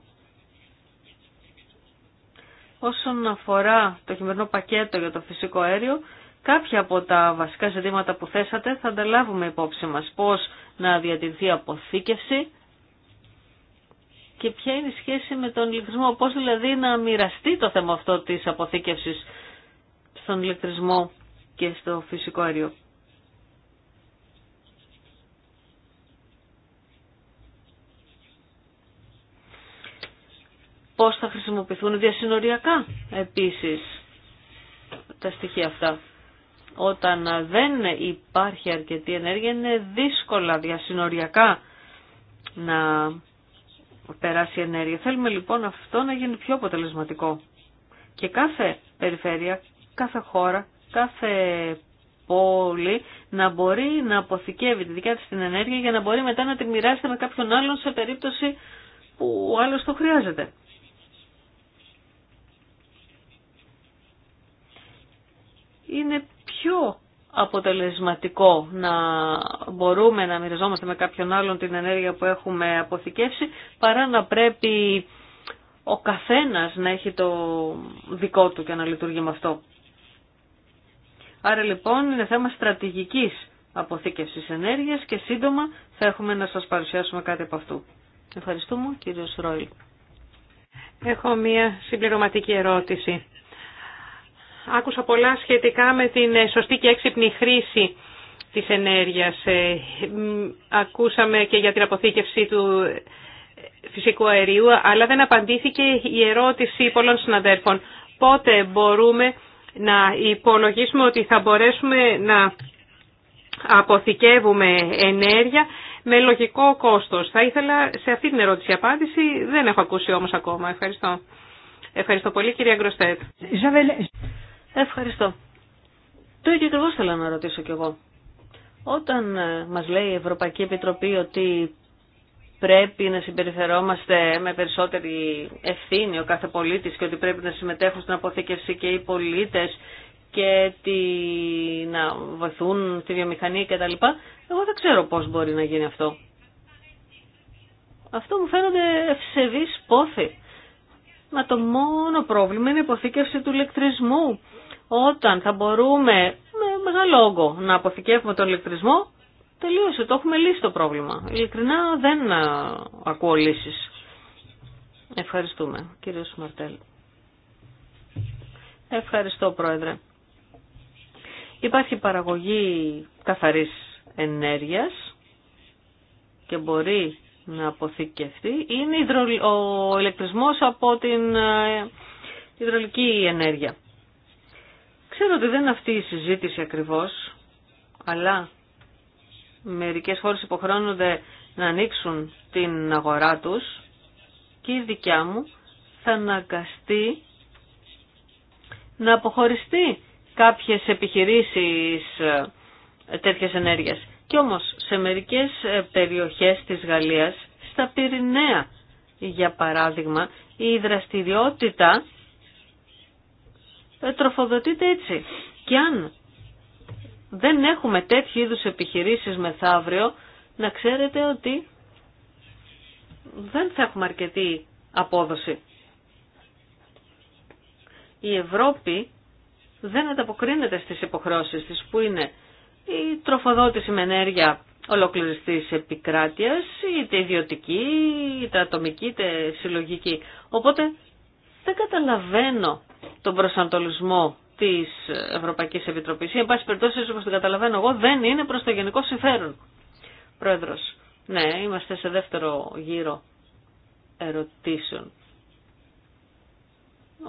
Όσον αφορά το χειμερινό πακέτο για το φυσικό αέριο, κάποια από τα βασικά ζητήματα που θέσατε θα ανταλάβουμε υπόψη μας. Πώς να διατηρηθεί αποθήκευση, και ποια είναι η σχέση με τον ηλεκτρισμό. Πώς δηλαδή να μοιραστεί το θέμα αυτό της αποθήκευσης στον ηλεκτρισμό και στο φυσικό αέριο. Πώς θα χρησιμοποιηθούν διασυνοριακά επίσης τα στοιχεία αυτά. Όταν δεν υπάρχει αρκετή ενέργεια είναι δύσκολα διασυνοριακά να περάσει ενέργεια. Θέλουμε λοιπόν αυτό να γίνει πιο αποτελεσματικό. Και κάθε περιφέρεια, κάθε χώρα, κάθε πόλη να μπορεί να αποθηκεύει τη δικιά της την ενέργεια για να μπορεί μετά να τη μοιράζεται με κάποιον άλλον σε περίπτωση που ο άλλος το χρειάζεται. Είναι πιο αποτελεσματικό να μπορούμε να μοιραζόμαστε με κάποιον άλλον την ενέργεια που έχουμε αποθηκεύσει παρά να πρέπει ο καθένας να έχει το δικό του και να λειτουργεί με αυτό. Άρα λοιπόν είναι θέμα στρατηγικής αποθήκευσης ενέργειας και σύντομα θα έχουμε να σας παρουσιάσουμε κάτι από αυτού. Ευχαριστούμε κύριος Ρόιλ. Έχω μία συμπληρωματική ερώτηση άκουσα πολλά σχετικά με την ε, σωστή και έξυπνη χρήση της ενέργειας. Ε, ακούσαμε και για την αποθήκευση του ε, φυσικού αερίου, αλλά δεν απαντήθηκε η ερώτηση πολλών συναδέρφων. Πότε μπορούμε να υπολογίσουμε ότι θα μπορέσουμε να αποθηκεύουμε ενέργεια με λογικό κόστος. Θα ήθελα σε αυτή την ερώτηση απάντηση, δεν έχω ακούσει όμως ακόμα. Ευχαριστώ. Ευχαριστώ πολύ κυρία Γκροστέτ. Ευχαριστώ. Το ίδιο ακριβώ θέλω να ρωτήσω κι εγώ. Όταν ε, μας λέει η Ευρωπαϊκή Επιτροπή ότι πρέπει να συμπεριφερόμαστε με περισσότερη ευθύνη ο κάθε πολίτης και ότι πρέπει να συμμετέχουν στην αποθήκευση και οι πολίτες και τη... να βοηθούν τη βιομηχανία κτλ. Εγώ δεν ξέρω πώς μπορεί να γίνει αυτό. Αυτό μου φαίνονται ευσεβείς πόθη. Μα το μόνο πρόβλημα είναι η αποθήκευση του ηλεκτρισμού. Όταν θα μπορούμε με μεγάλο όγκο να αποθηκεύουμε τον ηλεκτρισμό, τελείωσε, το έχουμε λύσει το πρόβλημα. Ειλικρινά δεν ε, ακούω λύσει. Ευχαριστούμε, κύριε Μαρτέλ. Ευχαριστώ, Πρόεδρε. Υπάρχει παραγωγή καθαρής ενέργειας και μπορεί να αποθηκευτεί. Είναι ο ηλεκτρισμός από την ε, υδρολική ενέργεια. Ξέρω ότι δεν είναι αυτή η συζήτηση ακριβώς, αλλά μερικές χώρες υποχρώνονται να ανοίξουν την αγορά τους και η δικιά μου θα αναγκαστεί να αποχωριστεί κάποιες επιχειρήσεις ε, τέτοιες ενέργειας. Κι όμως σε μερικές ε, περιοχές της Γαλλίας, στα Πυρηναία για παράδειγμα, η δραστηριότητα ε, τροφοδοτείται έτσι. Και αν δεν έχουμε τέτοιου είδους επιχειρήσεις μεθαύριο, να ξέρετε ότι δεν θα έχουμε αρκετή απόδοση. Η Ευρώπη δεν ανταποκρίνεται στις υποχρεώσεις της που είναι η τροφοδότηση με ενέργεια ολόκληρης της επικράτειας, είτε ιδιωτική, είτε ατομική, είτε συλλογική. Οπότε δεν καταλαβαίνω τον προσανατολισμό της Ευρωπαϊκής Επιτροπής. Ή, εν πάση περιπτώσει, όπω την καταλαβαίνω εγώ, δεν είναι προ το γενικό συμφέρον. Πρόεδρος, ναι, είμαστε σε δεύτερο γύρο ερωτήσεων.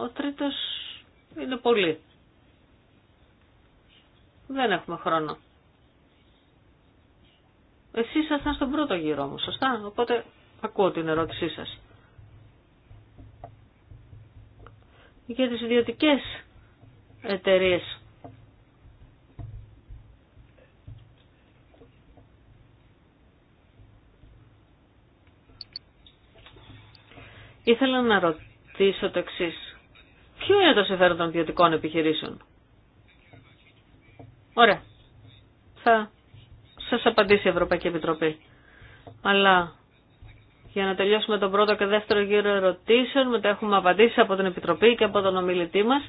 Ο τρίτος είναι πολύ. Δεν έχουμε χρόνο. Εσείς ήσασταν στον πρώτο γύρο μου, σωστά, οπότε ακούω την ερώτησή σας. για τις ιδιωτικές εταιρείες. Ήθελα να ρωτήσω το εξή. Ποιο είναι το συμφέρον των ιδιωτικών επιχειρήσεων. Ωραία. Θα σας απαντήσει η Ευρωπαϊκή Επιτροπή. Αλλά για να τελειώσουμε τον πρώτο και δεύτερο γύρο ερωτήσεων. Μετά έχουμε απαντήσει από την Επιτροπή και από τον ομιλητή μας.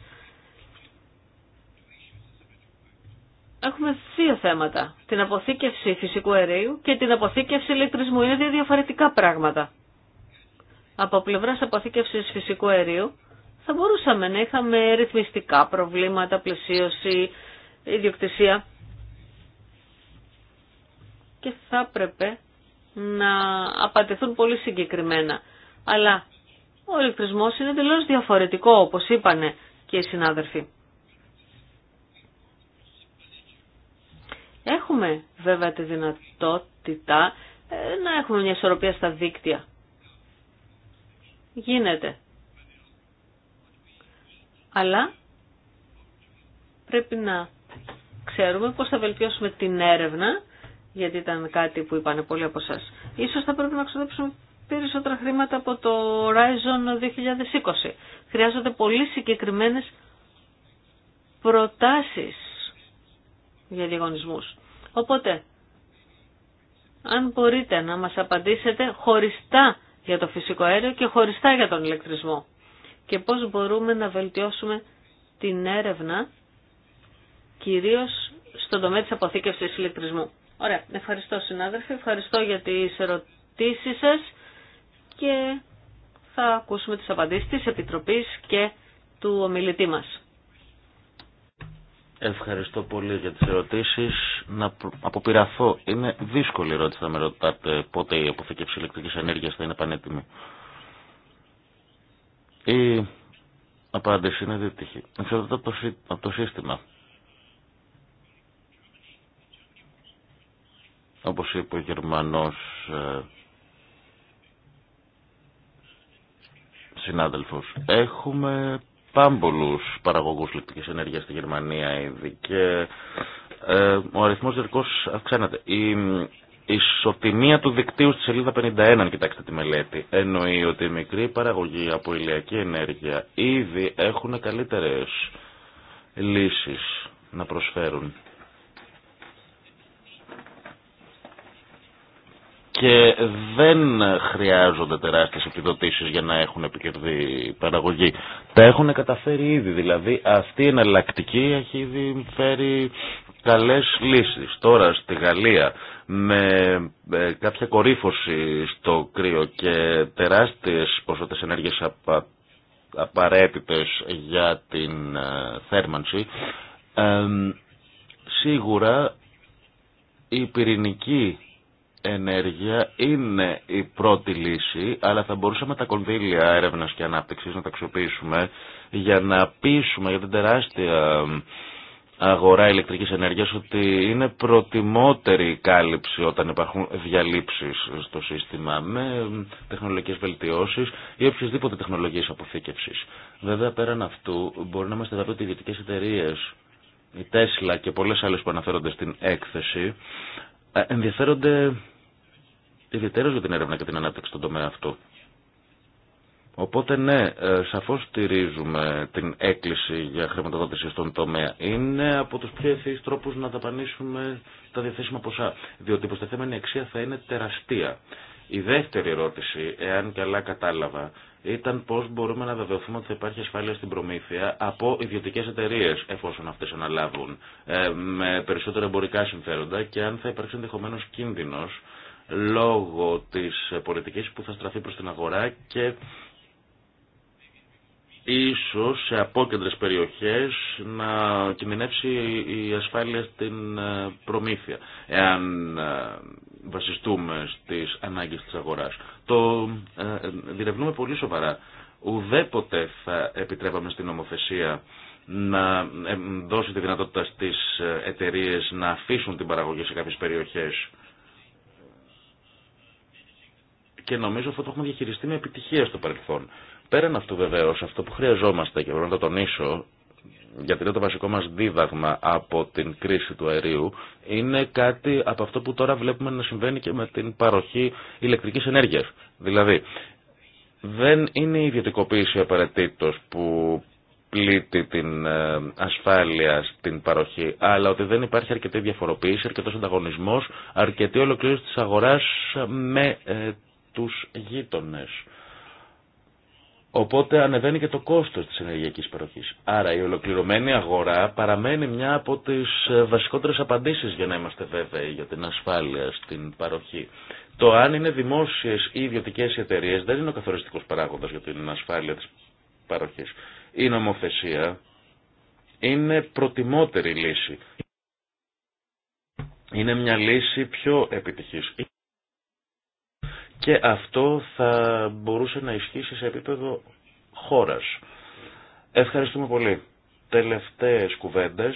Έχουμε δύο θέματα. Την αποθήκευση φυσικού αερίου και την αποθήκευση ηλεκτρισμού. Είναι δύο διαφορετικά πράγματα. Από πλευράς αποθήκευση φυσικού αερίου θα μπορούσαμε να είχαμε ρυθμιστικά προβλήματα, πλησίωση, ιδιοκτησία. Και θα έπρεπε να απαντηθούν πολύ συγκεκριμένα. Αλλά ο ηλεκτρισμός είναι τελείως διαφορετικό, όπως είπανε και οι συνάδελφοι. Έχουμε βέβαια τη δυνατότητα ε, να έχουμε μια ισορροπία στα δίκτυα. Γίνεται. Αλλά πρέπει να ξέρουμε πώς θα βελτιώσουμε την έρευνα γιατί ήταν κάτι που είπανε πολλοί από εσά. Ίσως θα πρέπει να ξοδέψουμε περισσότερα χρήματα από το Horizon 2020. Χρειάζονται πολύ συγκεκριμένες προτάσεις για διαγωνισμούς. Οπότε, αν μπορείτε να μας απαντήσετε χωριστά για το φυσικό αέριο και χωριστά για τον ηλεκτρισμό και πώς μπορούμε να βελτιώσουμε την έρευνα κυρίως στον τομέα της αποθήκευσης ηλεκτρισμού. Ωραία. Ευχαριστώ συνάδελφοι. Ευχαριστώ για τις ερωτήσεις σας και θα ακούσουμε τις απαντήσεις της Επιτροπής και του ομιλητή μας. Ευχαριστώ πολύ για τις ερωτήσεις. Να αποπειραθώ. Είναι δύσκολη ερώτηση να με ρωτάτε πότε η αποθήκευση ηλεκτρικής ενέργειας θα είναι πανέτοιμη. Η απάντηση είναι δίτυχη. Εξαρτάται από το σύστημα Όπως είπε ο Γερμανός ε, συνάδελφος, έχουμε πάμπολους παραγωγούς ηλεκτρικής ενέργειας στη Γερμανία ήδη και ε, ο αριθμός διαρκώς αυξάνεται. Η ισοτιμία του δικτύου στη σελίδα 51, κοιτάξτε τη μελέτη, εννοεί ότι οι μικροί παραγωγοί από ηλιακή ενέργεια ήδη έχουν καλύτερες λύσεις να προσφέρουν. και δεν χρειάζονται τεράστιες επιδοτήσεις για να έχουν επικερδή παραγωγή. Τα έχουν καταφέρει ήδη, δηλαδή αυτή η εναλλακτική έχει ήδη φέρει καλές λύσεις. Τώρα στη Γαλλία με ε, κάποια κορύφωση στο κρύο και τεράστιες ποσότητες ενέργειας απα... απαραίτητες για την ε, θέρμανση, ε, σίγουρα η πυρηνική ενέργεια είναι η πρώτη λύση, αλλά θα μπορούσαμε τα κονδύλια έρευνας και ανάπτυξης να τα αξιοποιήσουμε για να πείσουμε για την τεράστια αγορά ηλεκτρικής ενέργειας ότι είναι προτιμότερη η κάλυψη όταν υπάρχουν διαλύσεις στο σύστημα με τεχνολογικές βελτιώσεις ή οποιασδήποτε τεχνολογίες αποθήκευσης. Βέβαια πέραν αυτού μπορεί να είμαστε εδώ ότι οι ιδιωτικές εταιρείες, η Τέσλα και πολλές άλλες που αναφέρονται στην έκθεση ε, ενδιαφέρονται ιδιαίτερως για την έρευνα και την ανάπτυξη στον τομέα αυτό. Οπότε ναι, ε, σαφώς στηρίζουμε την έκκληση για χρηματοδότηση στον τομέα. Είναι από τους πιο ευθύς τρόπους να ταπανίσουμε τα διαθέσιμα ποσά, διότι η υποστεθέμενη αξία θα είναι τεραστία. Η δεύτερη ερώτηση, εάν καλά κατάλαβα, ήταν πώ μπορούμε να βεβαιωθούμε ότι θα υπάρχει ασφάλεια στην προμήθεια από ιδιωτικέ εταιρείε, εφόσον αυτέ αναλάβουν, ε, με περισσότερα εμπορικά συμφέροντα και αν θα υπάρξει ενδεχομένω κίνδυνο λόγω της πολιτικής που θα στραφεί προς την αγορά και ίσως σε απόκεντρες περιοχές να κινδυνεύσει η ασφάλεια στην ε, προμήθεια, εάν ε, βασιστούμε στις ανάγκες της αγοράς. Το ε, διερευνούμε πολύ σοβαρά. Ουδέποτε θα επιτρέπαμε στην νομοθεσία να δώσει τη δυνατότητα στις εταιρείες να αφήσουν την παραγωγή σε κάποιες περιοχές και νομίζω αυτό το έχουμε διαχειριστεί με επιτυχία στο παρελθόν. Πέραν αυτού βεβαίω, αυτό που χρειαζόμαστε και πρέπει να το τονίσω, γιατί είναι το βασικό μας δίδαγμα από την κρίση του αερίου, είναι κάτι από αυτό που τώρα βλέπουμε να συμβαίνει και με την παροχή ηλεκτρικής ενέργειας. Δηλαδή, δεν είναι η ιδιωτικοποίηση απαραίτητο που πλήττει την ε, ασφάλεια στην παροχή, αλλά ότι δεν υπάρχει αρκετή διαφοροποίηση, αρκετός ανταγωνισμός, αρκετή ολοκλήρωση της αγοράς με ε, τους γείτονες. Οπότε ανεβαίνει και το κόστος της ενεργειακής παροχής. Άρα η ολοκληρωμένη αγορά παραμένει μια από τις ε, βασικότερες απαντήσεις για να είμαστε βέβαιοι για την ασφάλεια στην παροχή. Το αν είναι δημόσιες ή ιδιωτικές εταιρείες δεν είναι ο καθοριστικός παράγοντας για την ασφάλεια της παροχής. Η νομοθεσία είναι προτιμότερη λύση. Είναι μια λύση πιο επιτυχής. Και αυτό θα μπορούσε να ισχύσει σε επίπεδο χώρας. Ευχαριστούμε πολύ. Τελευταίες κουβέντες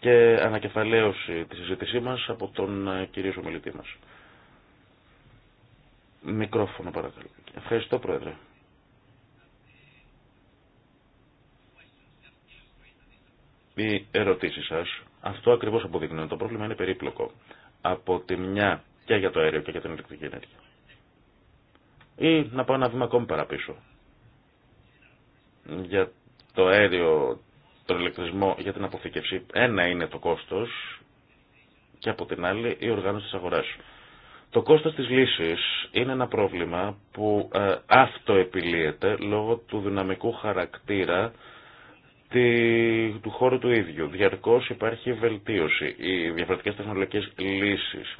και ανακεφαλαίωση της συζήτησή μας από τον ε, κύριο ομιλητή μας. Μικρόφωνο παρακαλώ. Ευχαριστώ Πρόεδρε. Οι ερωτήσεις σας, αυτό ακριβώς αποδεικνύουν. Το πρόβλημα είναι περίπλοκο. Από τη μια και για το αέριο και για την ηλεκτρική ενέργεια. Ή να πάω ένα βήμα ακόμη παραπίσω. Για το αέριο, τον ηλεκτρισμό, για την αποθήκευση. Ένα είναι το κόστος και από την άλλη η οργάνωση της αγοράς. Το κόστος της λύσης είναι ένα πρόβλημα που ε, αυτοεπιλύεται λόγω του δυναμικού χαρακτήρα του χώρου του ίδιου. Διαρκώς υπάρχει βελτίωση, οι διαφορετικές τεχνολογικές λύσεις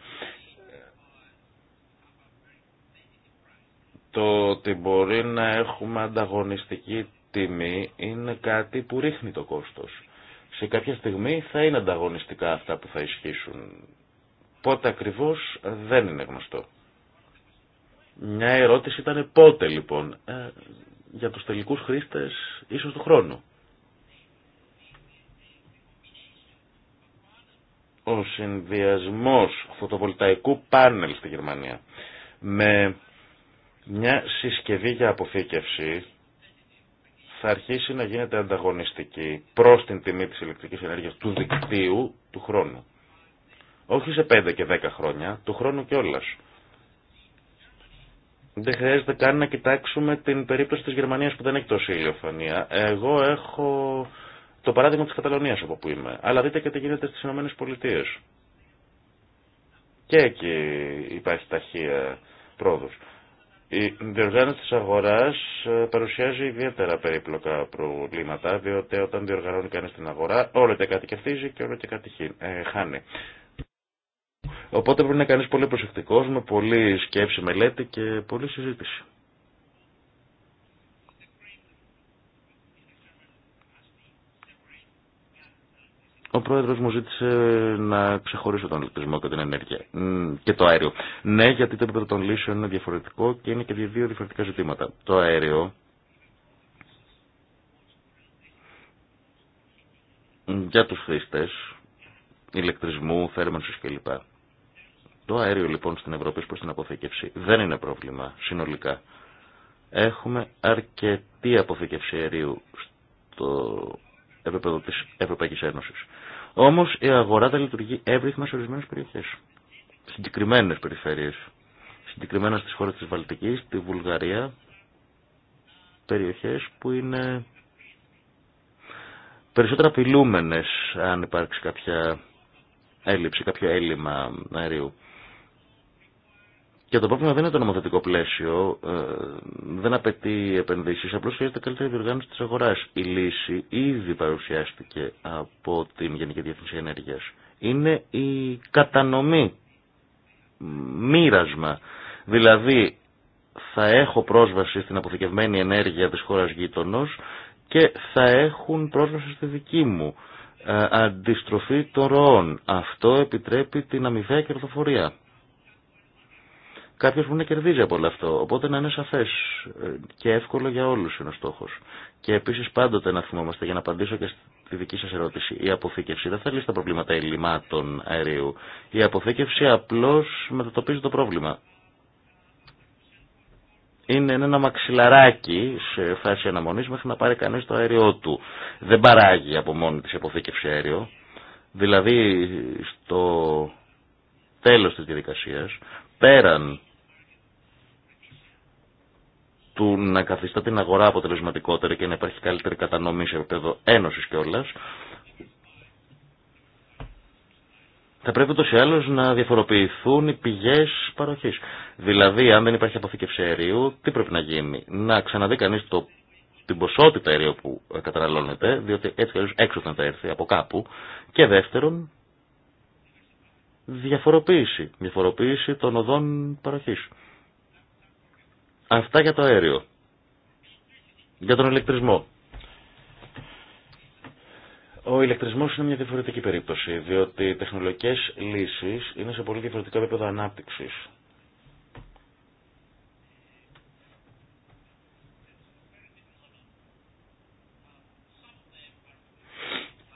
Το ότι μπορεί να έχουμε ανταγωνιστική τιμή είναι κάτι που ρίχνει το κόστος. Σε κάποια στιγμή θα είναι ανταγωνιστικά αυτά που θα ισχύσουν. Πότε ακριβώς δεν είναι γνωστό. Μια ερώτηση ήταν πότε λοιπόν ε, για τους τελικούς χρήστες ίσως του χρόνου. Ο συνδυασμός φωτοβολταϊκού πάνελ στη Γερμανία με μια συσκευή για αποθήκευση θα αρχίσει να γίνεται ανταγωνιστική προς την τιμή της ηλεκτρικής ενέργειας του δικτύου του χρόνου. Όχι σε 5 και 10 χρόνια, του χρόνου κιόλα. Δεν χρειάζεται καν να κοιτάξουμε την περίπτωση της Γερμανίας που δεν έχει τόση ηλιοφανία. Εγώ έχω το παράδειγμα της Καταλωνίας από που είμαι. Αλλά δείτε και τι γίνεται στις Ηνωμένες Πολιτείες. Και εκεί υπάρχει ταχεία πρόοδος. Η διοργάνωση της αγοράς ε, παρουσιάζει ιδιαίτερα περίπλοκα προβλήματα, διότι όταν διοργανώνει κανείς την αγορά, όλο και κάτι κερδίζει και όλο και κάτι ε, χάνει. Οπότε πρέπει να κανείς πολύ προσεκτικός, με πολλή σκέψη, μελέτη και πολύ συζήτηση. Ο πρόεδρος μου ζήτησε να ξεχωρίσω τον ηλεκτρισμό και την ενέργεια και το αέριο. Ναι, γιατί το επίπεδο των λύσεων είναι διαφορετικό και είναι και δύο διαφορετικά ζητήματα. Το αέριο για τους χρήστες, ηλεκτρισμού, θέρμανσης κλπ. Το αέριο λοιπόν στην Ευρώπη προς την αποθήκευση δεν είναι πρόβλημα συνολικά. Έχουμε αρκετή αποθήκευση αερίου στο επίπεδο της Ευρωπαϊκής Ένωσης. Όμως η αγορά δεν λειτουργεί εύρυθμα σε ορισμένες περιοχές. Συγκεκριμένε περιφέρειες. Συγκεκριμένα στις χώρες της Βαλτικής, τη Βουλγαρία, περιοχές που είναι περισσότερα απειλούμενες αν υπάρξει κάποια έλλειψη, κάποιο έλλειμμα αερίου. Και το πρόβλημα δεν είναι το νομοθετικό πλαίσιο, ε, δεν απαιτεί επενδύσει, απλώ χρειάζεται καλύτερη διοργάνωση τη αγορά. Η λύση ήδη παρουσιάστηκε από την Γενική Διεθνή Ενέργεια. Είναι η κατανομή, μοίρασμα. Δηλαδή, θα έχω πρόσβαση στην αποθηκευμένη ενέργεια τη χώρα γείτονο και θα έχουν πρόσβαση στη δική μου ε, αντιστροφή των ροών. Αυτό επιτρέπει την αμοιβαία κερδοφορία κάποιο που να κερδίζει από όλο αυτό. Οπότε να είναι σαφέ ε, και εύκολο για όλου είναι ο στόχο. Και επίση πάντοτε να θυμόμαστε, για να απαντήσω και στη δική σα ερώτηση, η αποθήκευση δεν θα λύσει τα προβλήματα ελλημάτων αερίου. Η αποθήκευση απλώ μετατοπίζει το πρόβλημα. Είναι ένα μαξιλαράκι σε φάση αναμονή μέχρι να πάρει κανεί το αέριό του. Δεν παράγει από μόνη τη αποθήκευση αέριο. Δηλαδή στο τέλος της διαδικασίας, πέραν του να καθιστά την αγορά αποτελεσματικότερη και να υπάρχει καλύτερη κατανομή σε επίπεδο ένωσης κιόλα. Θα πρέπει ούτω ή άλλω να διαφοροποιηθούν οι πηγέ παροχή. Δηλαδή, αν δεν υπάρχει αποθήκευση αερίου, τι πρέπει να γίνει. Να ξαναδεί κανεί την ποσότητα αερίου που ε, καταναλώνεται, διότι έτσι κι έξω θα έρθει από κάπου. Και δεύτερον, διαφοροποίηση. Διαφοροποίηση των οδών παροχή. Αυτά για το αέριο. Για τον ηλεκτρισμό. Ο ηλεκτρισμός είναι μια διαφορετική περίπτωση, διότι οι τεχνολογικές λύσεις είναι σε πολύ διαφορετικό επίπεδο ανάπτυξης.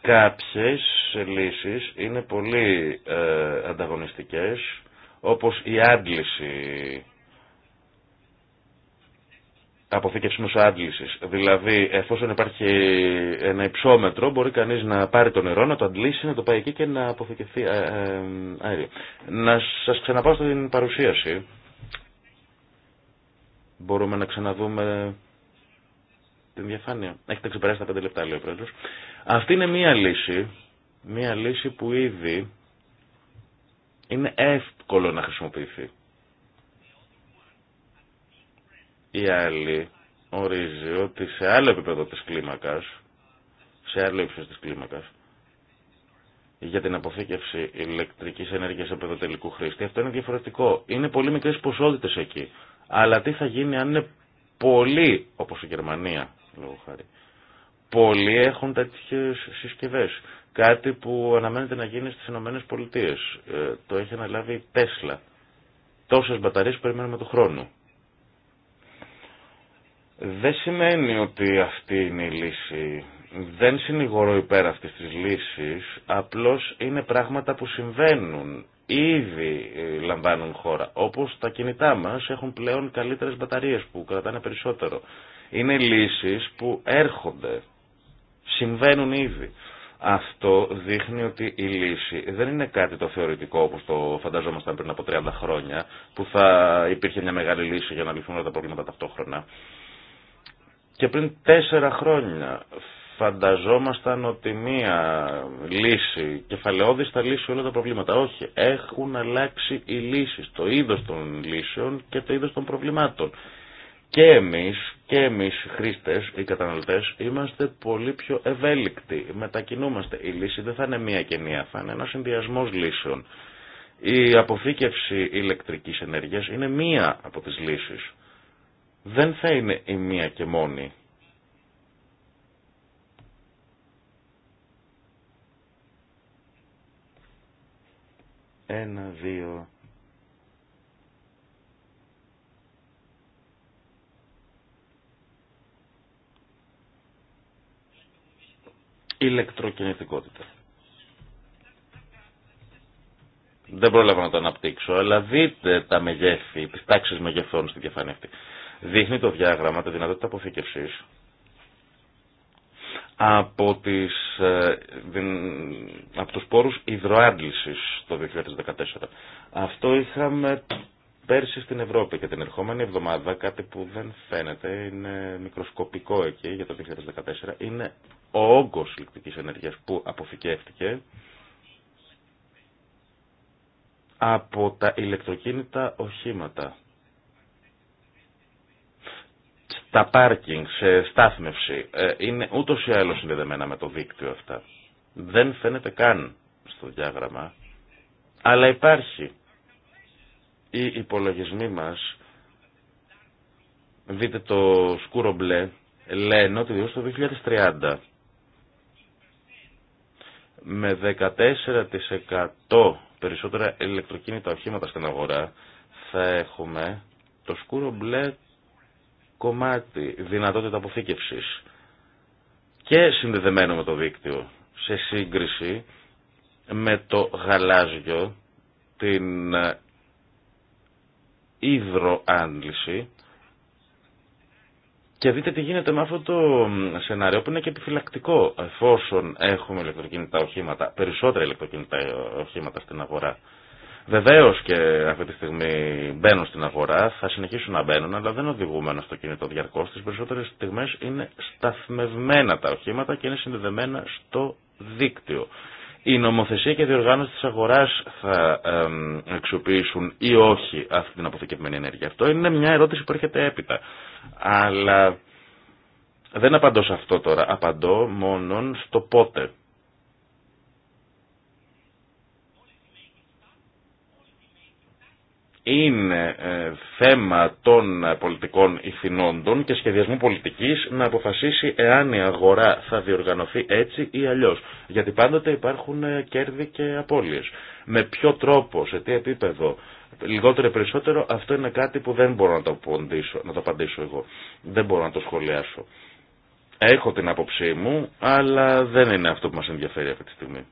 Κάποιες λύσεις είναι πολύ ε, ανταγωνιστικές, όπως η άντληση αποθήκευση μεσοάντλησης. Δηλαδή, εφόσον υπάρχει ένα υψόμετρο, μπορεί κανείς να πάρει το νερό, να το αντλήσει, να το πάει εκεί και να αποθηκευθεί ε, ε, αέριο. Να σας ξαναπάω στην παρουσίαση. Μπορούμε να ξαναδούμε την διαφάνεια. Έχετε ξεπεράσει τα 5 λεπτά, λέει ο πρόεδρος. Αυτή είναι μία λύση, μία λύση που ήδη είναι εύκολο να χρησιμοποιηθεί. Η άλλη ορίζει ότι σε άλλο επίπεδο της κλίμακας, σε άλλο ύψος της κλίμακας, για την αποθήκευση ηλεκτρικής ενέργειας από το τελικού χρήστη, αυτό είναι διαφορετικό. Είναι πολύ μικρές ποσότητες εκεί. Αλλά τι θα γίνει αν είναι πολλοί, όπως η Γερμανία, λόγω χάρη, πολλοί έχουν τέτοιες συσκευές. Κάτι που αναμένεται να γίνει στις Ηνωμένες Πολιτείες. Ε, το έχει αναλάβει η Τέσλα. Τόσες μπαταρίες περιμένουμε του χρόνου. Δεν σημαίνει ότι αυτή είναι η λύση. Δεν συνηγορώ υπέρ αυτής της λύσης, απλώς είναι πράγματα που συμβαίνουν. Ήδη ε, λαμβάνουν χώρα, όπως τα κινητά μας έχουν πλέον καλύτερες μπαταρίες που κρατάνε περισσότερο. Είναι λύσεις που έρχονται, συμβαίνουν ήδη. Αυτό δείχνει ότι η λύση δεν είναι κάτι το θεωρητικό όπως το φανταζόμασταν πριν από 30 χρόνια που θα υπήρχε μια μεγάλη λύση για να λυθούν όλα τα προβλήματα ταυτόχρονα. Και πριν τέσσερα χρόνια φανταζόμασταν ότι μία λύση κεφαλαιώδης θα λύσει όλα τα προβλήματα. Όχι, έχουν αλλάξει οι λύσεις, το είδος των λύσεων και το είδος των προβλημάτων. Και εμείς, και εμείς οι χρήστες, οι καταναλωτές, είμαστε πολύ πιο ευέλικτοι, μετακινούμαστε. Η λύση δεν θα είναι μία και μία, θα είναι ένας συνδυασμός λύσεων. Η αποθήκευση ηλεκτρικής ενέργειας είναι μία από τις λύσεις δεν θα είναι η μία και μόνη. Ένα, δύο... Ηλεκτροκινητικότητα. Δεν πρόλαβα να το αναπτύξω, αλλά δείτε τα μεγέθη, τις τάξεις μεγεθών στην διαφάνεια αυτή. Δείχνει το διάγραμμα τη δυνατότητα αποθήκευσης από, τις, ε, από τους πόρους υδροάντλησης το 2014. Αυτό είχαμε πέρσι στην Ευρώπη και την ερχόμενη εβδομάδα κάτι που δεν φαίνεται, είναι μικροσκοπικό εκεί για το 2014, είναι ο όγκος ηλεκτρικής ενέργειας που αποθηκεύτηκε από τα ηλεκτροκίνητα οχήματα τα πάρκινγκ, σε στάθμευση, ε, είναι ούτως ή άλλως συνδεδεμένα με το δίκτυο αυτά. Δεν φαίνεται καν στο διάγραμμα, αλλά υπάρχει. Οι υπολογισμοί μας, δείτε το σκούρο μπλε, λένε ότι το στο 2030 με 14% περισσότερα ηλεκτροκίνητα οχήματα στην αγορά θα έχουμε το σκούρο μπλε κομμάτι, δυνατότητα αποθήκευσης και συνδεδεμένο με το δίκτυο σε σύγκριση με το γαλάζιο, την ε, υδροάντληση και δείτε τι γίνεται με αυτό το σενάριο που είναι και επιφυλακτικό εφόσον έχουμε ηλεκτροκινητά οχήματα, περισσότερα ηλεκτροκινητά ε, οχήματα στην αγορά. Βεβαίω και αυτή τη στιγμή μπαίνουν στην αγορά, θα συνεχίσουν να μπαίνουν, αλλά δεν οδηγούμε στο κινητό διαρκώ. Τι περισσότερε στιγμέ είναι σταθμευμένα τα οχήματα και είναι συνδεδεμένα στο δίκτυο. Η νομοθεσία και η διοργάνωση της αγοράς θα αξιοποιήσουν ή όχι αυτή την αποθηκευμένη ενέργεια. Αυτό είναι μια ερώτηση που έρχεται έπειτα. Αλλά δεν απαντώ σε αυτό τώρα. Απαντώ μόνον στο πότε. είναι ε, θέμα των πολιτικών ηθινόντων και σχεδιασμού πολιτικής να αποφασίσει εάν η αγορά θα διοργανωθεί έτσι ή αλλιώς. Γιατί πάντοτε υπάρχουν ε, κέρδη και απώλειες. Με ποιο τρόπο, σε τι επίπεδο, λιγότερο ή περισσότερο, αυτό είναι κάτι που δεν μπορώ να το απαντήσω, να το απαντήσω εγώ. Δεν μπορώ να το σχολιάσω. Έχω την άποψή μου, αλλά δεν είναι αυτό που μας ενδιαφέρει αυτή τη στιγμή.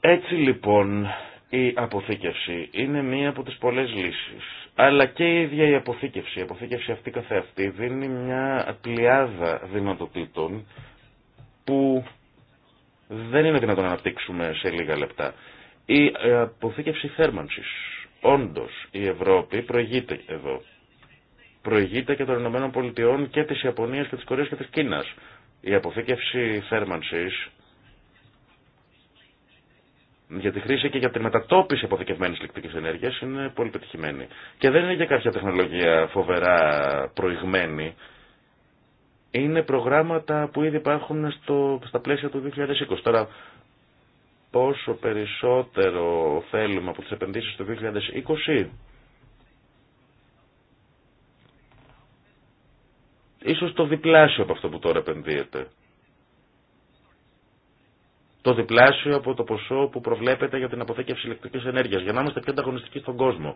Έτσι λοιπόν η αποθήκευση είναι μία από τις πολλές λύσεις. Αλλά και η ίδια η αποθήκευση, η αποθήκευση αυτή καθεαυτή δίνει μια πλειάδα δυνατοτήτων που δεν είναι δυνατόν να αναπτύξουμε σε λίγα λεπτά. Η ε, αποθήκευση θέρμανσης. Όντως η Ευρώπη προηγείται εδώ. Προηγείται και των Ηνωμένων Πολιτειών και της Ιαπωνίας και της Κορέας και της Κίνας. Η αποθήκευση θέρμανσης για τη χρήση και για τη μετατόπιση αποθηκευμένη ηλεκτρική ενέργεια είναι πολύ πετυχημένη. Και δεν είναι για κάποια τεχνολογία φοβερά προηγμένη. Είναι προγράμματα που ήδη υπάρχουν στο, στα πλαίσια του 2020. Τώρα, πόσο περισσότερο θέλουμε από τις επενδύσεις του 2020, ίσως το διπλάσιο από αυτό που τώρα επενδύεται το διπλάσιο από το ποσό που προβλέπεται για την αποθήκευση ηλεκτρικής ενέργειας, για να είμαστε πιο ανταγωνιστικοί στον κόσμο.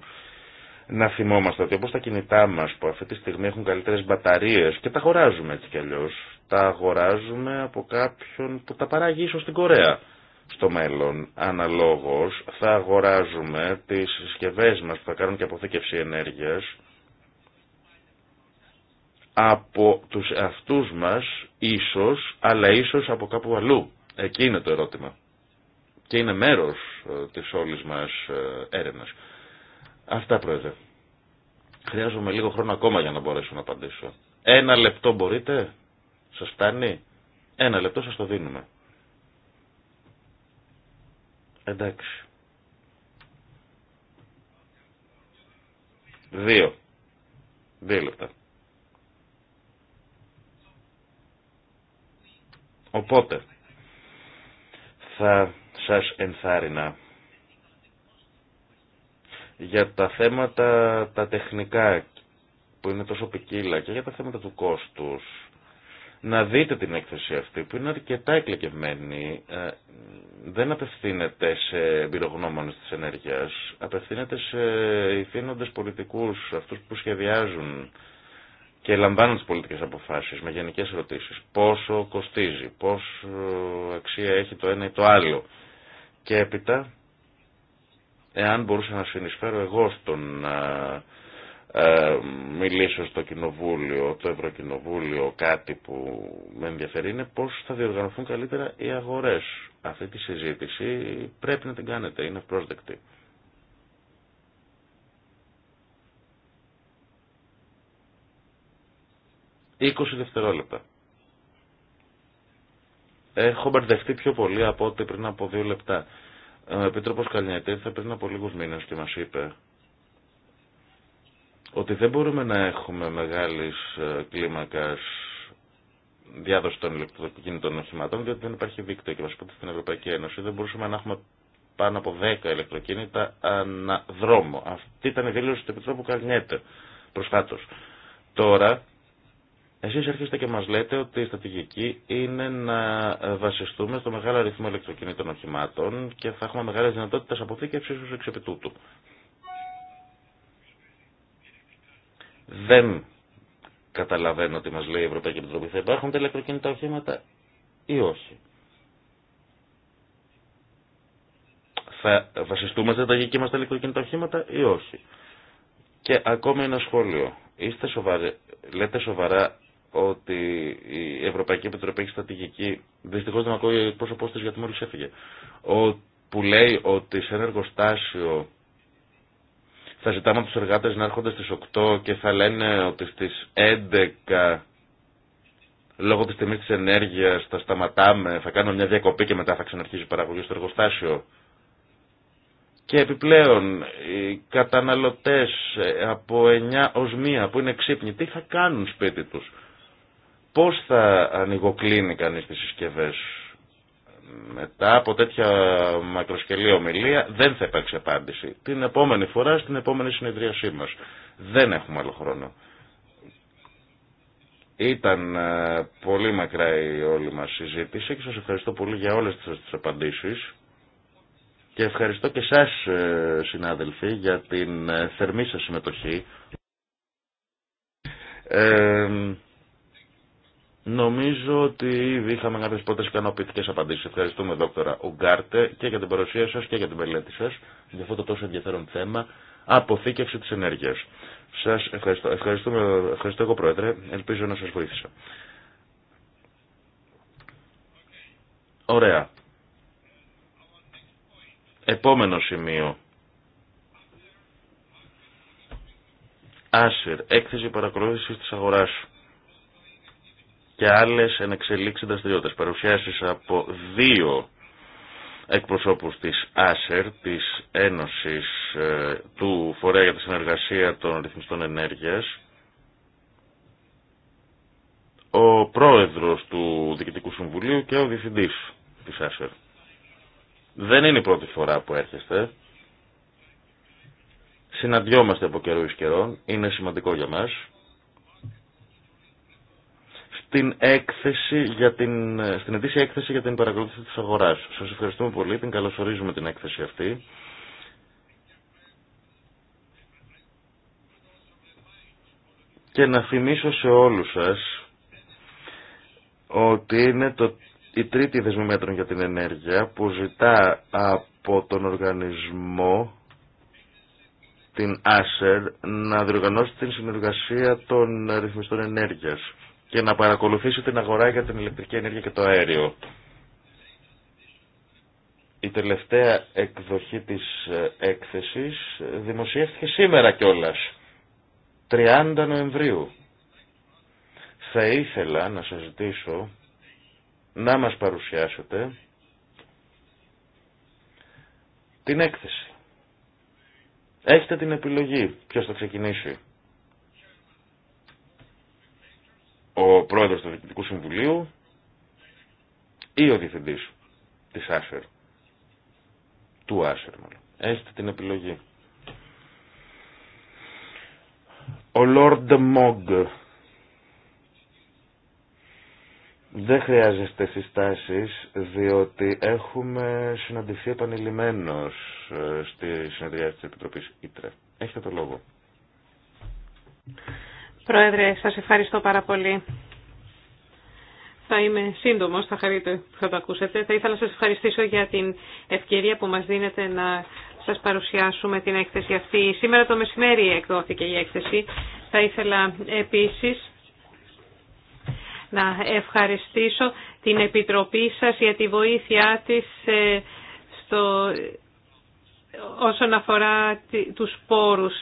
Να θυμόμαστε ότι όπως τα κινητά μας που αυτή τη στιγμή έχουν καλύτερες μπαταρίες και τα αγοράζουμε έτσι κι αλλιώς, τα αγοράζουμε από κάποιον που τα παράγει ίσως στην Κορέα στο μέλλον. Αναλόγως θα αγοράζουμε τις συσκευές μας που θα κάνουν και αποθήκευση ενέργειας από τους αυτούς μας ίσως, αλλά ίσως από κάπου αλλού. Εκεί είναι το ερώτημα. Και είναι μέρος ε, της όλης μας ε, έρευνας. Αυτά, Πρόεδρε. Χρειάζομαι λίγο χρόνο ακόμα για να μπορέσω να απαντήσω. Ένα λεπτό μπορείτε. Σας φτάνει. Ένα λεπτό σας το δίνουμε. Εντάξει. Δύο. Δύο λεπτά. Οπότε, θα σας ενθάρρυνα για τα θέματα τα τεχνικά που είναι τόσο ποικίλα και για τα θέματα του κόστους να δείτε την έκθεση αυτή που είναι αρκετά εκλεκευμένη. Ε, δεν απευθύνεται σε εμπειρογνώμονες της ενέργειας, απευθύνεται σε ηθήνοντες πολιτικούς, αυτούς που σχεδιάζουν και λαμβάνουν τις πολιτικές αποφάσεις με γενικές ερωτήσεις. Πόσο κοστίζει, πόσο αξία έχει το ένα ή το άλλο. Και έπειτα, εάν μπορούσα να συνεισφέρω εγώ στον ε, ε μιλήσω στο κοινοβούλιο, το ευρωκοινοβούλιο, κάτι που με ενδιαφέρει είναι πώς θα διοργανωθούν καλύτερα οι αγορές. Αυτή τη συζήτηση πρέπει να την κάνετε, είναι πρόσδεκτη. 20 δευτερόλεπτα. Έχω μπερδευτεί πιο πολύ από ό,τι πριν από δύο λεπτά. Ε, ο Επίτροπος Καλνιέτη ήρθε πριν από λίγους μήνες και μα είπε ότι δεν μπορούμε να έχουμε μεγάλη ε, κλίμακας διάδοση των ηλεκτροκίνητων οχημάτων, διότι δεν υπάρχει δίκτυο. Και μα ότι στην Ευρωπαϊκή Ένωση δεν μπορούσαμε να έχουμε πάνω από 10 ηλεκτροκίνητα ανά δρόμο. Αυτή ήταν η δήλωση του Επιτρόπου Καλνιέτε προσφάτω. Τώρα εσείς έρχεστε και μας λέτε ότι η στρατηγική είναι να βασιστούμε στο μεγάλο αριθμό ηλεκτροκινήτων οχημάτων και θα έχουμε μεγάλες δυνατότητες αποθήκευσης ως εξ επιτούτου. Δεν καταλαβαίνω τι μας λέει η Ευρωπαϊκή Επιτροπή. Θα υπάρχουν τα ηλεκτροκινήτα οχήματα ή όχι. Θα βασιστούμε στα στρατηγική μας τα ηλεκτροκινήτα οχήματα ή όχι. Και ακόμα ένα σχόλιο. Είστε λέτε σοβαρά ότι η Ευρωπαϊκή Επιτροπή έχει στρατηγική, δυστυχώ δεν ακούει ο πρόσωπό τη γιατί μόλι έφυγε, που λέει ότι σε ένα εργοστάσιο θα ζητάμε από του εργάτε να έρχονται στι 8 και θα λένε ότι στι 11 λόγω τη τιμή τη ενέργεια θα σταματάμε, θα κάνουμε μια διακοπή και μετά θα ξαναρχίζει η παραγωγή στο εργοστάσιο. Και επιπλέον, οι καταναλωτές από 9 ως 1 που είναι ξύπνοι, τι θα κάνουν σπίτι τους. Πώς θα ανοιγοκλίνει κανείς τις συσκευές μετά από τέτοια μακροσκελή ομιλία δεν θα υπάρξει απάντηση. Την επόμενη φορά στην επόμενη συνεδρίασή μας. Δεν έχουμε άλλο χρόνο. Ήταν ε, πολύ μακρά η όλη μας συζήτηση και σας ευχαριστώ πολύ για όλες τις απαντήσεις και ευχαριστώ και εσάς ε, συνάδελφοι για την ε, θερμή σας συμμετοχή. Νομίζω ότι ήδη είχαμε κάποιε πρώτε ικανοποιητικέ απαντήσει. Ευχαριστούμε, δόκτωρα Ουγκάρτε, και για την παρουσία σα και για την μελέτη σα για αυτό το τόσο ενδιαφέρον θέμα. Αποθήκευση τη ενέργεια. Σα ευχαριστώ. Ευχαριστούμε, ευχαριστώ εγώ, Πρόεδρε. Ελπίζω να σα βοήθησα. Ωραία. Επόμενο σημείο. Άσυρ, έκθεση παρακολούθηση τη αγορά και άλλες ενεξελίξει δραστηριότητε. Παρουσιάσεις από δύο εκπροσώπους της ΆΣΕΡ, της Ένωσης ε, του Φορέα για τη Συνεργασία των Ρυθμιστών Ενέργειας, ο πρόεδρος του Διοικητικού Συμβουλίου και ο διευθυντής της ΆΣΕΡ. Δεν είναι η πρώτη φορά που έρχεστε. Συναντιόμαστε από καιρού εις καιρών. Είναι σημαντικό για μας στην, έκθεση για την, στην ετήσια έκθεση για την παρακολούθηση της αγοράς. Σας ευχαριστούμε πολύ, την καλωσορίζουμε την έκθεση αυτή. Και να θυμίσω σε όλους σας ότι είναι το, η τρίτη δεσμή για την ενέργεια που ζητά από τον οργανισμό την Άσερ να διοργανώσει την συνεργασία των ρυθμιστών ενέργειας και να παρακολουθήσει την αγορά για την ηλεκτρική ενέργεια και το αέριο. Η τελευταία εκδοχή της ε, έκθεσης δημοσιεύτηκε σήμερα κιόλας, 30 Νοεμβρίου. Θα ήθελα να σας ζητήσω να μας παρουσιάσετε την έκθεση. Έχετε την επιλογή ποιος θα ξεκινήσει. ο πρόεδρος του Διοικητικού Συμβουλίου ή ο διευθυντής της Άσερ, του Άσερ μάλλον. Έχετε την επιλογή. Ο Λόρντ Μόγκ. Δεν χρειάζεστε συστάσεις, διότι έχουμε συναντηθεί επανειλημμένος ε, στη συνεδρία της Επιτροπής Ήτρε. Έχετε το λόγο. Πρόεδρε, σας ευχαριστώ πάρα πολύ. Θα είμαι σύντομο, θα χαρείτε που θα το ακούσετε. Θα ήθελα να σας ευχαριστήσω για την ευκαιρία που μας δίνετε να σας παρουσιάσουμε την έκθεση αυτή. Σήμερα το μεσημέρι εκδόθηκε η έκθεση. Θα ήθελα επίσης να ευχαριστήσω την Επιτροπή σας για τη βοήθειά της ε, στο, όσον αφορά τους πόρους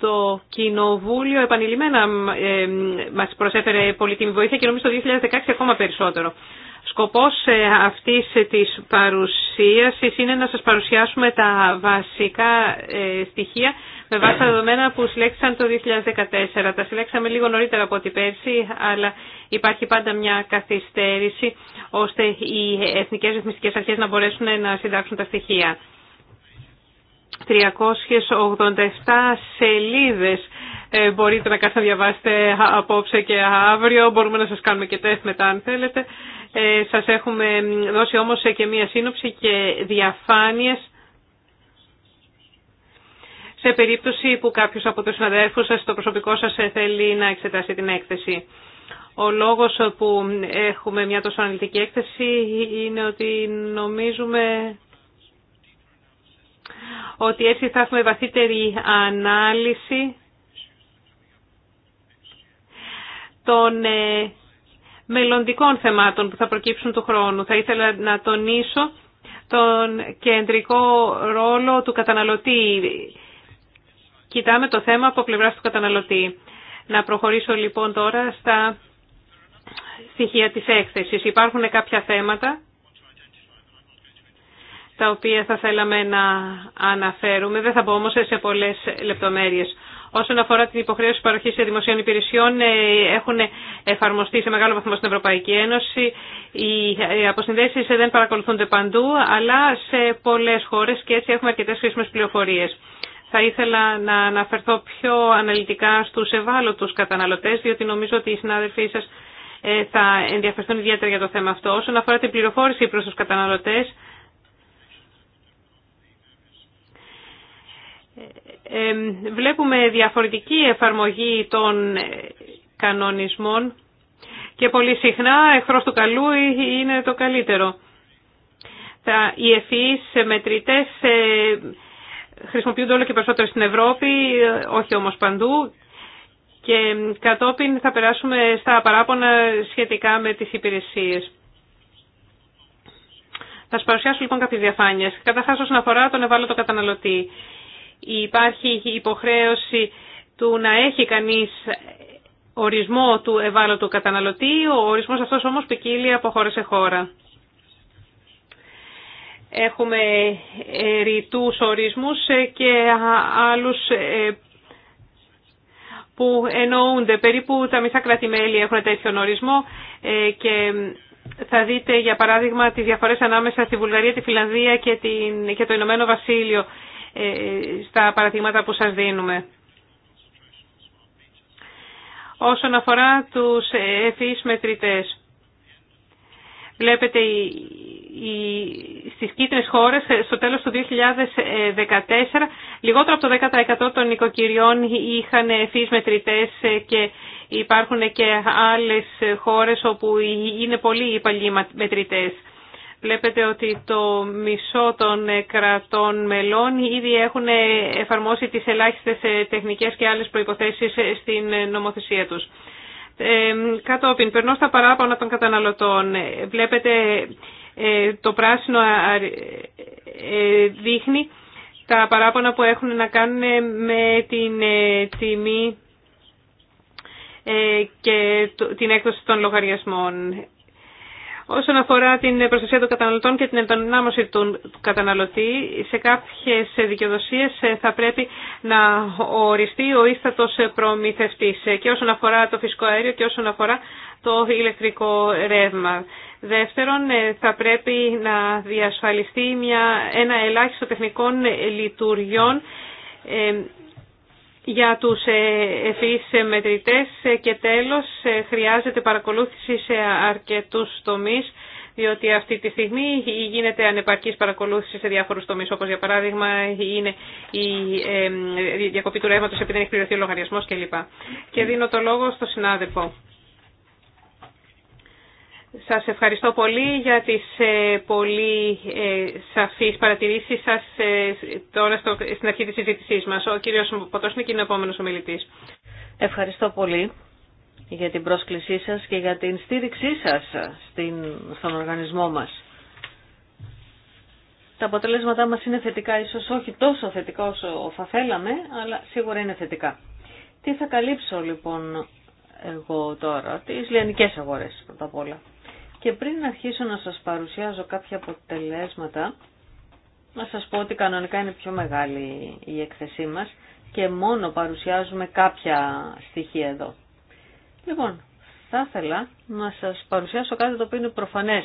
το Κοινοβούλιο επανειλημμένα ε, μας προσέφερε πολύτιμη βοήθεια και νομίζω το 2016 ακόμα περισσότερο. Σκοπός ε, αυτής της παρουσίασης είναι να σας παρουσιάσουμε τα βασικά ε, στοιχεία με βάση τα δεδομένα που συλλέξαν το 2014. Τα συλλέξαμε λίγο νωρίτερα από την πέρσι, αλλά υπάρχει πάντα μια καθυστέρηση ώστε οι εθνικές ρυθμιστικές αρχές να μπορέσουν να συντάξουν τα στοιχεία. 387 σελίδες ε, μπορείτε να κάνετε να διαβάσετε απόψε και αύριο. Μπορούμε να σας κάνουμε και τεστ μετά αν θέλετε. Ε, σας έχουμε δώσει όμως και μία σύνοψη και διαφάνειες σε περίπτωση που κάποιος από τους συναδέλφους σας, το προσωπικό σας ε, θέλει να εξετάσει την έκθεση. Ο λόγος που έχουμε μια τόσο αναλυτική έκθεση είναι ότι νομίζουμε ότι έτσι θα έχουμε βαθύτερη ανάλυση των ε, μελλοντικών θεμάτων που θα προκύψουν του χρόνου. Θα ήθελα να τονίσω τον κεντρικό ρόλο του καταναλωτή. Κοιτάμε το θέμα από πλευράς του καταναλωτή. Να προχωρήσω λοιπόν τώρα στα στοιχεία της έκθεσης. Υπάρχουν κάποια θέματα τα οποία θα θέλαμε να αναφέρουμε. Δεν θα πω όμως σε πολλές λεπτομέρειες. Όσον αφορά την υποχρέωση παροχής σε δημοσίων υπηρεσιών, ε, έχουν εφαρμοστεί σε μεγάλο βαθμό στην Ευρωπαϊκή Ένωση. Οι ε, αποσυνδέσεις δεν παρακολουθούνται παντού, αλλά σε πολλές χώρες και έτσι έχουμε αρκετές χρήσιμες πληροφορίες. Θα ήθελα να αναφερθώ πιο αναλυτικά στους ευάλωτους καταναλωτές, διότι νομίζω ότι οι συνάδελφοί σας ε, θα ενδιαφερθούν ιδιαίτερα για το θέμα αυτό. Όσον αφορά την πληροφόρηση προς τους καταναλωτές, βλέπουμε διαφορετική εφαρμογή των κανονισμών και πολύ συχνά εχθρός του καλού ε, είναι το καλύτερο. Τα, οι ευφυείς ε, μετρητές ε, χρησιμοποιούνται όλο και περισσότερο στην Ευρώπη, όχι όμως παντού και κατόπιν θα περάσουμε στα παράπονα σχετικά με τις υπηρεσίες. Θα σας παρουσιάσω λοιπόν κάποιες διαφάνειες. Καταρχάς όσον αφορά τον ευάλωτο καταναλωτή υπάρχει υποχρέωση του να έχει κανείς ορισμό του ευάλωτου καταναλωτή, ο ορισμός αυτός όμως ποικίλει από χώρα σε χώρα. Έχουμε ρητούς ορισμούς και άλλους ε, που εννοούνται. Περίπου τα μισά κράτη-μέλη έχουν τέτοιον ορισμό ε, και θα δείτε για παράδειγμα τις διαφορές ανάμεσα στη Βουλγαρία, τη Φιλανδία και, και το Ηνωμένο Βασίλειο ε, στα παραδείγματα που σας δίνουμε. Όσον αφορά τους ευφυείς μετρητές, βλέπετε στις κίτρινες χώρες στο τέλος του 2014 λιγότερο από το 10% των οικοκυριών είχαν ευφυείς μετρητές και υπάρχουν και άλλες χώρες όπου είναι πολύ υπαλλοί μετρητές. Βλέπετε ότι το μισό των ε, κρατών μελών ήδη έχουν ε, εφαρμόσει τις ελάχιστες ε, τεχνικές και άλλες προϋποθέσεις στην νομοθεσία τους. Κατόπιν, περνώ στα παράπονα των καταναλωτών. Βλέπετε το πράσινο δείχνει τα παράπονα που έχουν να κάνουν με την τιμή και την έκδοση των λογαριασμών. Όσον αφορά την προστασία των καταναλωτών και την ενδυνάμωση του καταναλωτή, σε κάποιε δικαιοδοσίε ε, θα πρέπει να οριστεί ο ίστατος προμηθευτή ε, και όσον αφορά το φυσικό αέριο και όσον αφορά το ηλεκτρικό ρεύμα. Δεύτερον, ε, θα πρέπει να διασφαλιστεί μια, ένα ελάχιστο τεχνικών λειτουργιών για τους ε, ευφυείς ε, μετρητές ε, και τέλος χρειάζεται παρακολούθηση σε αρκετούς τομείς διότι αυτή τη στιγμή γίνεται ανεπαρκής παρακολούθηση σε διάφορους τομείς, όπως για παράδειγμα είναι η διακοπή του ρεύματος επειδή δεν έχει πληρωθεί ο λογαριασμός κλπ. Και δίνω το λόγο στο συνάδελφο. Σας ευχαριστώ πολύ για τις ε, πολύ ε, σαφείς παρατηρήσεις σας ε, τώρα στην αρχή της συζήτησής μας. Ο κύριος Ποτόσνικ είναι ο επόμενος ομιλητής. Ευχαριστώ πολύ για την πρόσκλησή σας και για την στήριξή σας στην, στον οργανισμό μας. Τα αποτελέσματά μας είναι θετικά, ίσως όχι τόσο θετικά όσο θα θέλαμε, αλλά σίγουρα είναι θετικά. Τι θα καλύψω λοιπόν εγώ τώρα, τις λιανικές αγορές πρώτα απ' όλα. Και πριν αρχίσω να σας παρουσιάζω κάποια αποτελέσματα, να σας πω ότι κανονικά είναι πιο μεγάλη η έκθεσή μας και μόνο παρουσιάζουμε κάποια στοιχεία εδώ. Λοιπόν, θα ήθελα να σας παρουσιάσω κάτι το οποίο είναι προφανές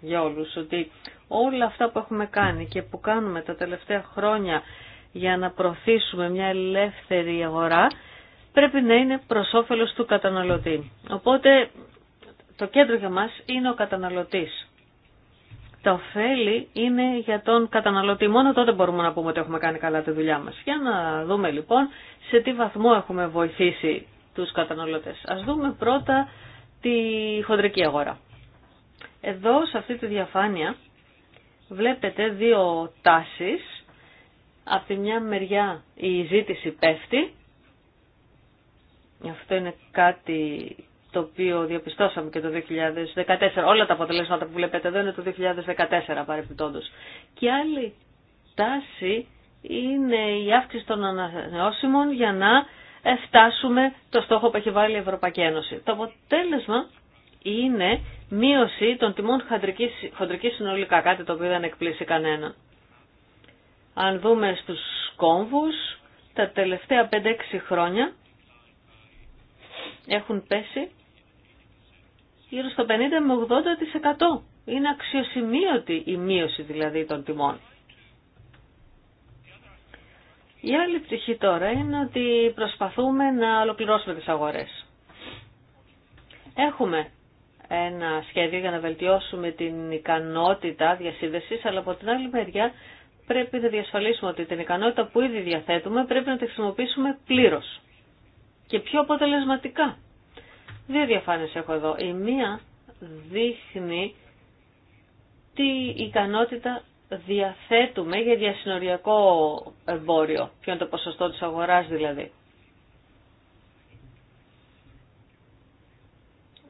για όλους, ότι όλα αυτά που έχουμε κάνει και που κάνουμε τα τελευταία χρόνια για να προωθήσουμε μια ελεύθερη αγορά, πρέπει να είναι προς του καταναλωτή. Οπότε το κέντρο για μας είναι ο καταναλωτής. Τα ωφέλη είναι για τον καταναλωτή. Μόνο τότε μπορούμε να πούμε ότι έχουμε κάνει καλά τη δουλειά μας. Για να δούμε λοιπόν σε τι βαθμό έχουμε βοηθήσει τους καταναλωτές. Ας δούμε πρώτα τη χοντρική αγορά. Εδώ σε αυτή τη διαφάνεια βλέπετε δύο τάσεις. Από τη μια μεριά η ζήτηση πέφτει. Αυτό είναι κάτι το οποίο διαπιστώσαμε και το 2014. Όλα τα αποτελέσματα που βλέπετε εδώ είναι το 2014 παρεμπιπτόντως. Και άλλη τάση είναι η αύξηση των ανανεώσιμων για να ε, φτάσουμε το στόχο που έχει βάλει η Ευρωπαϊκή Ένωση. Το αποτέλεσμα είναι μείωση των τιμών χοντρικής, χοντρικής συνολικά, κάτι το οποίο δεν εκπλήσει κανένα. Αν δούμε στους κόμβους, τα τελευταία 5-6 χρόνια έχουν πέσει γύρω στο 50 με 80%. Είναι αξιοσημείωτη η μείωση δηλαδή των τιμών. Η άλλη πτυχή τώρα είναι ότι προσπαθούμε να ολοκληρώσουμε τις αγορές. Έχουμε ένα σχέδιο για να βελτιώσουμε την ικανότητα διασύνδεσης, αλλά από την άλλη μεριά πρέπει να διασφαλίσουμε ότι την ικανότητα που ήδη διαθέτουμε πρέπει να τη χρησιμοποιήσουμε πλήρως και πιο αποτελεσματικά. Δύο διαφάνειες έχω εδώ. Η μία δείχνει τι ικανότητα διαθέτουμε για διασυνοριακό εμπόριο. Ποιο είναι το ποσοστό της αγοράς δηλαδή.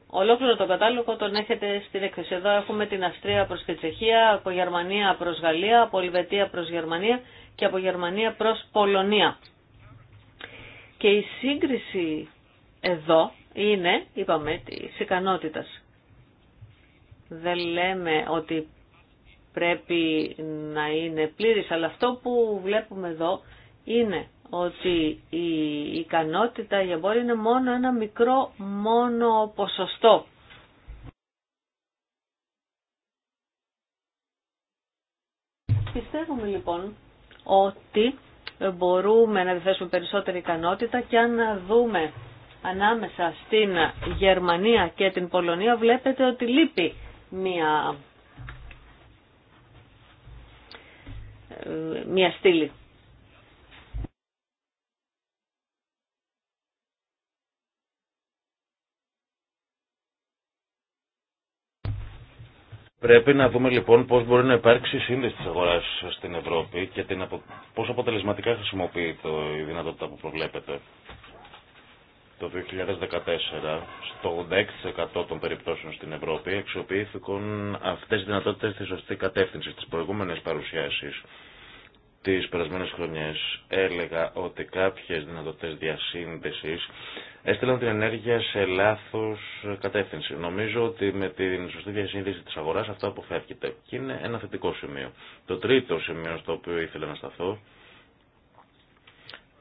Ολόκληρο το κατάλογο τον έχετε στην έκθεση. Εδώ έχουμε την Αυστρία προς τη Τσεχία, από Γερμανία προς Γαλλία, από Ελβετία προς Γερμανία και από Γερμανία προς Πολωνία. Και η σύγκριση εδώ είναι, είπαμε, της ικανότητα. Δεν λέμε ότι πρέπει να είναι πλήρης, αλλά αυτό που βλέπουμε εδώ είναι ότι η ικανότητα για να είναι μόνο ένα μικρό μόνο ποσοστό. Πιστεύουμε λοιπόν ότι μπορούμε να διθέσουμε περισσότερη ικανότητα και αν δούμε ανάμεσα στην Γερμανία και την Πολωνία βλέπετε ότι λείπει μία, μία στήλη. Πρέπει να δούμε λοιπόν πώς μπορεί να υπάρξει σύνδεση τη αγορά στην Ευρώπη και την απο... πώ αποτελεσματικά χρησιμοποιεί το... η δυνατότητα που προβλέπετε το 2014 στο 86% των περιπτώσεων στην Ευρώπη εξοποιηθηκαν αυτές οι δυνατότητες στη σωστή κατεύθυνση. Στις προηγούμενες παρουσιάσεις τις περασμένες χρονιές έλεγα ότι κάποιες δυνατότητες διασύνδεσης έστειλαν την ενέργεια σε λάθος κατεύθυνση. Νομίζω ότι με την σωστή διασύνδεση της αγοράς αυτό αποφεύγεται και είναι ένα θετικό σημείο. Το τρίτο σημείο στο οποίο ήθελα να σταθώ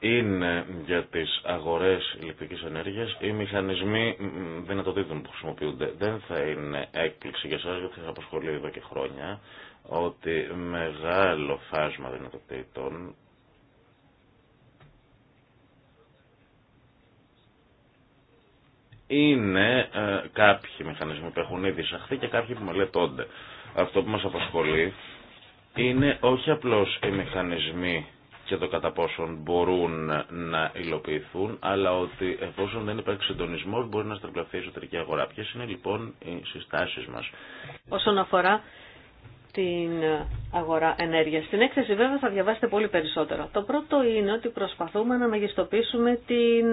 είναι για τις αγορές ηλεκτρικής ενέργειας οι μηχανισμοί δυνατοτήτων που χρησιμοποιούνται. Δεν θα είναι έκπληξη για εσάς γιατί σα απασχολεί εδώ και χρόνια ότι μεγάλο φάσμα δυνατοτήτων είναι ε, κάποιοι μηχανισμοί που έχουν ήδη εισαχθεί και κάποιοι που μελετώνται. Αυτό που μας απασχολεί είναι όχι απλώς οι μηχανισμοί και το κατά πόσον μπορούν να υλοποιηθούν, αλλά ότι εφόσον δεν υπάρχει συντονισμό μπορεί να στραπλαθεί η εσωτερική αγορά. Ποιε είναι λοιπόν οι συστάσει μα. Όσον αφορά την αγορά ενέργειας. Στην έκθεση βέβαια θα διαβάσετε πολύ περισσότερο. Το πρώτο είναι ότι προσπαθούμε να μεγιστοποιήσουμε την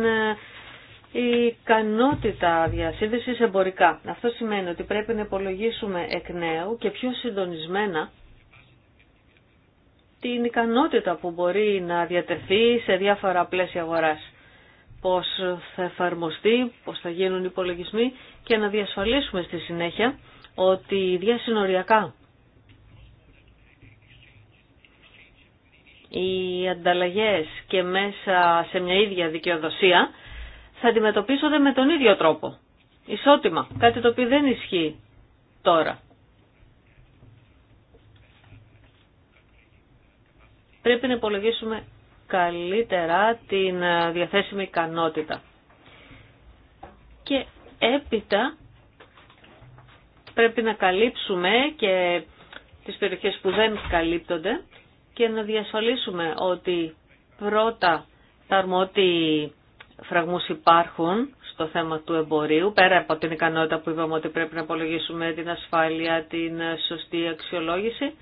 ε, ικανότητα διασύνδεσης εμπορικά. Αυτό σημαίνει ότι πρέπει να υπολογίσουμε εκ νέου και πιο συντονισμένα την ικανότητα που μπορεί να διατεθεί σε διάφορα πλαίσια αγοράς. Πώς θα εφαρμοστεί, πώς θα γίνουν οι υπολογισμοί και να διασφαλίσουμε στη συνέχεια ότι διασυνοριακά οι ανταλλαγές και μέσα σε μια ίδια δικαιοδοσία θα αντιμετωπίσονται με τον ίδιο τρόπο. Ισότιμα, κάτι το οποίο δεν ισχύει τώρα. πρέπει να υπολογίσουμε καλύτερα την ε, διαθέσιμη ικανότητα. Και έπειτα πρέπει να καλύψουμε και τις περιοχές που δεν καλύπτονται και να διασφαλίσουμε ότι πρώτα τα αρμότι φραγμούς υπάρχουν στο θέμα του εμπορίου, πέρα από την ικανότητα που είπαμε ότι πρέπει να υπολογίσουμε την ασφάλεια, την σωστή αξιολόγηση,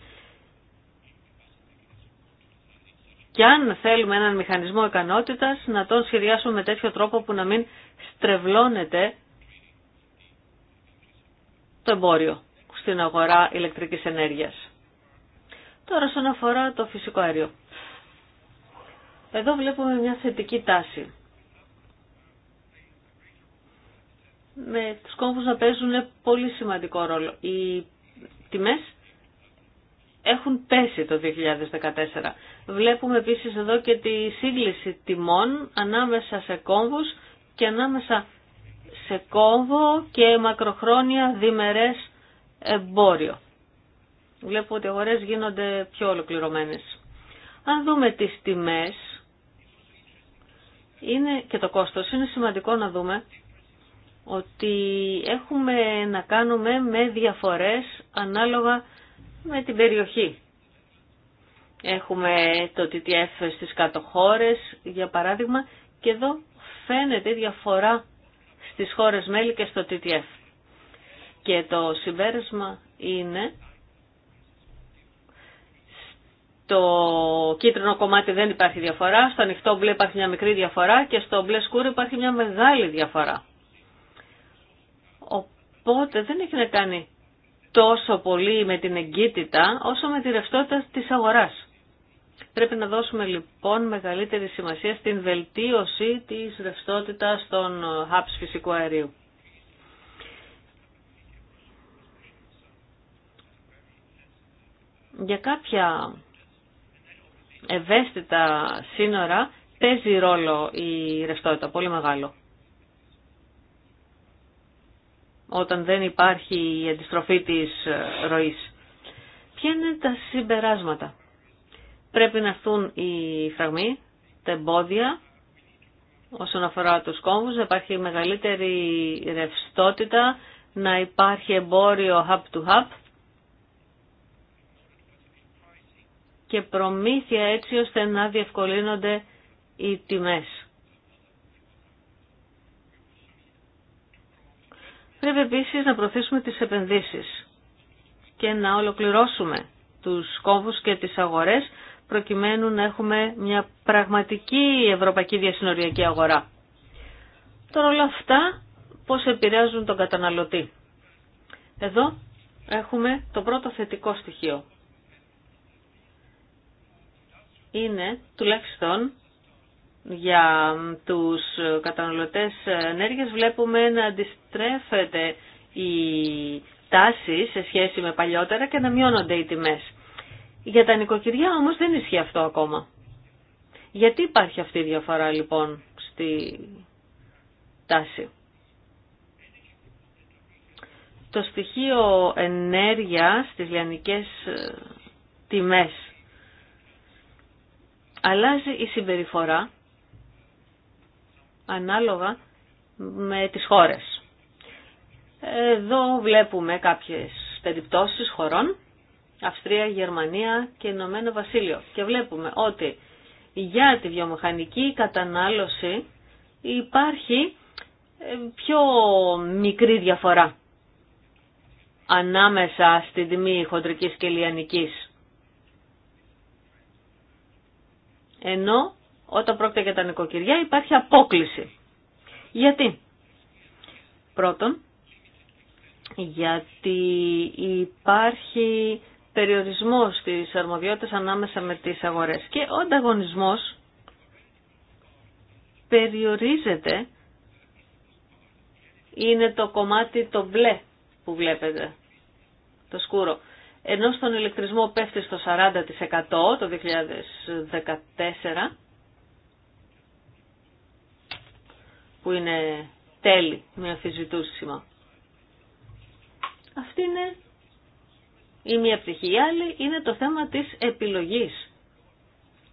και αν θέλουμε έναν μηχανισμό ικανότητας να τον σχεδιάσουμε με τέτοιο τρόπο που να μην στρεβλώνεται το εμπόριο στην αγορά ηλεκτρικής ενέργειας. Τώρα στον αφορά το φυσικό αέριο. Εδώ βλέπουμε μια θετική τάση. Με τους κόμβους να παίζουν πολύ σημαντικό ρόλο. Οι τιμές έχουν πέσει το 2014. Βλέπουμε επίσης εδώ και τη σύγκληση τιμών ανάμεσα σε κόμβους και ανάμεσα σε κόμβο και μακροχρόνια διμερές εμπόριο. Βλέπω ότι οι αγορές γίνονται πιο ολοκληρωμένες. Αν δούμε τις τιμές είναι και το κόστος, είναι σημαντικό να δούμε ότι έχουμε να κάνουμε με διαφορές ανάλογα με την περιοχή. Έχουμε το TTF στις κάτω για παράδειγμα, και εδώ φαίνεται η διαφορά στις χώρες μέλη και στο TTF. Και το συμπέρασμα είναι το κίτρινο κομμάτι δεν υπάρχει διαφορά, στο ανοιχτό μπλε υπάρχει μια μικρή διαφορά και στο μπλε σκούρο υπάρχει μια μεγάλη διαφορά. Οπότε δεν έχει να κάνει τόσο πολύ με την εγκύτητα όσο με τη ρευστότητα της αγοράς. Πρέπει να δώσουμε λοιπόν μεγαλύτερη σημασία στην βελτίωση της ρευστότητα των hubs φυσικού αερίου. Για κάποια ευαίσθητα σύνορα παίζει ρόλο η ρευστότητα, πολύ μεγάλο. Όταν δεν υπάρχει η αντιστροφή της ροής. Ποια είναι τα συμπεράσματα. Πρέπει να έρθουν οι φραγμοί, τα εμπόδια όσον αφορά τους κόμβους, να υπάρχει μεγαλύτερη ρευστότητα, να υπάρχει εμπόριο hub to hub και προμήθεια έτσι ώστε να διευκολύνονται οι τιμές. Πρέπει επίσης να προωθήσουμε τις επενδύσεις και να ολοκληρώσουμε τους κόμβους και τις αγορές προκειμένου να έχουμε μια πραγματική ευρωπαϊκή διασυνοριακή αγορά. Τώρα όλα αυτά πώς επηρεάζουν τον καταναλωτή. Εδώ έχουμε το πρώτο θετικό στοιχείο. Είναι τουλάχιστον για τους καταναλωτές ενέργειας βλέπουμε να αντιστρέφεται η τάση σε σχέση με παλιότερα και να μειώνονται οι τιμές. Για τα νοικοκυριά όμως δεν ισχύει αυτό ακόμα. Γιατί υπάρχει αυτή η διαφορά λοιπόν στη τάση. Το στοιχείο ενέργεια στις λιανικές ε, τιμές αλλάζει η συμπεριφορά ανάλογα με τις χώρες. Εδώ βλέπουμε κάποιες περιπτώσεις χωρών Αυστρία, Γερμανία και Ηνωμένο Βασίλειο. Και βλέπουμε ότι για τη βιομηχανική κατανάλωση υπάρχει ε, πιο μικρή διαφορά ανάμεσα στη τιμή χοντρικής και λιανικής. Ενώ όταν πρόκειται για τα νοικοκυριά υπάρχει απόκληση. Γιατί. Πρώτον, γιατί υπάρχει περιορισμός της αρμοδιότητας ανάμεσα με τις αγορές. Και ο ανταγωνισμός περιορίζεται, είναι το κομμάτι το μπλε που βλέπετε, το σκούρο. Ενώ στον ηλεκτρισμό πέφτει στο 40% το 2014, που είναι τέλη με αφιζητούσιμα. Αυτή είναι η μία πτυχή η άλλη είναι το θέμα της επιλογής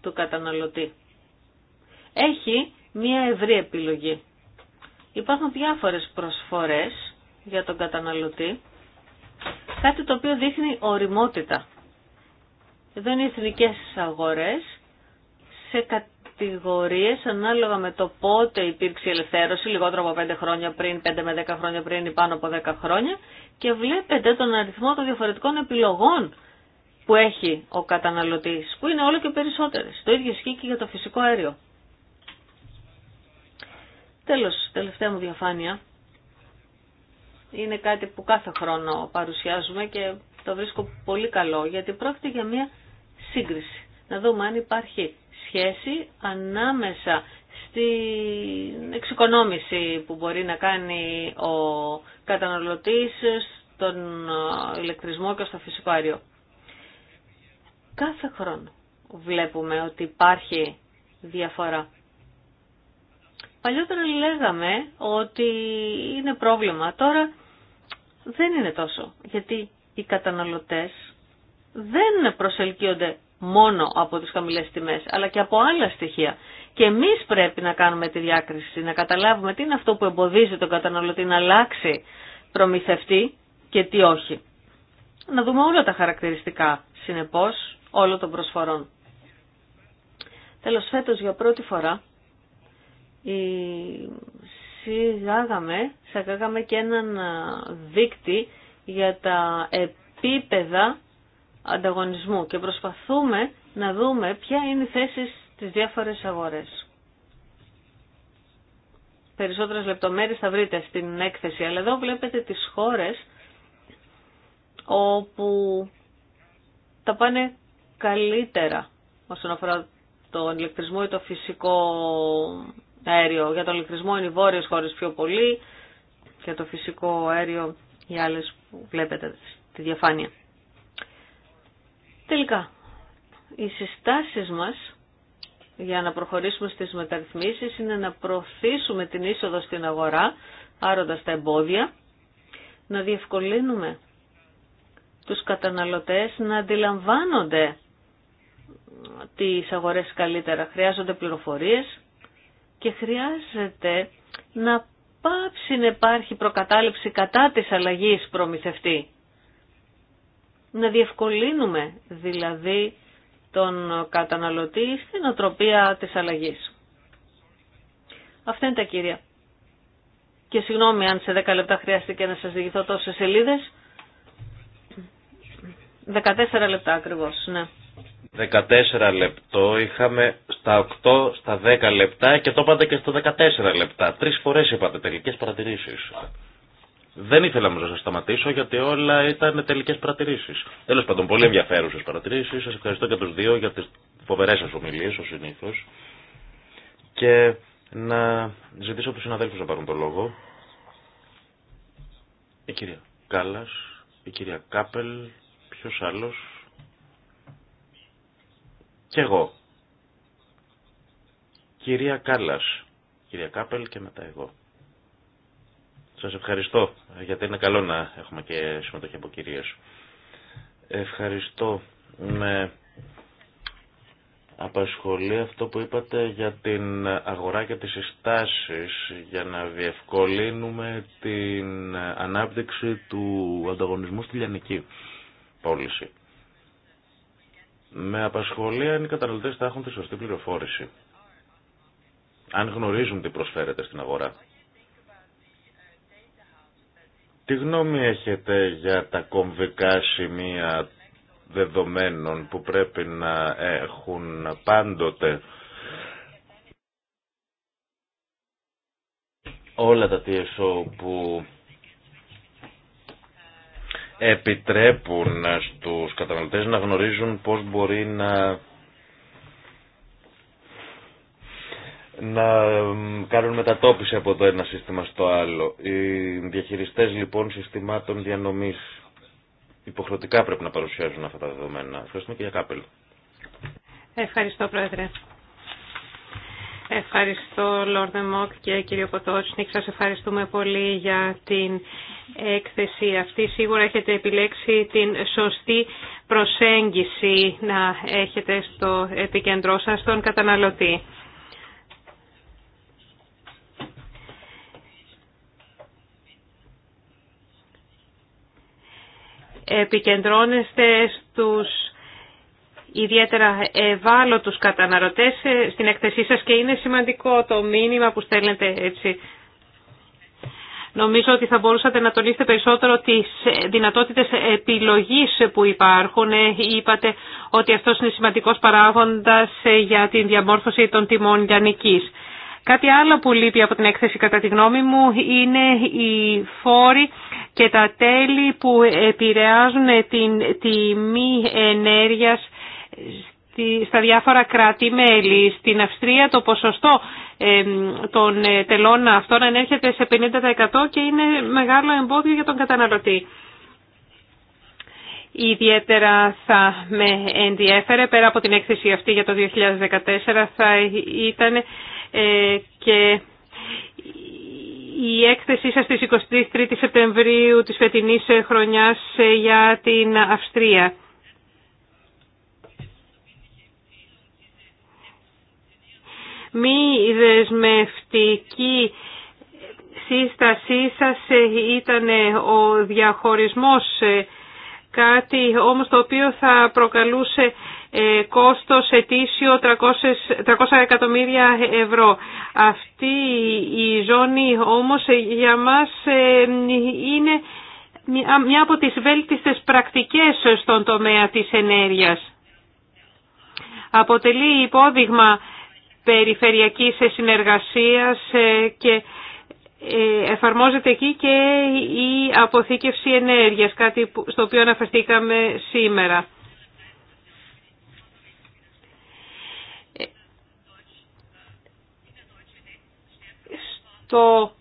του καταναλωτή. Έχει μία ευρή επιλογή. Υπάρχουν διάφορες προσφορές για τον καταναλωτή, κάτι το οποίο δείχνει οριμότητα. Εδώ είναι οι εθνικές αγορές σε κατηγορίε ανάλογα με το πότε υπήρξε η ελευθέρωση, λιγότερο από 5 χρόνια πριν, 5 με 10 χρόνια πριν ή πάνω από 10 χρόνια και βλέπετε τον αριθμό των διαφορετικών επιλογών που έχει ο καταναλωτή που είναι όλο και περισσότερε. Το ίδιο ισχύει και για το φυσικό αέριο. Τέλο, τελευταία μου διαφάνεια. Είναι κάτι που κάθε χρόνο παρουσιάζουμε και το βρίσκω πολύ καλό, γιατί πρόκειται για μια σύγκριση. Να δούμε αν υπάρχει σχέση ανάμεσα στην εξοικονόμηση που μπορεί να κάνει ο καταναλωτής στον ηλεκτρισμό και στο φυσικό αέριο. Κάθε χρόνο βλέπουμε ότι υπάρχει διαφορά. Παλιότερα λέγαμε ότι είναι πρόβλημα. Τώρα δεν είναι τόσο. Γιατί οι καταναλωτές δεν προσελκύονται μόνο από τις χαμηλές τιμές, αλλά και από άλλα στοιχεία. Και εμείς πρέπει να κάνουμε τη διάκριση, να καταλάβουμε τι είναι αυτό που εμποδίζει τον καταναλωτή να αλλάξει προμηθευτή και τι όχι. Να δούμε όλα τα χαρακτηριστικά, συνεπώς, όλων των προσφορών. Τέλος φέτος για πρώτη φορά η... σιγάγαμε, και έναν ε, δείκτη για τα επίπεδα ανταγωνισμού και προσπαθούμε να δούμε ποια είναι η θέση στις διάφορες αγορές. Περισσότερες λεπτομέρειες θα βρείτε στην έκθεση, αλλά εδώ βλέπετε τις χώρες όπου τα πάνε καλύτερα όσον αφορά τον ηλεκτρισμό ή το φυσικό αέριο. Για τον ηλεκτρισμό είναι οι βόρειες χώρες πιο πολύ, για το φυσικό αέριο οι άλλες που βλέπετε τη διαφάνεια. Τελικά, οι συστάσεις μας για να προχωρήσουμε στις μεταρρυθμίσεις είναι να προωθήσουμε την είσοδο στην αγορά, άροντας τα εμπόδια, να διευκολύνουμε τους καταναλωτές να αντιλαμβάνονται τι αγορές καλύτερα. Χρειάζονται πληροφορίες και χρειάζεται να πάψει να υπάρχει προκατάληψη κατά της αλλαγής προμηθευτή να διευκολύνουμε δηλαδή τον καταναλωτή στην οτροπία της αλλαγής. Αυτά είναι τα κύρια. Και συγγνώμη αν σε 10 λεπτά χρειάστηκε να σας διηγηθώ τόσες σελίδες. 14 λεπτά ακριβώς, ναι. 14 λεπτό είχαμε στα 8, στα 10 λεπτά και το είπατε και στα 14 λεπτά. Τρεις φορές είπατε τελικές παρατηρήσεις. Δεν ήθελα όμω να σα σταματήσω γιατί όλα ήταν τελικέ παρατηρήσει. Τέλο πάντων, πολύ ενδιαφέρουσε παρατηρήσει. Σα ευχαριστώ και του δύο για τι φοβερέ σα ομιλίε, ω συνήθω. Και να ζητήσω από του συναδέλφου να πάρουν το λόγο. Η κυρία Κάλλα, η κυρία Κάπελ, ποιο άλλο. Και εγώ. Κυρία Κάλλα, κυρία Κάπελ και μετά εγώ. Σα ευχαριστώ, γιατί είναι καλό να έχουμε και συμμετοχή από κυρίε. Ευχαριστώ. Με απασχολεί αυτό που είπατε για την αγορά και τις συστάσεις για να διευκολύνουμε την ανάπτυξη του ανταγωνισμού στη λιανική πώληση. Με απασχολεί αν οι καταναλωτές θα έχουν τη σωστή πληροφόρηση. Αν γνωρίζουν τι προσφέρεται στην αγορά. Τι γνώμη έχετε για τα κομβικά σημεία δεδομένων που πρέπει να έχουν πάντοτε όλα τα TSO που επιτρέπουν στους καταναλωτές να γνωρίζουν πώς μπορεί να να κάνουν μετατόπιση από το ένα σύστημα στο άλλο. Οι διαχειριστές λοιπόν συστημάτων διανομής υποχρεωτικά πρέπει να παρουσιάζουν αυτά τα δεδομένα. Ευχαριστούμε για Κάπελ. Ευχαριστώ Πρόεδρε. Ευχαριστώ Λόρδε Μόκ και κύριο Ποτότσνικ. Σας ευχαριστούμε πολύ για την έκθεση αυτή. Σίγουρα έχετε επιλέξει την σωστή προσέγγιση να έχετε στο επικεντρό σας τον καταναλωτή. επικεντρώνεστε στους ιδιαίτερα ευάλωτους καταναρωτές ε, στην εκθεσή σας και είναι σημαντικό το μήνυμα που στέλνετε έτσι. Νομίζω ότι θα μπορούσατε να τονίσετε περισσότερο τις δυνατότητες επιλογής που υπάρχουν. Ε, είπατε ότι αυτός είναι σημαντικός παράγοντας ε, για την διαμόρφωση των τιμών γιανικής. Κάτι άλλο που λείπει από την έκθεση κατά τη γνώμη μου είναι οι φόροι και τα τέλη που επηρεάζουν την τιμή ενέργειας στα διάφορα κράτη-μέλη. Στην Αυστρία το ποσοστό των ε, τελών αυτών ανέρχεται σε 50% και είναι μεγάλο εμπόδιο για τον καταναλωτή. Ιδιαίτερα θα με ενδιέφερε, πέρα από την έκθεση αυτή για το 2014, θα ήταν ε, και η έκθεσή σας της 23 Σεπτεμβρίου της φετινής χρονιάς ε, για την Αυστρία. Μη δεσμευτική σύστασή σας ε, ήταν ο διαχωρισμός κάτι όμως το οποίο θα προκαλούσε ε, κόστος ετήσιο 300, εκατομμύρια ευρώ. Αυτή η ζώνη όμως ε, για μας ε, είναι μια από τις βέλτιστες πρακτικές στον τομέα της ενέργειας. Αποτελεί υπόδειγμα περιφερειακής συνεργασίας και ε, εφαρμόζεται εκεί και η αποθήκευση ενέργειας, κάτι στο οποίο αναφερθήκαμε σήμερα. Στο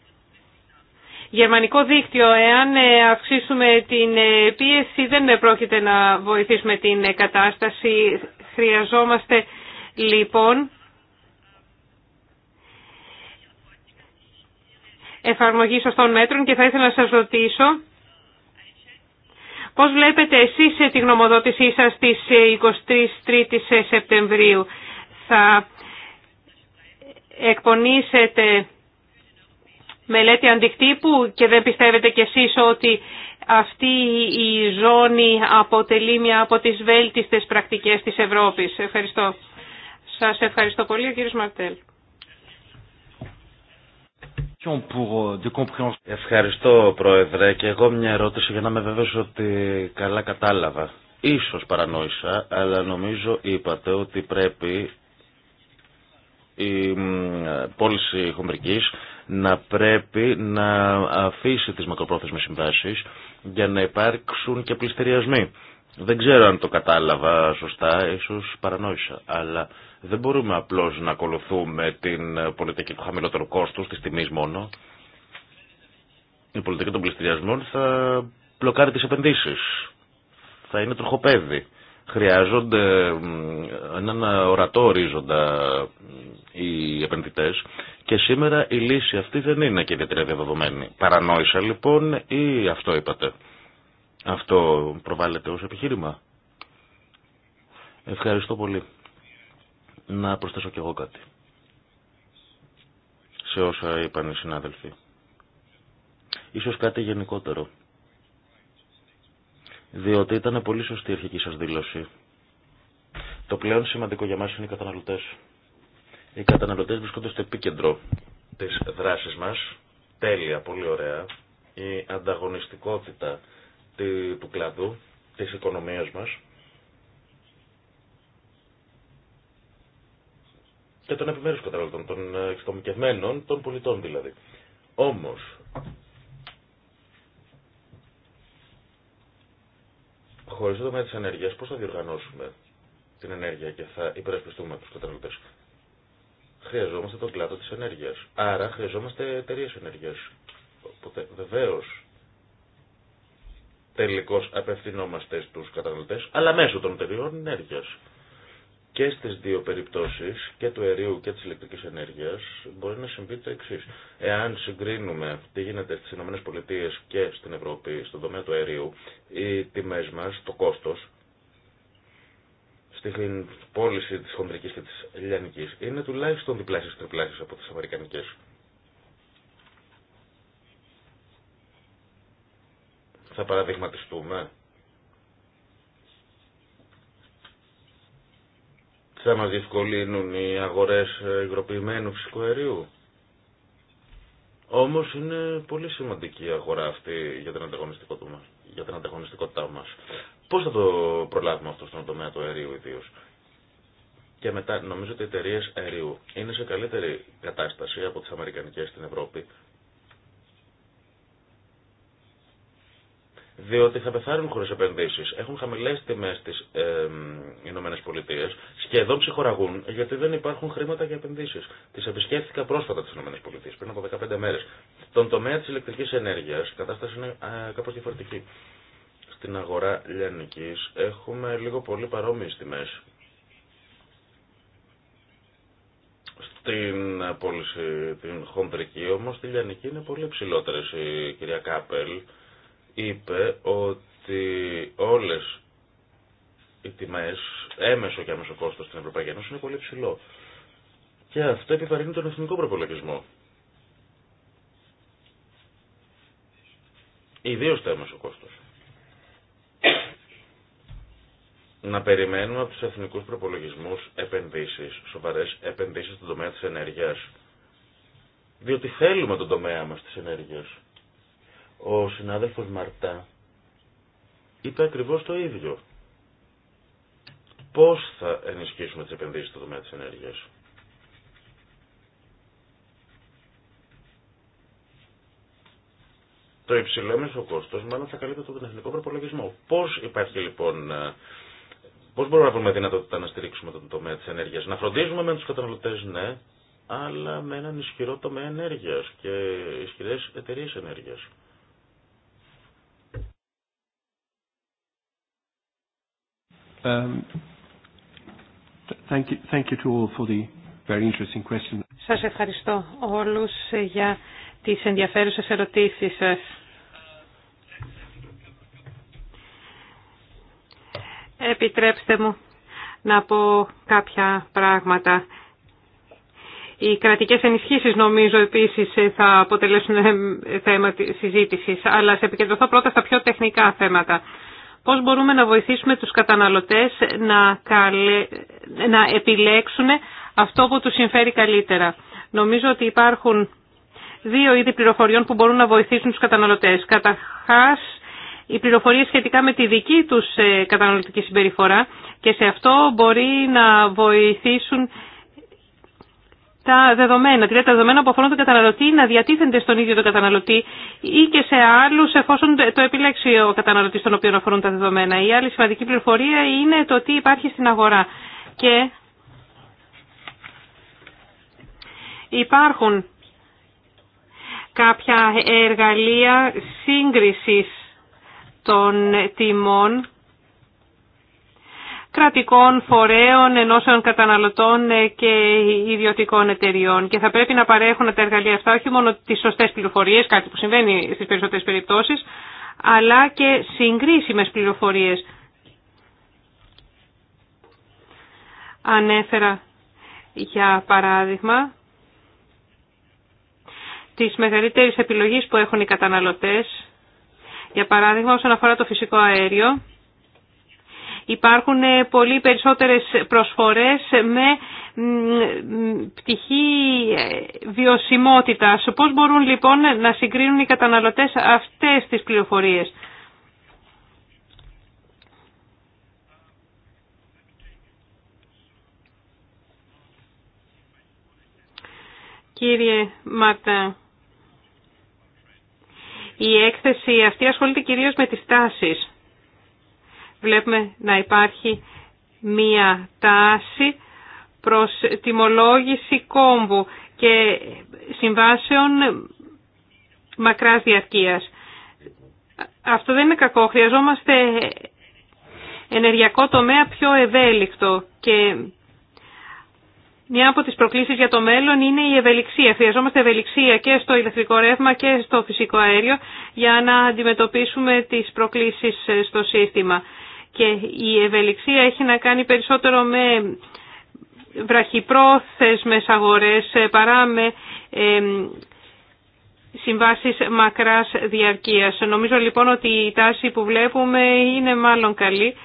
γερμανικό δίκτυο, εάν ε, αυξήσουμε την ε, πίεση, δεν πρόκειται να βοηθήσουμε την κατάσταση. Χρειαζόμαστε λοιπόν εφαρμογή σωστών μέτρων και θα ήθελα να σας ρωτήσω πώς βλέπετε εσείς ε, τη γνωμοδότησή σας της 23ης ε, ε, Σεπτεμβρίου. Θα εκπονήσετε μελέτη αντικτύπου και δεν πιστεύετε κι εσείς ότι αυτή η ζώνη αποτελεί μια από τις βέλτιστες πρακτικές της Ευρώπης. Ευχαριστώ. Σας ευχαριστώ πολύ, κύριε Μαρτέλ. Euh, Ευχαριστώ Πρόεδρε και εγώ μια ερώτηση για να με βεβαιώσω ότι καλά κατάλαβα. Ίσως παρανόησα, αλλά νομίζω είπατε ότι πρέπει η πώληση χομπρικής να πρέπει να αφήσει τις μακροπρόθεσμες συμβάσεις για να υπάρξουν και πληστηριασμοί. Δεν ξέρω αν το κατάλαβα σωστά, ίσως παρανόησα, αλλά δεν μπορούμε απλώς να ακολουθούμε την πολιτική του χαμηλότερου κόστου, τη τιμή μόνο. Η πολιτική των πληστηριασμών θα μπλοκάρει τις επενδύσεις. Θα είναι τροχοπέδι. Χρειάζονται έναν ορατό ορίζοντα οι επενδυτές και σήμερα η λύση αυτή δεν είναι και ιδιαίτερα διαδεδομένη. Παρανόησα λοιπόν ή αυτό είπατε. Αυτό προβάλλεται ως επιχείρημα. Ευχαριστώ πολύ να προσθέσω κι εγώ κάτι. Σε όσα είπαν οι συνάδελφοι. Ίσως κάτι γενικότερο. Διότι ήταν πολύ σωστή η αρχική σας δήλωση. Το πλέον σημαντικό για μας είναι οι καταναλωτές. Οι καταναλωτές βρισκόνται στο επίκεντρο της δράσης μας. Τέλεια, πολύ ωραία. Η ανταγωνιστικότητα του κλάδου, της οικονομίας μας και των επιμέρους καταναλωτών, των ε, εξτομικευμένων, των πολιτών δηλαδή. Όμως, χωρίς το τομέα της ενέργειας, πώς θα διοργανώσουμε την ενέργεια και θα υπερασπιστούμε τους καταναλωτές. Χρειαζόμαστε τον κλάδο της ενέργειας. Άρα χρειαζόμαστε εταιρείε ενέργειας. Οπότε βεβαίως τελικώς απευθυνόμαστε στους καταναλωτές, αλλά μέσω των εταιρείων ενέργειας και στις δύο περιπτώσεις, και του αερίου και της ηλεκτρικής ενέργειας, μπορεί να συμβεί το εξή. Εάν συγκρίνουμε τι γίνεται στις ΗΠΑ και στην Ευρώπη, στον τομέα του αερίου, οι τιμές μας, το κόστος, στην πώληση της χοντρικής και της λιανικής, είναι τουλάχιστον διπλάσιες τριπλάσιες από τις αμερικανικές. Θα παραδειγματιστούμε θα μας διευκολύνουν οι αγορές υγροποιημένου φυσικού αερίου. Όμως είναι πολύ σημαντική η αγορά αυτή για την, ανταγωνιστικότητά μας. Για την ανταγωνιστικότητά μας. Πώς θα το προλάβουμε αυτό στον τομέα του αερίου ιδίω. Και μετά νομίζω ότι οι εταιρείε αερίου είναι σε καλύτερη κατάσταση από τις Αμερικανικές στην Ευρώπη διότι θα πεθάνουν χωρίς επενδύσεις. Έχουν χαμηλές τιμές στις ε, σχεδόν ψυχοραγούν γιατί δεν υπάρχουν χρήματα για επενδύσεις. Τις επισκέφθηκα πρόσφατα τις ΗΠΑ, πριν από 15 μέρες. Στον τομέα της ηλεκτρικής ενέργειας η κατάσταση είναι κάπω κάπως διαφορετική. Στην αγορά λιανικής έχουμε λίγο πολύ παρόμοιες τιμές. Στην πώληση την χοντρική όμως, στη λιανική είναι πολύ ψηλότερες η κυρία Κάπελ είπε ότι όλες οι τιμές, έμεσο και άμεσο κόστος στην Ευρωπαϊκή Ένωση είναι πολύ ψηλό. Και αυτό επιβαρύνει τον εθνικό προπολογισμό. Ιδίως το έμεσο κόστος. Να περιμένουμε από τους εθνικούς προπολογισμούς επενδύσεις, σοβαρές επενδύσεις στον τομέα της ενέργειας. Διότι θέλουμε τον τομέα μας της ενέργειας. Ο συνάδελφος Μαρτά είπε ακριβώς το ίδιο. Πώς θα ενισχύσουμε τις επενδύσεις στο τομέα της ενέργειας. Το υψηλό μέσο κόστος μάλλον θα καλύπτει τον εθνικό προπολογισμό. Πώς υπάρχει λοιπόν πώς μπορούμε να βρούμε δυνατότητα να στηρίξουμε τον τομέα της ενέργειας. Να φροντίζουμε με τους καταναλωτές ναι, αλλά με έναν ισχυρό τομέα ενέργεια και ισχυρέ εταιρείε ενέργεια. Σας ευχαριστώ όλους για τις ενδιαφέρουσες ερωτήσεις σας. Επιτρέψτε μου να πω κάποια πράγματα. Οι κρατικές ενισχύσεις νομίζω επίσης ε, θα αποτελέσουν ε, θέμα συζήτησης, αλλά σε επικεντρωθώ πρώτα στα πιο τεχνικά θέματα πώς μπορούμε να βοηθήσουμε τους καταναλωτές να, καλε... να επιλέξουν αυτό που τους συμφέρει καλύτερα. Νομίζω ότι υπάρχουν δύο είδη πληροφοριών που μπορούν να βοηθήσουν τους καταναλωτές. Καταρχάς, οι πληροφορίες σχετικά με τη δική τους ε, καταναλωτική συμπεριφορά και σε αυτό μπορεί να βοηθήσουν τα δεδομένα, δηλαδή τα δεδομένα που αφορούν τον καταναλωτή να διατίθενται στον ίδιο τον καταναλωτή ή και σε άλλου εφόσον το επιλέξει ο καταναλωτή στον οποίο αφορούν τα δεδομένα. Η άλλη σημαντική πληροφορία είναι το τι υπάρχει στην αγορά. Και υπάρχουν κάποια εργαλεία σύγκρισης των τιμών κρατικών φορέων, ενώσεων καταναλωτών ε, και ιδιωτικών εταιριών. Και θα πρέπει να παρέχουν τα εργαλεία αυτά όχι μόνο τις σωστές πληροφορίες, κάτι που συμβαίνει στις περισσότερες περιπτώσεις, αλλά και συγκρίσιμες πληροφορίες. Ανέφερα, για παράδειγμα, τις μεγαλύτερες επιλογές που έχουν οι καταναλωτές, για παράδειγμα όσον αφορά το φυσικό αέριο, Υπάρχουν ε, πολύ περισσότερες προσφορές με πτυχή ε, βιωσιμότητας. Πώς μπορούν λοιπόν να συγκρίνουν οι καταναλωτές αυτές τις πληροφορίες. Κύριε Μάρτα, η έκθεση αυτή ασχολείται κυρίως με τις τάσεις βλέπουμε να υπάρχει μία τάση προς τιμολόγηση κόμβου και συμβάσεων μακράς διαρκείας. Αυτό δεν είναι κακό. Χρειαζόμαστε ενεργειακό τομέα πιο ευέλικτο και μια από τις προκλήσεις για το μέλλον είναι η ευελιξία. Χρειαζόμαστε ευελιξία και στο ηλεκτρικό ρεύμα και στο φυσικό αέριο για να αντιμετωπίσουμε τις προκλήσεις στο σύστημα. Και η ευελιξία έχει να κάνει περισσότερο με βραχυπρόθεσμες αγορές ε, παρά με συμβάσεις μακράς διαρκείας. Νομίζω λοιπόν ότι η τάση που βλέπουμε είναι μάλλον καλή.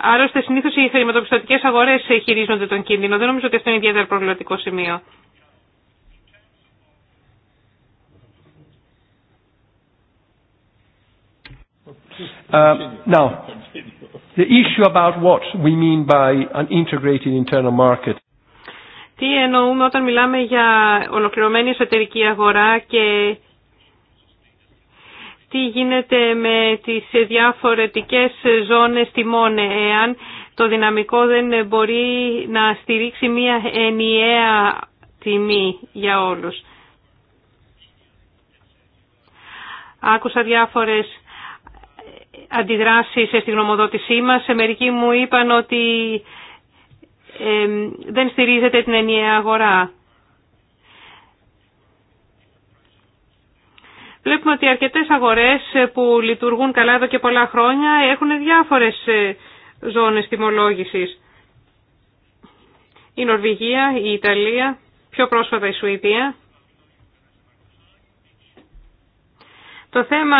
Άλλωστε συνήθως οι χρηματοπιστωτικές αγορές χειρίζονται τον κίνδυνο. Δεν νομίζω ότι αυτό είναι ιδιαίτερα προβληματικό σημείο. Τι εννοούμε όταν μιλάμε για ολοκληρωμένη εσωτερική αγορά και τι γίνεται με τις διαφορετικές ζώνες τιμών εάν το δυναμικό δεν μπορεί να στηρίξει μία ενιαία τιμή για όλους. Άκουσα διάφορες αντιδράσεις στη γνωμοδότησή μας. Σε μερικοί μου είπαν ότι δεν στηρίζεται την ενιαία αγορά. Βλέπουμε ότι αρκετές αγορές που λειτουργούν καλά εδώ και πολλά χρόνια έχουν διάφορες ε, ζώνες τιμολόγησης. Η Νορβηγία, η Ιταλία, πιο πρόσφατα η Σουηδία. Το θέμα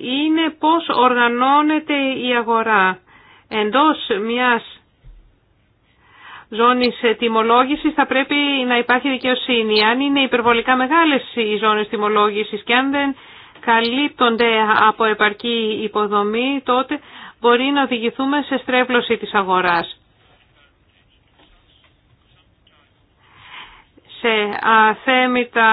είναι πώς οργανώνεται η αγορά. Εντός μιας ζώνης τιμολόγησης θα πρέπει να υπάρχει δικαιοσύνη. Αν είναι υπερβολικά μεγάλες οι ζώνες τιμολόγησης και αν δεν καλύπτονται από επαρκή υποδομή, τότε μπορεί να οδηγηθούμε σε στρέβλωση της αγοράς. σε αθέμητα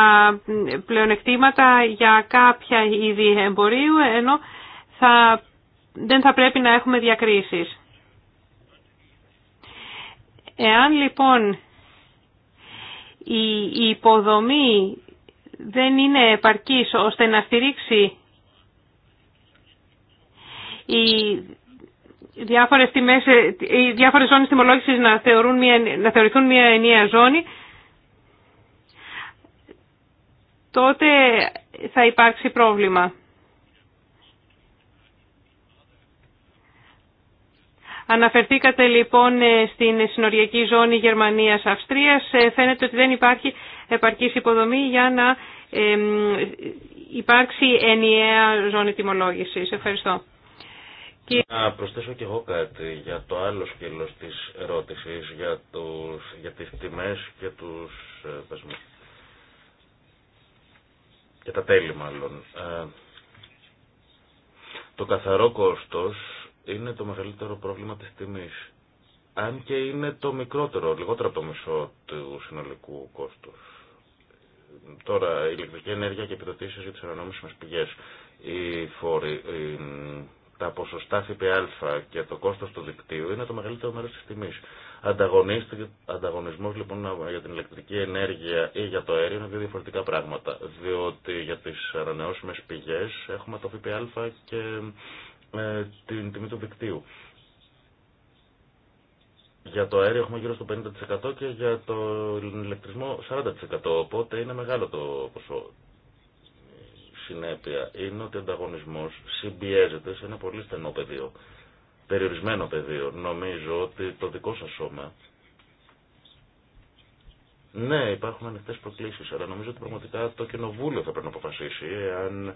πλεονεκτήματα για κάποια είδη εμπορίου, ενώ θα, δεν θα πρέπει να έχουμε διακρίσεις. Εάν λοιπόν η υποδομή δεν είναι επαρκής ώστε να στηρίξει οι διάφορες, τιμές, οι ζώνες τιμολόγησης να, να θεωρηθούν μια ενιαία ζώνη, τότε θα υπάρξει πρόβλημα. Αναφερθήκατε λοιπόν ε, στην συνοριακή ζώνη Γερμανίας-Αυστρίας. Ε, φαίνεται ότι δεν υπάρχει επαρκής υποδομή για να ε, υπάρξει ενιαία ζώνη τιμολόγησης. Ευχαριστώ. Να προσθέσω και εγώ κάτι για το άλλο σκέλος της ερώτησης, για, τους, για τις τιμές και τους δεσμούς για τα τέλη μάλλον. Ε, το καθαρό κόστος είναι το μεγαλύτερο πρόβλημα της τιμής. Αν και είναι το μικρότερο, λιγότερο από το μισό του συνολικού κόστους τώρα η ηλεκτρική ενέργεια και επιδοτήσεις για τις ανανόμισιμες πηγές, οι φόροι, τα ποσοστά ΦΠΑ και το κόστος του δικτύου είναι το μεγαλύτερο μέρος της τιμής. Ανταγωνισμός λοιπόν για την ηλεκτρική ενέργεια ή για το αέριο είναι δύο διαφορετικά πράγματα, διότι για τις ανανεώσιμε πηγές έχουμε το ΦΠΑ και ε, την τιμή του δικτύου. Για το αέριο έχουμε γύρω στο 50% και για τον ηλεκτρισμό 40%. Οπότε είναι μεγάλο το ποσό. Συνέπεια είναι ότι ο ανταγωνισμό συμπιέζεται σε ένα πολύ στενό πεδίο περιορισμένο πεδίο. Νομίζω ότι το δικό σας σώμα ναι, υπάρχουν ανοιχτέ προκλήσεις αλλά νομίζω ότι πραγματικά το κοινοβούλιο θα πρέπει να αποφασίσει εάν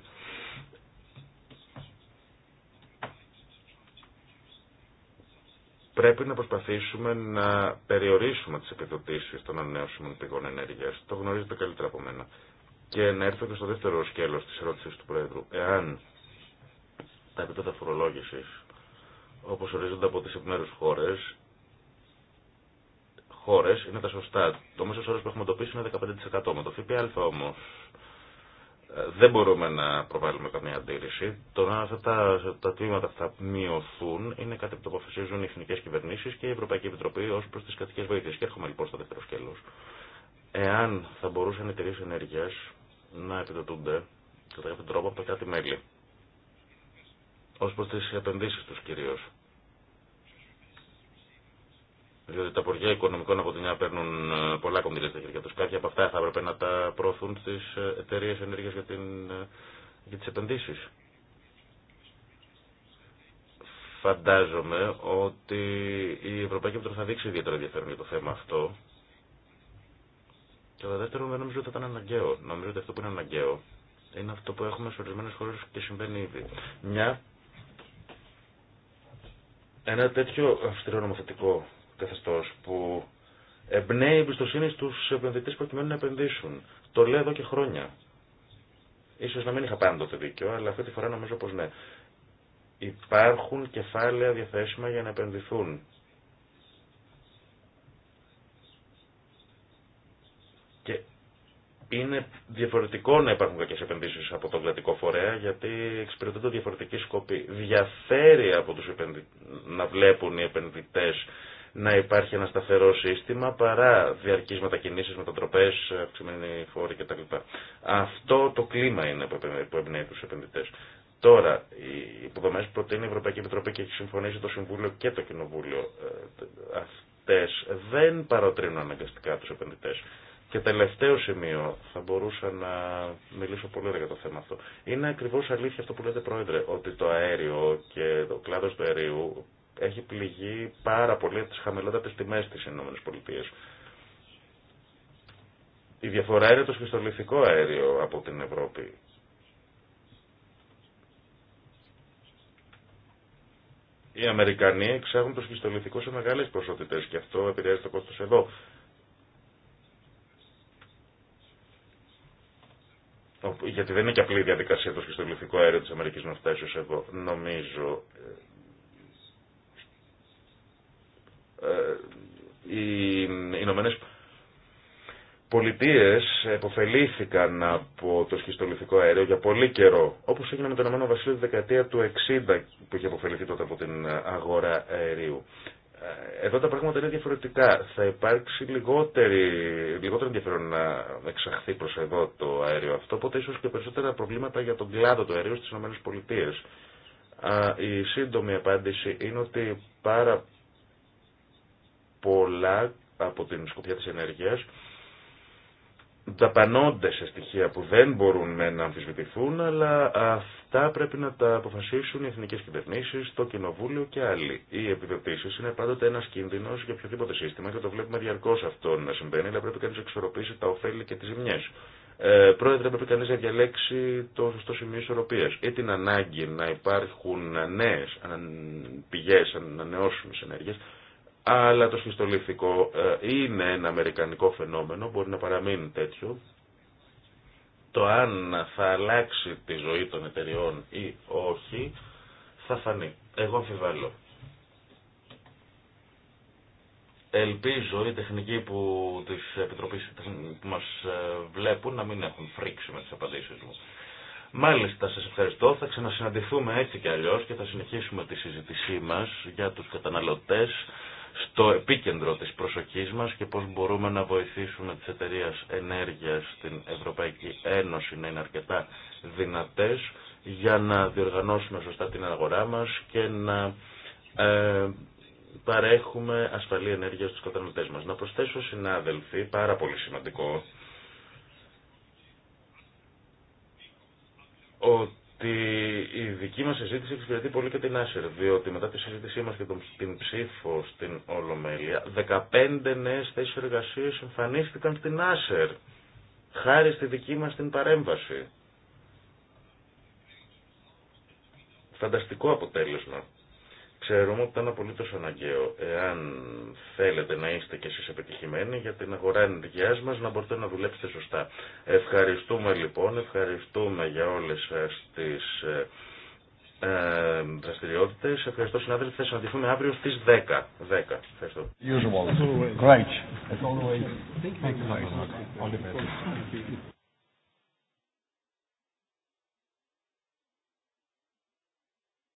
πρέπει να προσπαθήσουμε να περιορίσουμε τις επιδοτήσεις των ανανεώσιμων πηγών ενέργειας. Το γνωρίζετε καλύτερα από μένα. Και να έρθω και στο δεύτερο σκέλος της ερώτησης του Πρόεδρου. Εάν τα επίπεδα φορολόγησης όπως ορίζονται από τις επιμέρους χώρες, χώρες είναι τα σωστά. Το μέσο όρο που έχουμε εντοπίσει είναι 15%. Με το ΦΠΑ όμως ε, δεν μπορούμε να προβάλλουμε καμία αντίρρηση. Το να αυτά τα, τα τμήματα θα μειωθούν είναι κάτι που το αποφασίζουν οι εθνικές κυβερνήσει και η Ευρωπαϊκή Επιτροπή ω προ τι κρατικέ βοήθειες. Και έρχομαι λοιπόν στο δεύτερο σκέλος. Εάν θα μπορούσαν οι εταιρείε ενέργειας να επιδοτούνται κατά κάποιο τρόπο από τα κράτη-μέλη ως προς τις επενδύσεις τους κυρίως. Διότι τα πορεία οικονομικών από την μια παίρνουν ε, πολλά κονδύλια στα χέρια του. Κάποια από αυτά θα έπρεπε να τα προωθούν στι ε, εταιρείε ενέργεια για, την... Ε, για τι επενδύσει. Φαντάζομαι ότι η Ευρωπαϊκή Επιτροπή θα δείξει ιδιαίτερο ενδιαφέρον για το θέμα αυτό. Και το δεύτερο δεν νομίζω ότι θα ήταν αναγκαίο. Νομίζω ότι αυτό που είναι αναγκαίο είναι αυτό που έχουμε σε ορισμένε χώρε και συμβαίνει ήδη. Μια ένα τέτοιο αυστηρό νομοθετικό καθεστώς που εμπνέει εμπιστοσύνη στους επενδυτές προκειμένου να επενδύσουν. Το λέω εδώ και χρόνια. Ίσως να μην είχα πάντοτε δίκιο, αλλά αυτή τη φορά νομίζω πως ναι. Υπάρχουν κεφάλαια διαθέσιμα για να επενδυθούν είναι διαφορετικό να υπάρχουν κακέ επενδύσει από τον κρατικό φορέα γιατί εξυπηρετούνται διαφορετικοί σκοποί. Διαφέρει από τους επενδυ... να βλέπουν οι επενδυτέ να υπάρχει ένα σταθερό σύστημα παρά διαρκεί μετακινήσει, μετατροπέ, αυξημένοι φόροι κτλ. Αυτό το κλίμα είναι που εμπνέει του επενδυτέ. Τώρα, οι υποδομέ που προτείνει η Ευρωπαϊκή Επιτροπή και έχει συμφωνήσει το Συμβούλιο και το Κοινοβούλιο, ε, αυτέ δεν παροτρύνουν αναγκαστικά του επενδυτέ. Και τελευταίο σημείο, θα μπορούσα να μιλήσω πολύ για το θέμα αυτό. Είναι ακριβώ αλήθεια αυτό που λέτε, Πρόεδρε, ότι το αέριο και το κλάδο του αερίου έχει πληγεί πάρα πολύ από τι χαμηλότερε τιμέ στι ΗΠΑ. Η διαφορά είναι το σχιστολιθικό αέριο από την Ευρώπη. Οι Αμερικανοί εξάγουν το σχιστολιθικό σε μεγάλες ποσότητες και αυτό επηρεάζει το κόστος εδώ. γιατί δεν είναι και απλή η διαδικασία του στο αέριου αέριο της Αμερικής να φτάσει ως εγώ, νομίζω. Ε, ε, οι Ηνωμένε Πολιτείες επωφελήθηκαν από το σχιστολιθικό αέριο για πολύ καιρό, όπως έγινε με το Ηνωμένο Βασίλειο τη δεκαετία του 60 που είχε αποφεληθεί τότε από την αγορά αερίου. Εδώ τα πράγματα είναι διαφορετικά. Θα υπάρξει λιγότερη, λιγότερο ενδιαφέρον να εξαχθεί προς εδώ το αέριο αυτό, οπότε ίσω και περισσότερα προβλήματα για τον κλάδο του αερίου στι ΗΠΑ. Η σύντομη απάντηση είναι ότι πάρα πολλά από την σκοπιά της ενέργειας ταπανώνται σε στοιχεία που δεν μπορούν να αμφισβητηθούν, αλλά αυτά πρέπει να τα αποφασίσουν οι εθνικές κυβερνήσει, το Κοινοβούλιο και άλλοι. Οι επιδοτήσει είναι πάντοτε ένα κίνδυνο για οποιοδήποτε σύστημα και το βλέπουμε διαρκώ αυτό να συμβαίνει, αλλά πρέπει κανείς να εξορροπήσει τα ωφέλη και τι ζημιές. Ε, πρόεδρε, πρέπει κανεί να διαλέξει το σωστό σημείο ισορροπία ή την ανάγκη να υπάρχουν νέε πηγέ ανανεώσιμη ενέργειας, αλλά το σχιστολήθικο ε, είναι ένα αμερικανικό φαινόμενο, μπορεί να παραμείνει τέτοιο. Το αν θα αλλάξει τη ζωή των εταιριών ή όχι, θα φανεί. Εγώ αμφιβάλλω. Ελπίζω οι τεχνικοί που τις Επιτροπής που μας ε, βλέπουν να μην έχουν φρίξει με τις απαντήσεις μου. Μάλιστα, σας ευχαριστώ. Θα ξανασυναντηθούμε έτσι και αλλιώς και θα συνεχίσουμε τη συζήτησή μας για τους καταναλωτές στο επίκεντρο της προσοχής μας και πώς μπορούμε να βοηθήσουμε τις εταιρείε ενέργειας στην Ευρωπαϊκή Ένωση να είναι αρκετά δυνατές για να διοργανώσουμε σωστά την αγορά μας και να ε, παρέχουμε ασφαλή ενέργεια στους καταναλωτές μας. Να προσθέσω συνάδελφοι, πάρα πολύ σημαντικό, ότι ότι η δική μας συζήτηση εξυπηρετεί πολύ και την Άσερ, διότι μετά τη συζήτησή μας και την ψήφο στην Ολομέλεια, 15 νέες θέσεις εργασίας εμφανίστηκαν στην Άσερ, χάρη στη δική μας την παρέμβαση. Φανταστικό αποτέλεσμα. Ξέρουμε ότι ήταν απολύτω αναγκαίο, εάν θέλετε να είστε κι εσεί επιτυχημένοι για την αγορά ενεργειά μα, να μπορείτε να δουλέψετε σωστά. Ευχαριστούμε λοιπόν, ευχαριστούμε για όλε σα τι ε, ε δραστηριότητε. Ευχαριστώ συνάδελφοι, θα συναντηθούμε αύριο στι 10. 10. Ευχαριστώ.